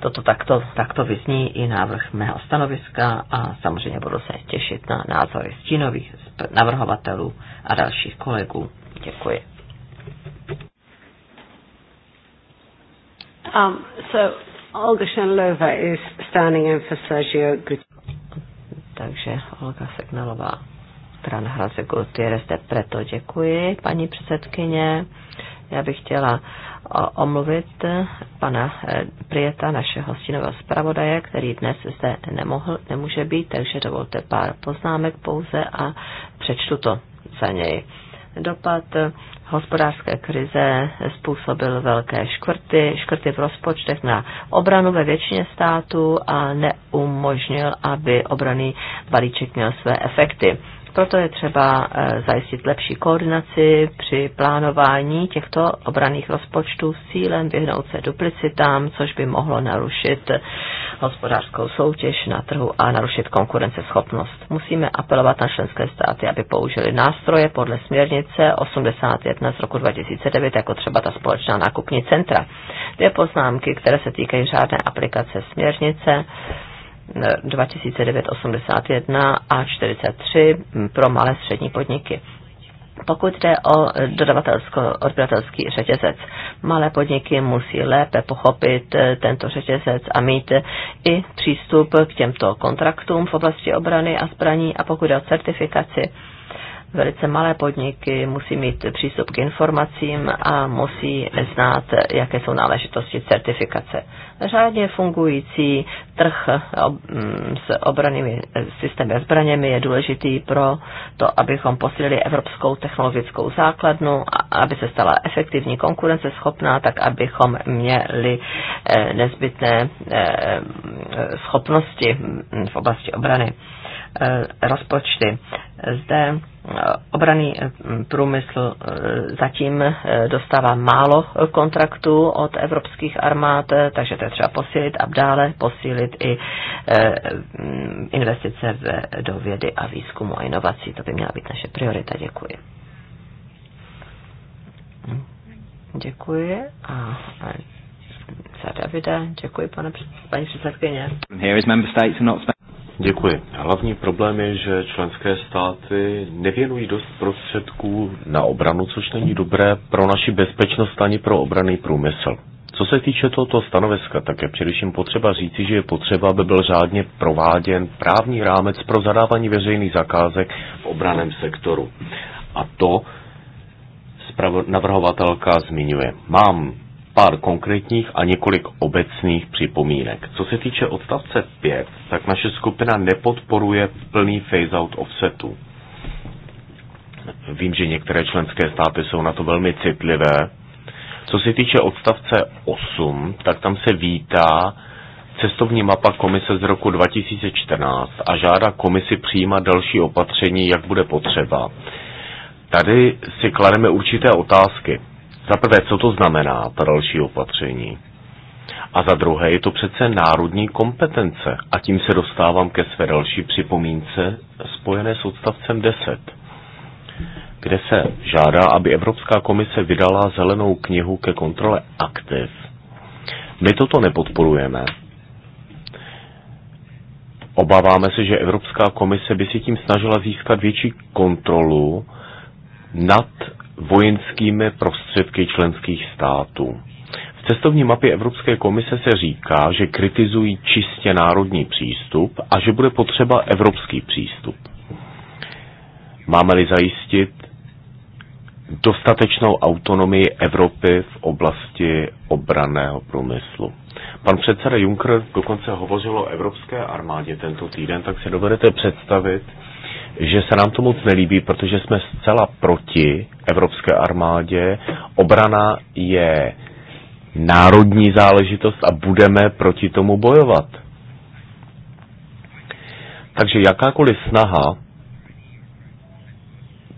toto takto, takto vyzní i návrh mého stanoviska a samozřejmě budu se těšit na názory stínových navrhovatelů a dalších kolegů. Děkuji. Um, so Olga Shenlova is standing in for Sergio Gut. Takže Olga Seknalová teda nahrazuje Gutierrez de Preto. Děkuji, paní předsedkyně. Já bych chtěla omluvit pana eh, Prieta, našeho stínového zpravodaje, který dnes zde nemohl, nemůže být, takže dovolte pár poznámek pouze a přečtu to za něj. Dopad eh, hospodářské krize způsobil velké škrty, škrty v rozpočtech na obranu ve většině států a neumožnil, aby obraný balíček měl své efekty proto je třeba eh, zajistit lepší koordinaci při plánování těchto obraných rozpočtů s cílem vyhnout se duplicitám, což by mohlo narušit hospodářskou soutěž na trhu a narušit konkurenceschopnost. Musíme apelovat na členské státy, aby použili nástroje podle směrnice 81 z roku 2009, jako třeba ta společná nákupní centra. Dvě poznámky, které se týkají řádné aplikace směrnice 2009-81 a 43 pro malé střední podniky. Pokud jde o dodavatelsko-odběratelský řetězec, malé podniky musí lépe pochopit eh, tento řetězec a mít eh, i přístup k těmto kontraktům v oblasti obrany a zbraní a pokud jde o certifikaci, velice malé podniky musí mít přístup k informacím a musí znát, jaké jsou náležitosti certifikace řádně fungující trh mm, s obranými eh, systémy a zbraněmi je důležitý pro to, abychom posílili evropskou technologickou základnu, aby se stala efektivní konkurenceschopná, tak abychom měli eh, nezbytné eh, schopnosti mm, v oblasti obrany. Eh, rozpočty. Zde eh, obraný eh, průmysl zatím dostává málo kontraktů od evropských armád, takže to je třeba posílit a dále posílit i investice do vědy a výzkumu a inovací. To by měla být naše priorita. Děkuji. Děkuji. A za Davida. Děkuji, pane, paní předsedkyně. Děkuji. Hlavní problém je, že členské státy nevěnují dost prostředků na obranu, což není dobré pro naši bezpečnost ani pro obraný průmysl. Co se týče tohoto stanoviska, tak je především potřeba říci, že je potřeba, aby byl řádně prováděn právní rámec pro zadávání veřejných zakázek v obraném sektoru. A to navrhovatelka zmiňuje. Mám pár konkrétních a několik obecných připomínek. Co se týče odstavce 5, tak naše skupina nepodporuje plný phase-out offsetu. Vím, že některé členské státy jsou na to velmi citlivé. Co se týče odstavce 8, tak tam se vítá cestovní mapa komise z roku 2014 a žádá komisi přijímat další opatření, jak bude potřeba. Tady si klademe určité otázky. Za prvé, co to znamená, ta další opatření? A za druhé, je to přece národní kompetence. A tím se dostávám ke své další připomínce spojené s odstavcem 10, kde se žádá, aby Evropská komise vydala zelenou knihu ke kontrole aktiv. My toto nepodporujeme. Obáváme se, že Evropská komise by si tím snažila získat větší kontrolu nad vojenskými prostředky členských států. V cestovní mapě Evropské komise se říká, že kritizují čistě národní přístup a že bude potřeba evropský přístup. Máme-li zajistit dostatečnou autonomii Evropy v oblasti obraného průmyslu. Pan předseda Juncker dokonce hovořil o evropské armádě tento týden, tak si dovedete představit, že se nám to moc nelíbí, protože jsme zcela proti evropské armádě. Obrana je národní záležitost a budeme proti tomu bojovat. Takže jakákoliv snaha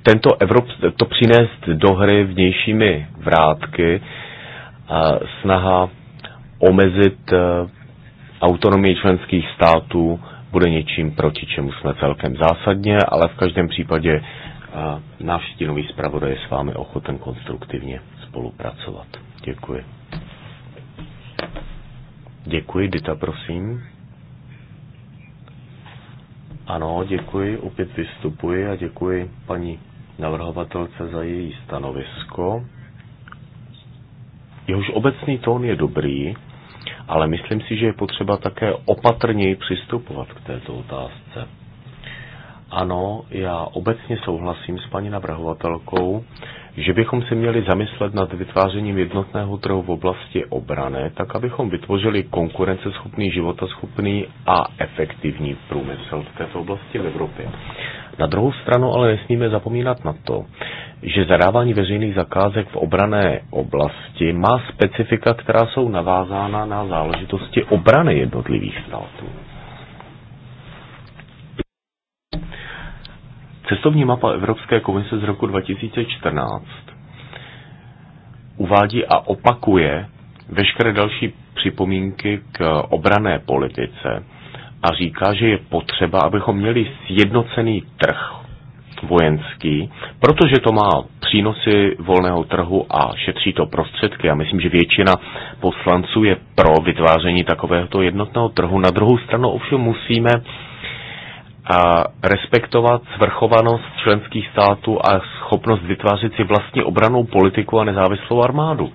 tento Evrop, to přinést do hry vnějšími vrátky, snaha omezit eh, autonomii členských států, bude něčím, proti čemu jsme celkem zásadně, ale v každém případě náš stínový zpravodaj je s vámi ochoten konstruktivně spolupracovat. Děkuji. Děkuji, Dita, prosím. Ano, děkuji, opět vystupuji a děkuji paní navrhovatelce za její stanovisko. Jehož obecný tón je dobrý, ale myslím si, že je potřeba také opatrněji přistupovat k této otázce. Ano, já obecně souhlasím s paní navrhovatelkou, že bychom se měli zamyslet nad vytvářením jednotného trhu v oblasti obrany, tak abychom vytvořili konkurenceschopný, životaschopný a efektivní průmysl v této oblasti v Evropě. Na druhou stranu ale nesmíme zapomínat na to, že zadávání veřejných zakázek v obrané oblasti má specifika, která jsou navázána na záležitosti obrany jednotlivých států. Cestovní mapa Evropské komise z roku 2014 uvádí a opakuje veškeré další připomínky k obrané politice a říká, že je potřeba, abychom měli sjednocený trh vojenský, protože to má přínosy volného trhu a šetří to prostředky. Já myslím, že většina poslanců je pro vytváření takovéhoto jednotného trhu. Na druhou stranu ovšem musíme a respektovat svrchovanost členských států a schopnost vytvářet si vlastní obranou politiku a nezávislou armádu.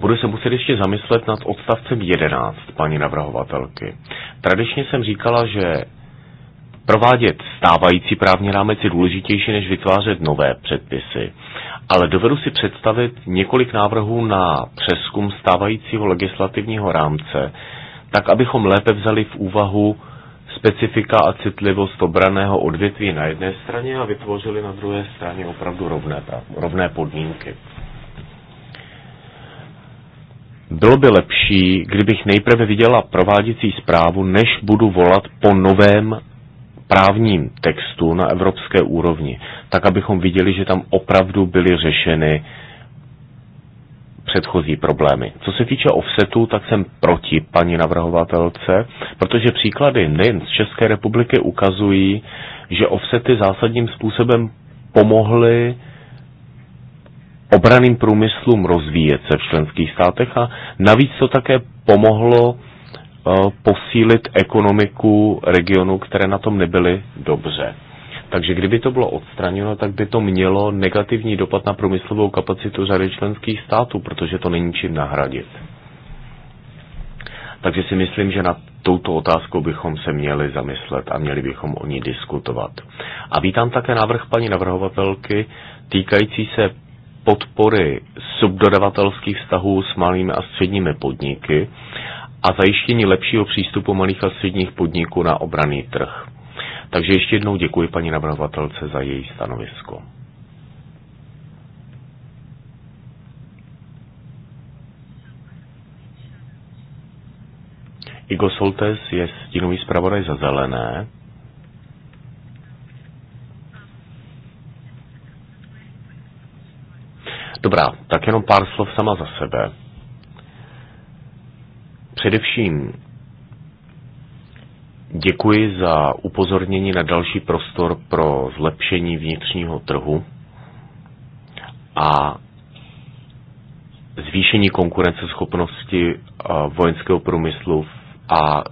Budu se muset ještě zamyslet nad odstavcem 11, paní navrhovatelky. Tradičně jsem říkala, že Provádět stávající právní rámec je důležitější, než vytvářet nové předpisy. Ale dovedu si představit několik návrhů na přeskum stávajícího legislativního rámce, tak abychom lépe vzali v úvahu specifika a citlivost obraného odvětví na jedné straně a vytvořili na druhé straně opravdu rovné, rovné podmínky. Bylo by lepší, kdybych nejprve viděla prováděcí zprávu, než budu volat po novém právním textu na evropské úrovni, tak abychom viděli, že tam opravdu byly řešeny předchozí problémy. Co se týče offsetu, tak jsem proti paní navrhovatelce, protože příklady nejen z České republiky ukazují, že offsety zásadním způsobem pomohly obraným průmyslům rozvíjet se v členských státech a navíc to také pomohlo Eh, posílit ekonomiku regionu, které na tom nebyly dobře. Takže kdyby to bylo odstraněno, tak by to mělo negativní dopad na průmyslovou kapacitu řady členských států, protože to není čím nahradit. Takže si myslím, že na touto otázkou bychom se měli zamyslet a měli bychom o ní diskutovat. A vítám také návrh paní navrhovatelky týkající se podpory subdodavatelských vztahů s malými a středními podniky a zajištění lepšího přístupu malých a středních podniků na obraný trh. Takže ještě jednou děkuji paní navrhovatelce za její stanovisko. Igo Soltes je stínový zpravodaj za zelené. Dobrá, tak jenom pár slov sama za sebe. Především děkuji za upozornění na další prostor pro zlepšení vnitřního trhu a zvýšení konkurenceschopnosti eh, vojenského průmyslu a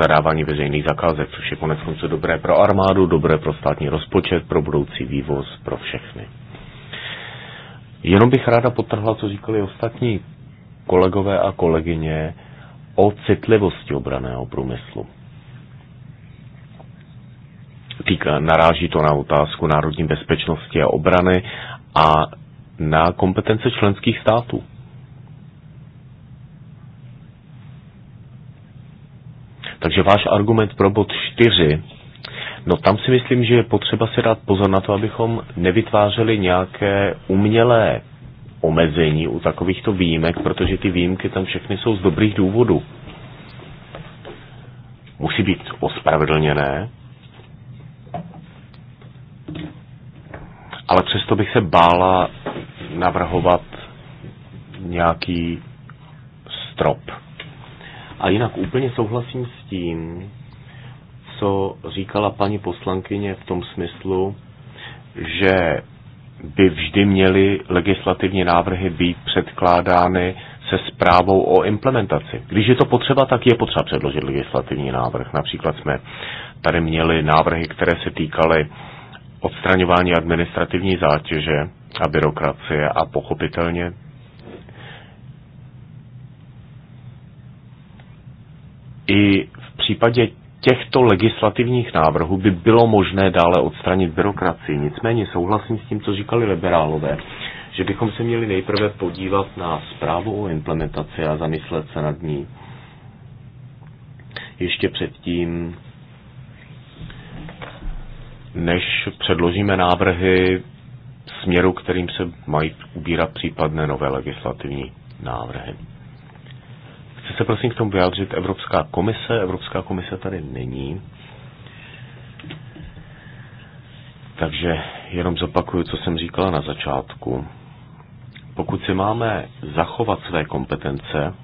zadávání veřejných zakázek, což je konec konců dobré pro armádu, dobré pro státní rozpočet, pro budoucí vývoz, pro všechny. Jenom bych ráda potrhla, co říkali ostatní kolegové a kolegyně o citlivosti obraného průmyslu. Týká, naráží to na otázku národní bezpečnosti a obrany a na kompetence členských států. Takže váš argument pro bod 4, no tam si myslím, že je potřeba si dát pozor na to, abychom nevytvářeli nějaké umělé omezení u takovýchto výjimek, protože ty výjimky tam všechny jsou z dobrých důvodů. Musí být ospravedlněné, ale přesto bych se bála navrhovat nějaký strop. A jinak úplně souhlasím s tím, co říkala paní poslankyně v tom smyslu, že by vždy měly legislativní návrhy být předkládány se zprávou o implementaci. Když je to potřeba, tak je potřeba předložit legislativní návrh. Například jsme tady měli návrhy, které se týkaly odstraňování administrativní zátěže a byrokracie a pochopitelně i v případě těchto legislativních návrhů by bylo možné dále odstranit byrokracii. Nicméně souhlasím s tím, co říkali liberálové, že bychom se měli nejprve podívat na zprávu o implementaci a zamyslet se nad ní. Ještě předtím, než předložíme návrhy směru, kterým se mají ubírat případné nové legislativní návrhy se prosím k tomu vyjádřit Evropská komise. Evropská komise tady není. Takže jenom zopakuju, co jsem říkala na začátku. Pokud si máme zachovat své kompetence,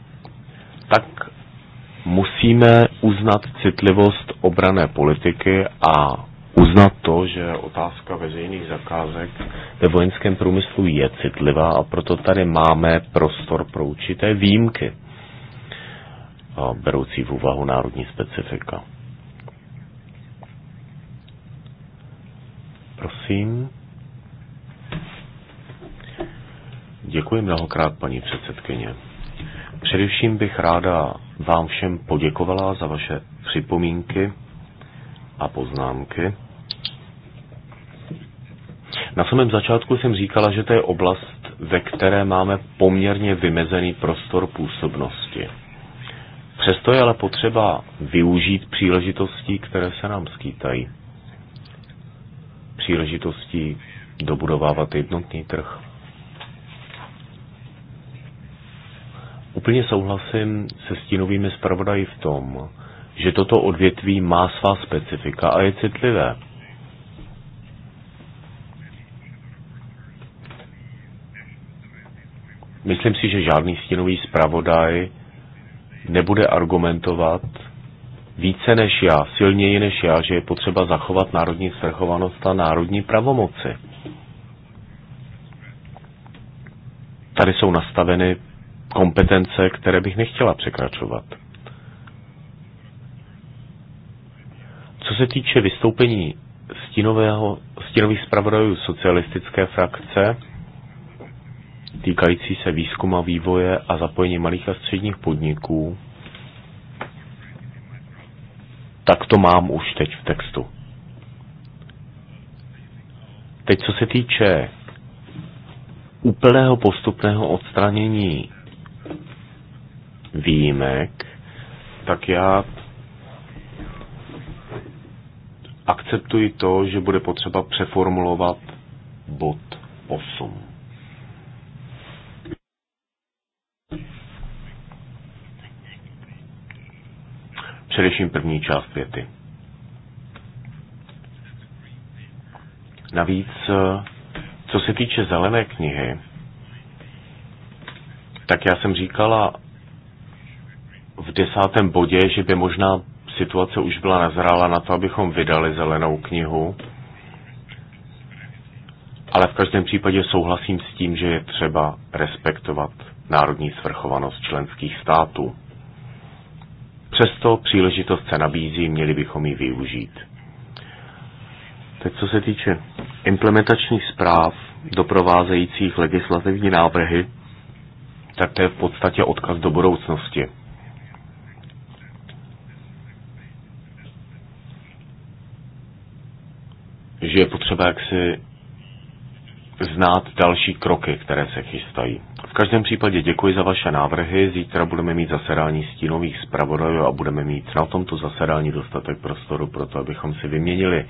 tak musíme uznat citlivost obrané politiky a uznat to, že otázka veřejných zakázek ve vojenském průmyslu je citlivá a proto tady máme prostor pro určité výjimky beroucí v úvahu národní specifika. Prosím. Děkuji mnohokrát, paní předsedkyně. Především bych ráda vám všem poděkovala za vaše připomínky a poznámky. Na samém začátku jsem říkala, že to je oblast, ve které máme poměrně vymezený prostor působnosti. Přesto je ale potřeba využít příležitostí, které se nám skýtají. Příležitostí dobudovávat jednotný trh. Úplně souhlasím se stínovými zpravodaji v tom, že toto odvětví má svá specifika a je citlivé. Myslím si, že žádný stínový zpravodaj nebude argumentovat více než já, silněji než já, že je potřeba zachovat národní svrchovanost a národní pravomoci. Tady jsou nastaveny kompetence, které bych nechtěla překračovat. Co se týče vystoupení stínového, stínových zpravodajů socialistické frakce, týkající se výzkumu a vývoje a zapojení malých a středních podniků, tak to mám už teď v textu. Teď co se týče úplného postupného odstranění výjimek, tak já akceptuji to, že bude potřeba přeformulovat bod 8. Především první část věty. Navíc, eh, co se týče zelené knihy, tak já jsem říkala v desátém bodě, že by možná situace už byla nazrála na to, abychom vydali zelenou knihu, ale v každém případě souhlasím s tím, že je třeba respektovat národní svrchovanost členských států. Přesto příležitost se nabízí, měli bychom ji využít. Teď co se týče implementačních zpráv doprovázejících legislativní návrhy, tak to je v podstatě odkaz do budoucnosti. Že je potřeba jaksi znát další kroky, které se chystají. V každém případě děkuji za vaše návrhy. Zítra budeme mít zasedání stínových zpravodajů a budeme mít na tomto zasedání dostatek prostoru pro to, abychom si vyměnili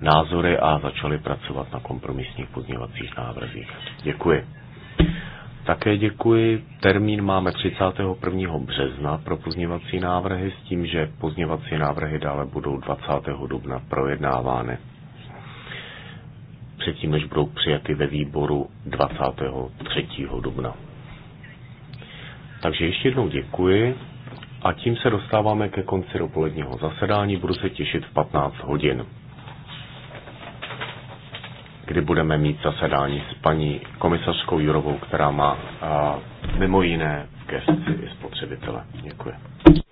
názory a začali pracovat na kompromisních pozměvacích návrzích. Děkuji. Také děkuji. Termín máme 31. března pro pozměvací návrhy s tím, že pozměvací návrhy dále budou 20. dubna projednávány předtím, než budou přijaty ve výboru 23. dubna. Takže ještě jednou děkuji a tím se dostáváme ke konci dopoledního zasedání. Budu se těšit v 15 hodin, kdy budeme mít zasedání s paní komisařskou Jurovou, která má a, mimo jiné v gesci i spotřebitele. Děkuji.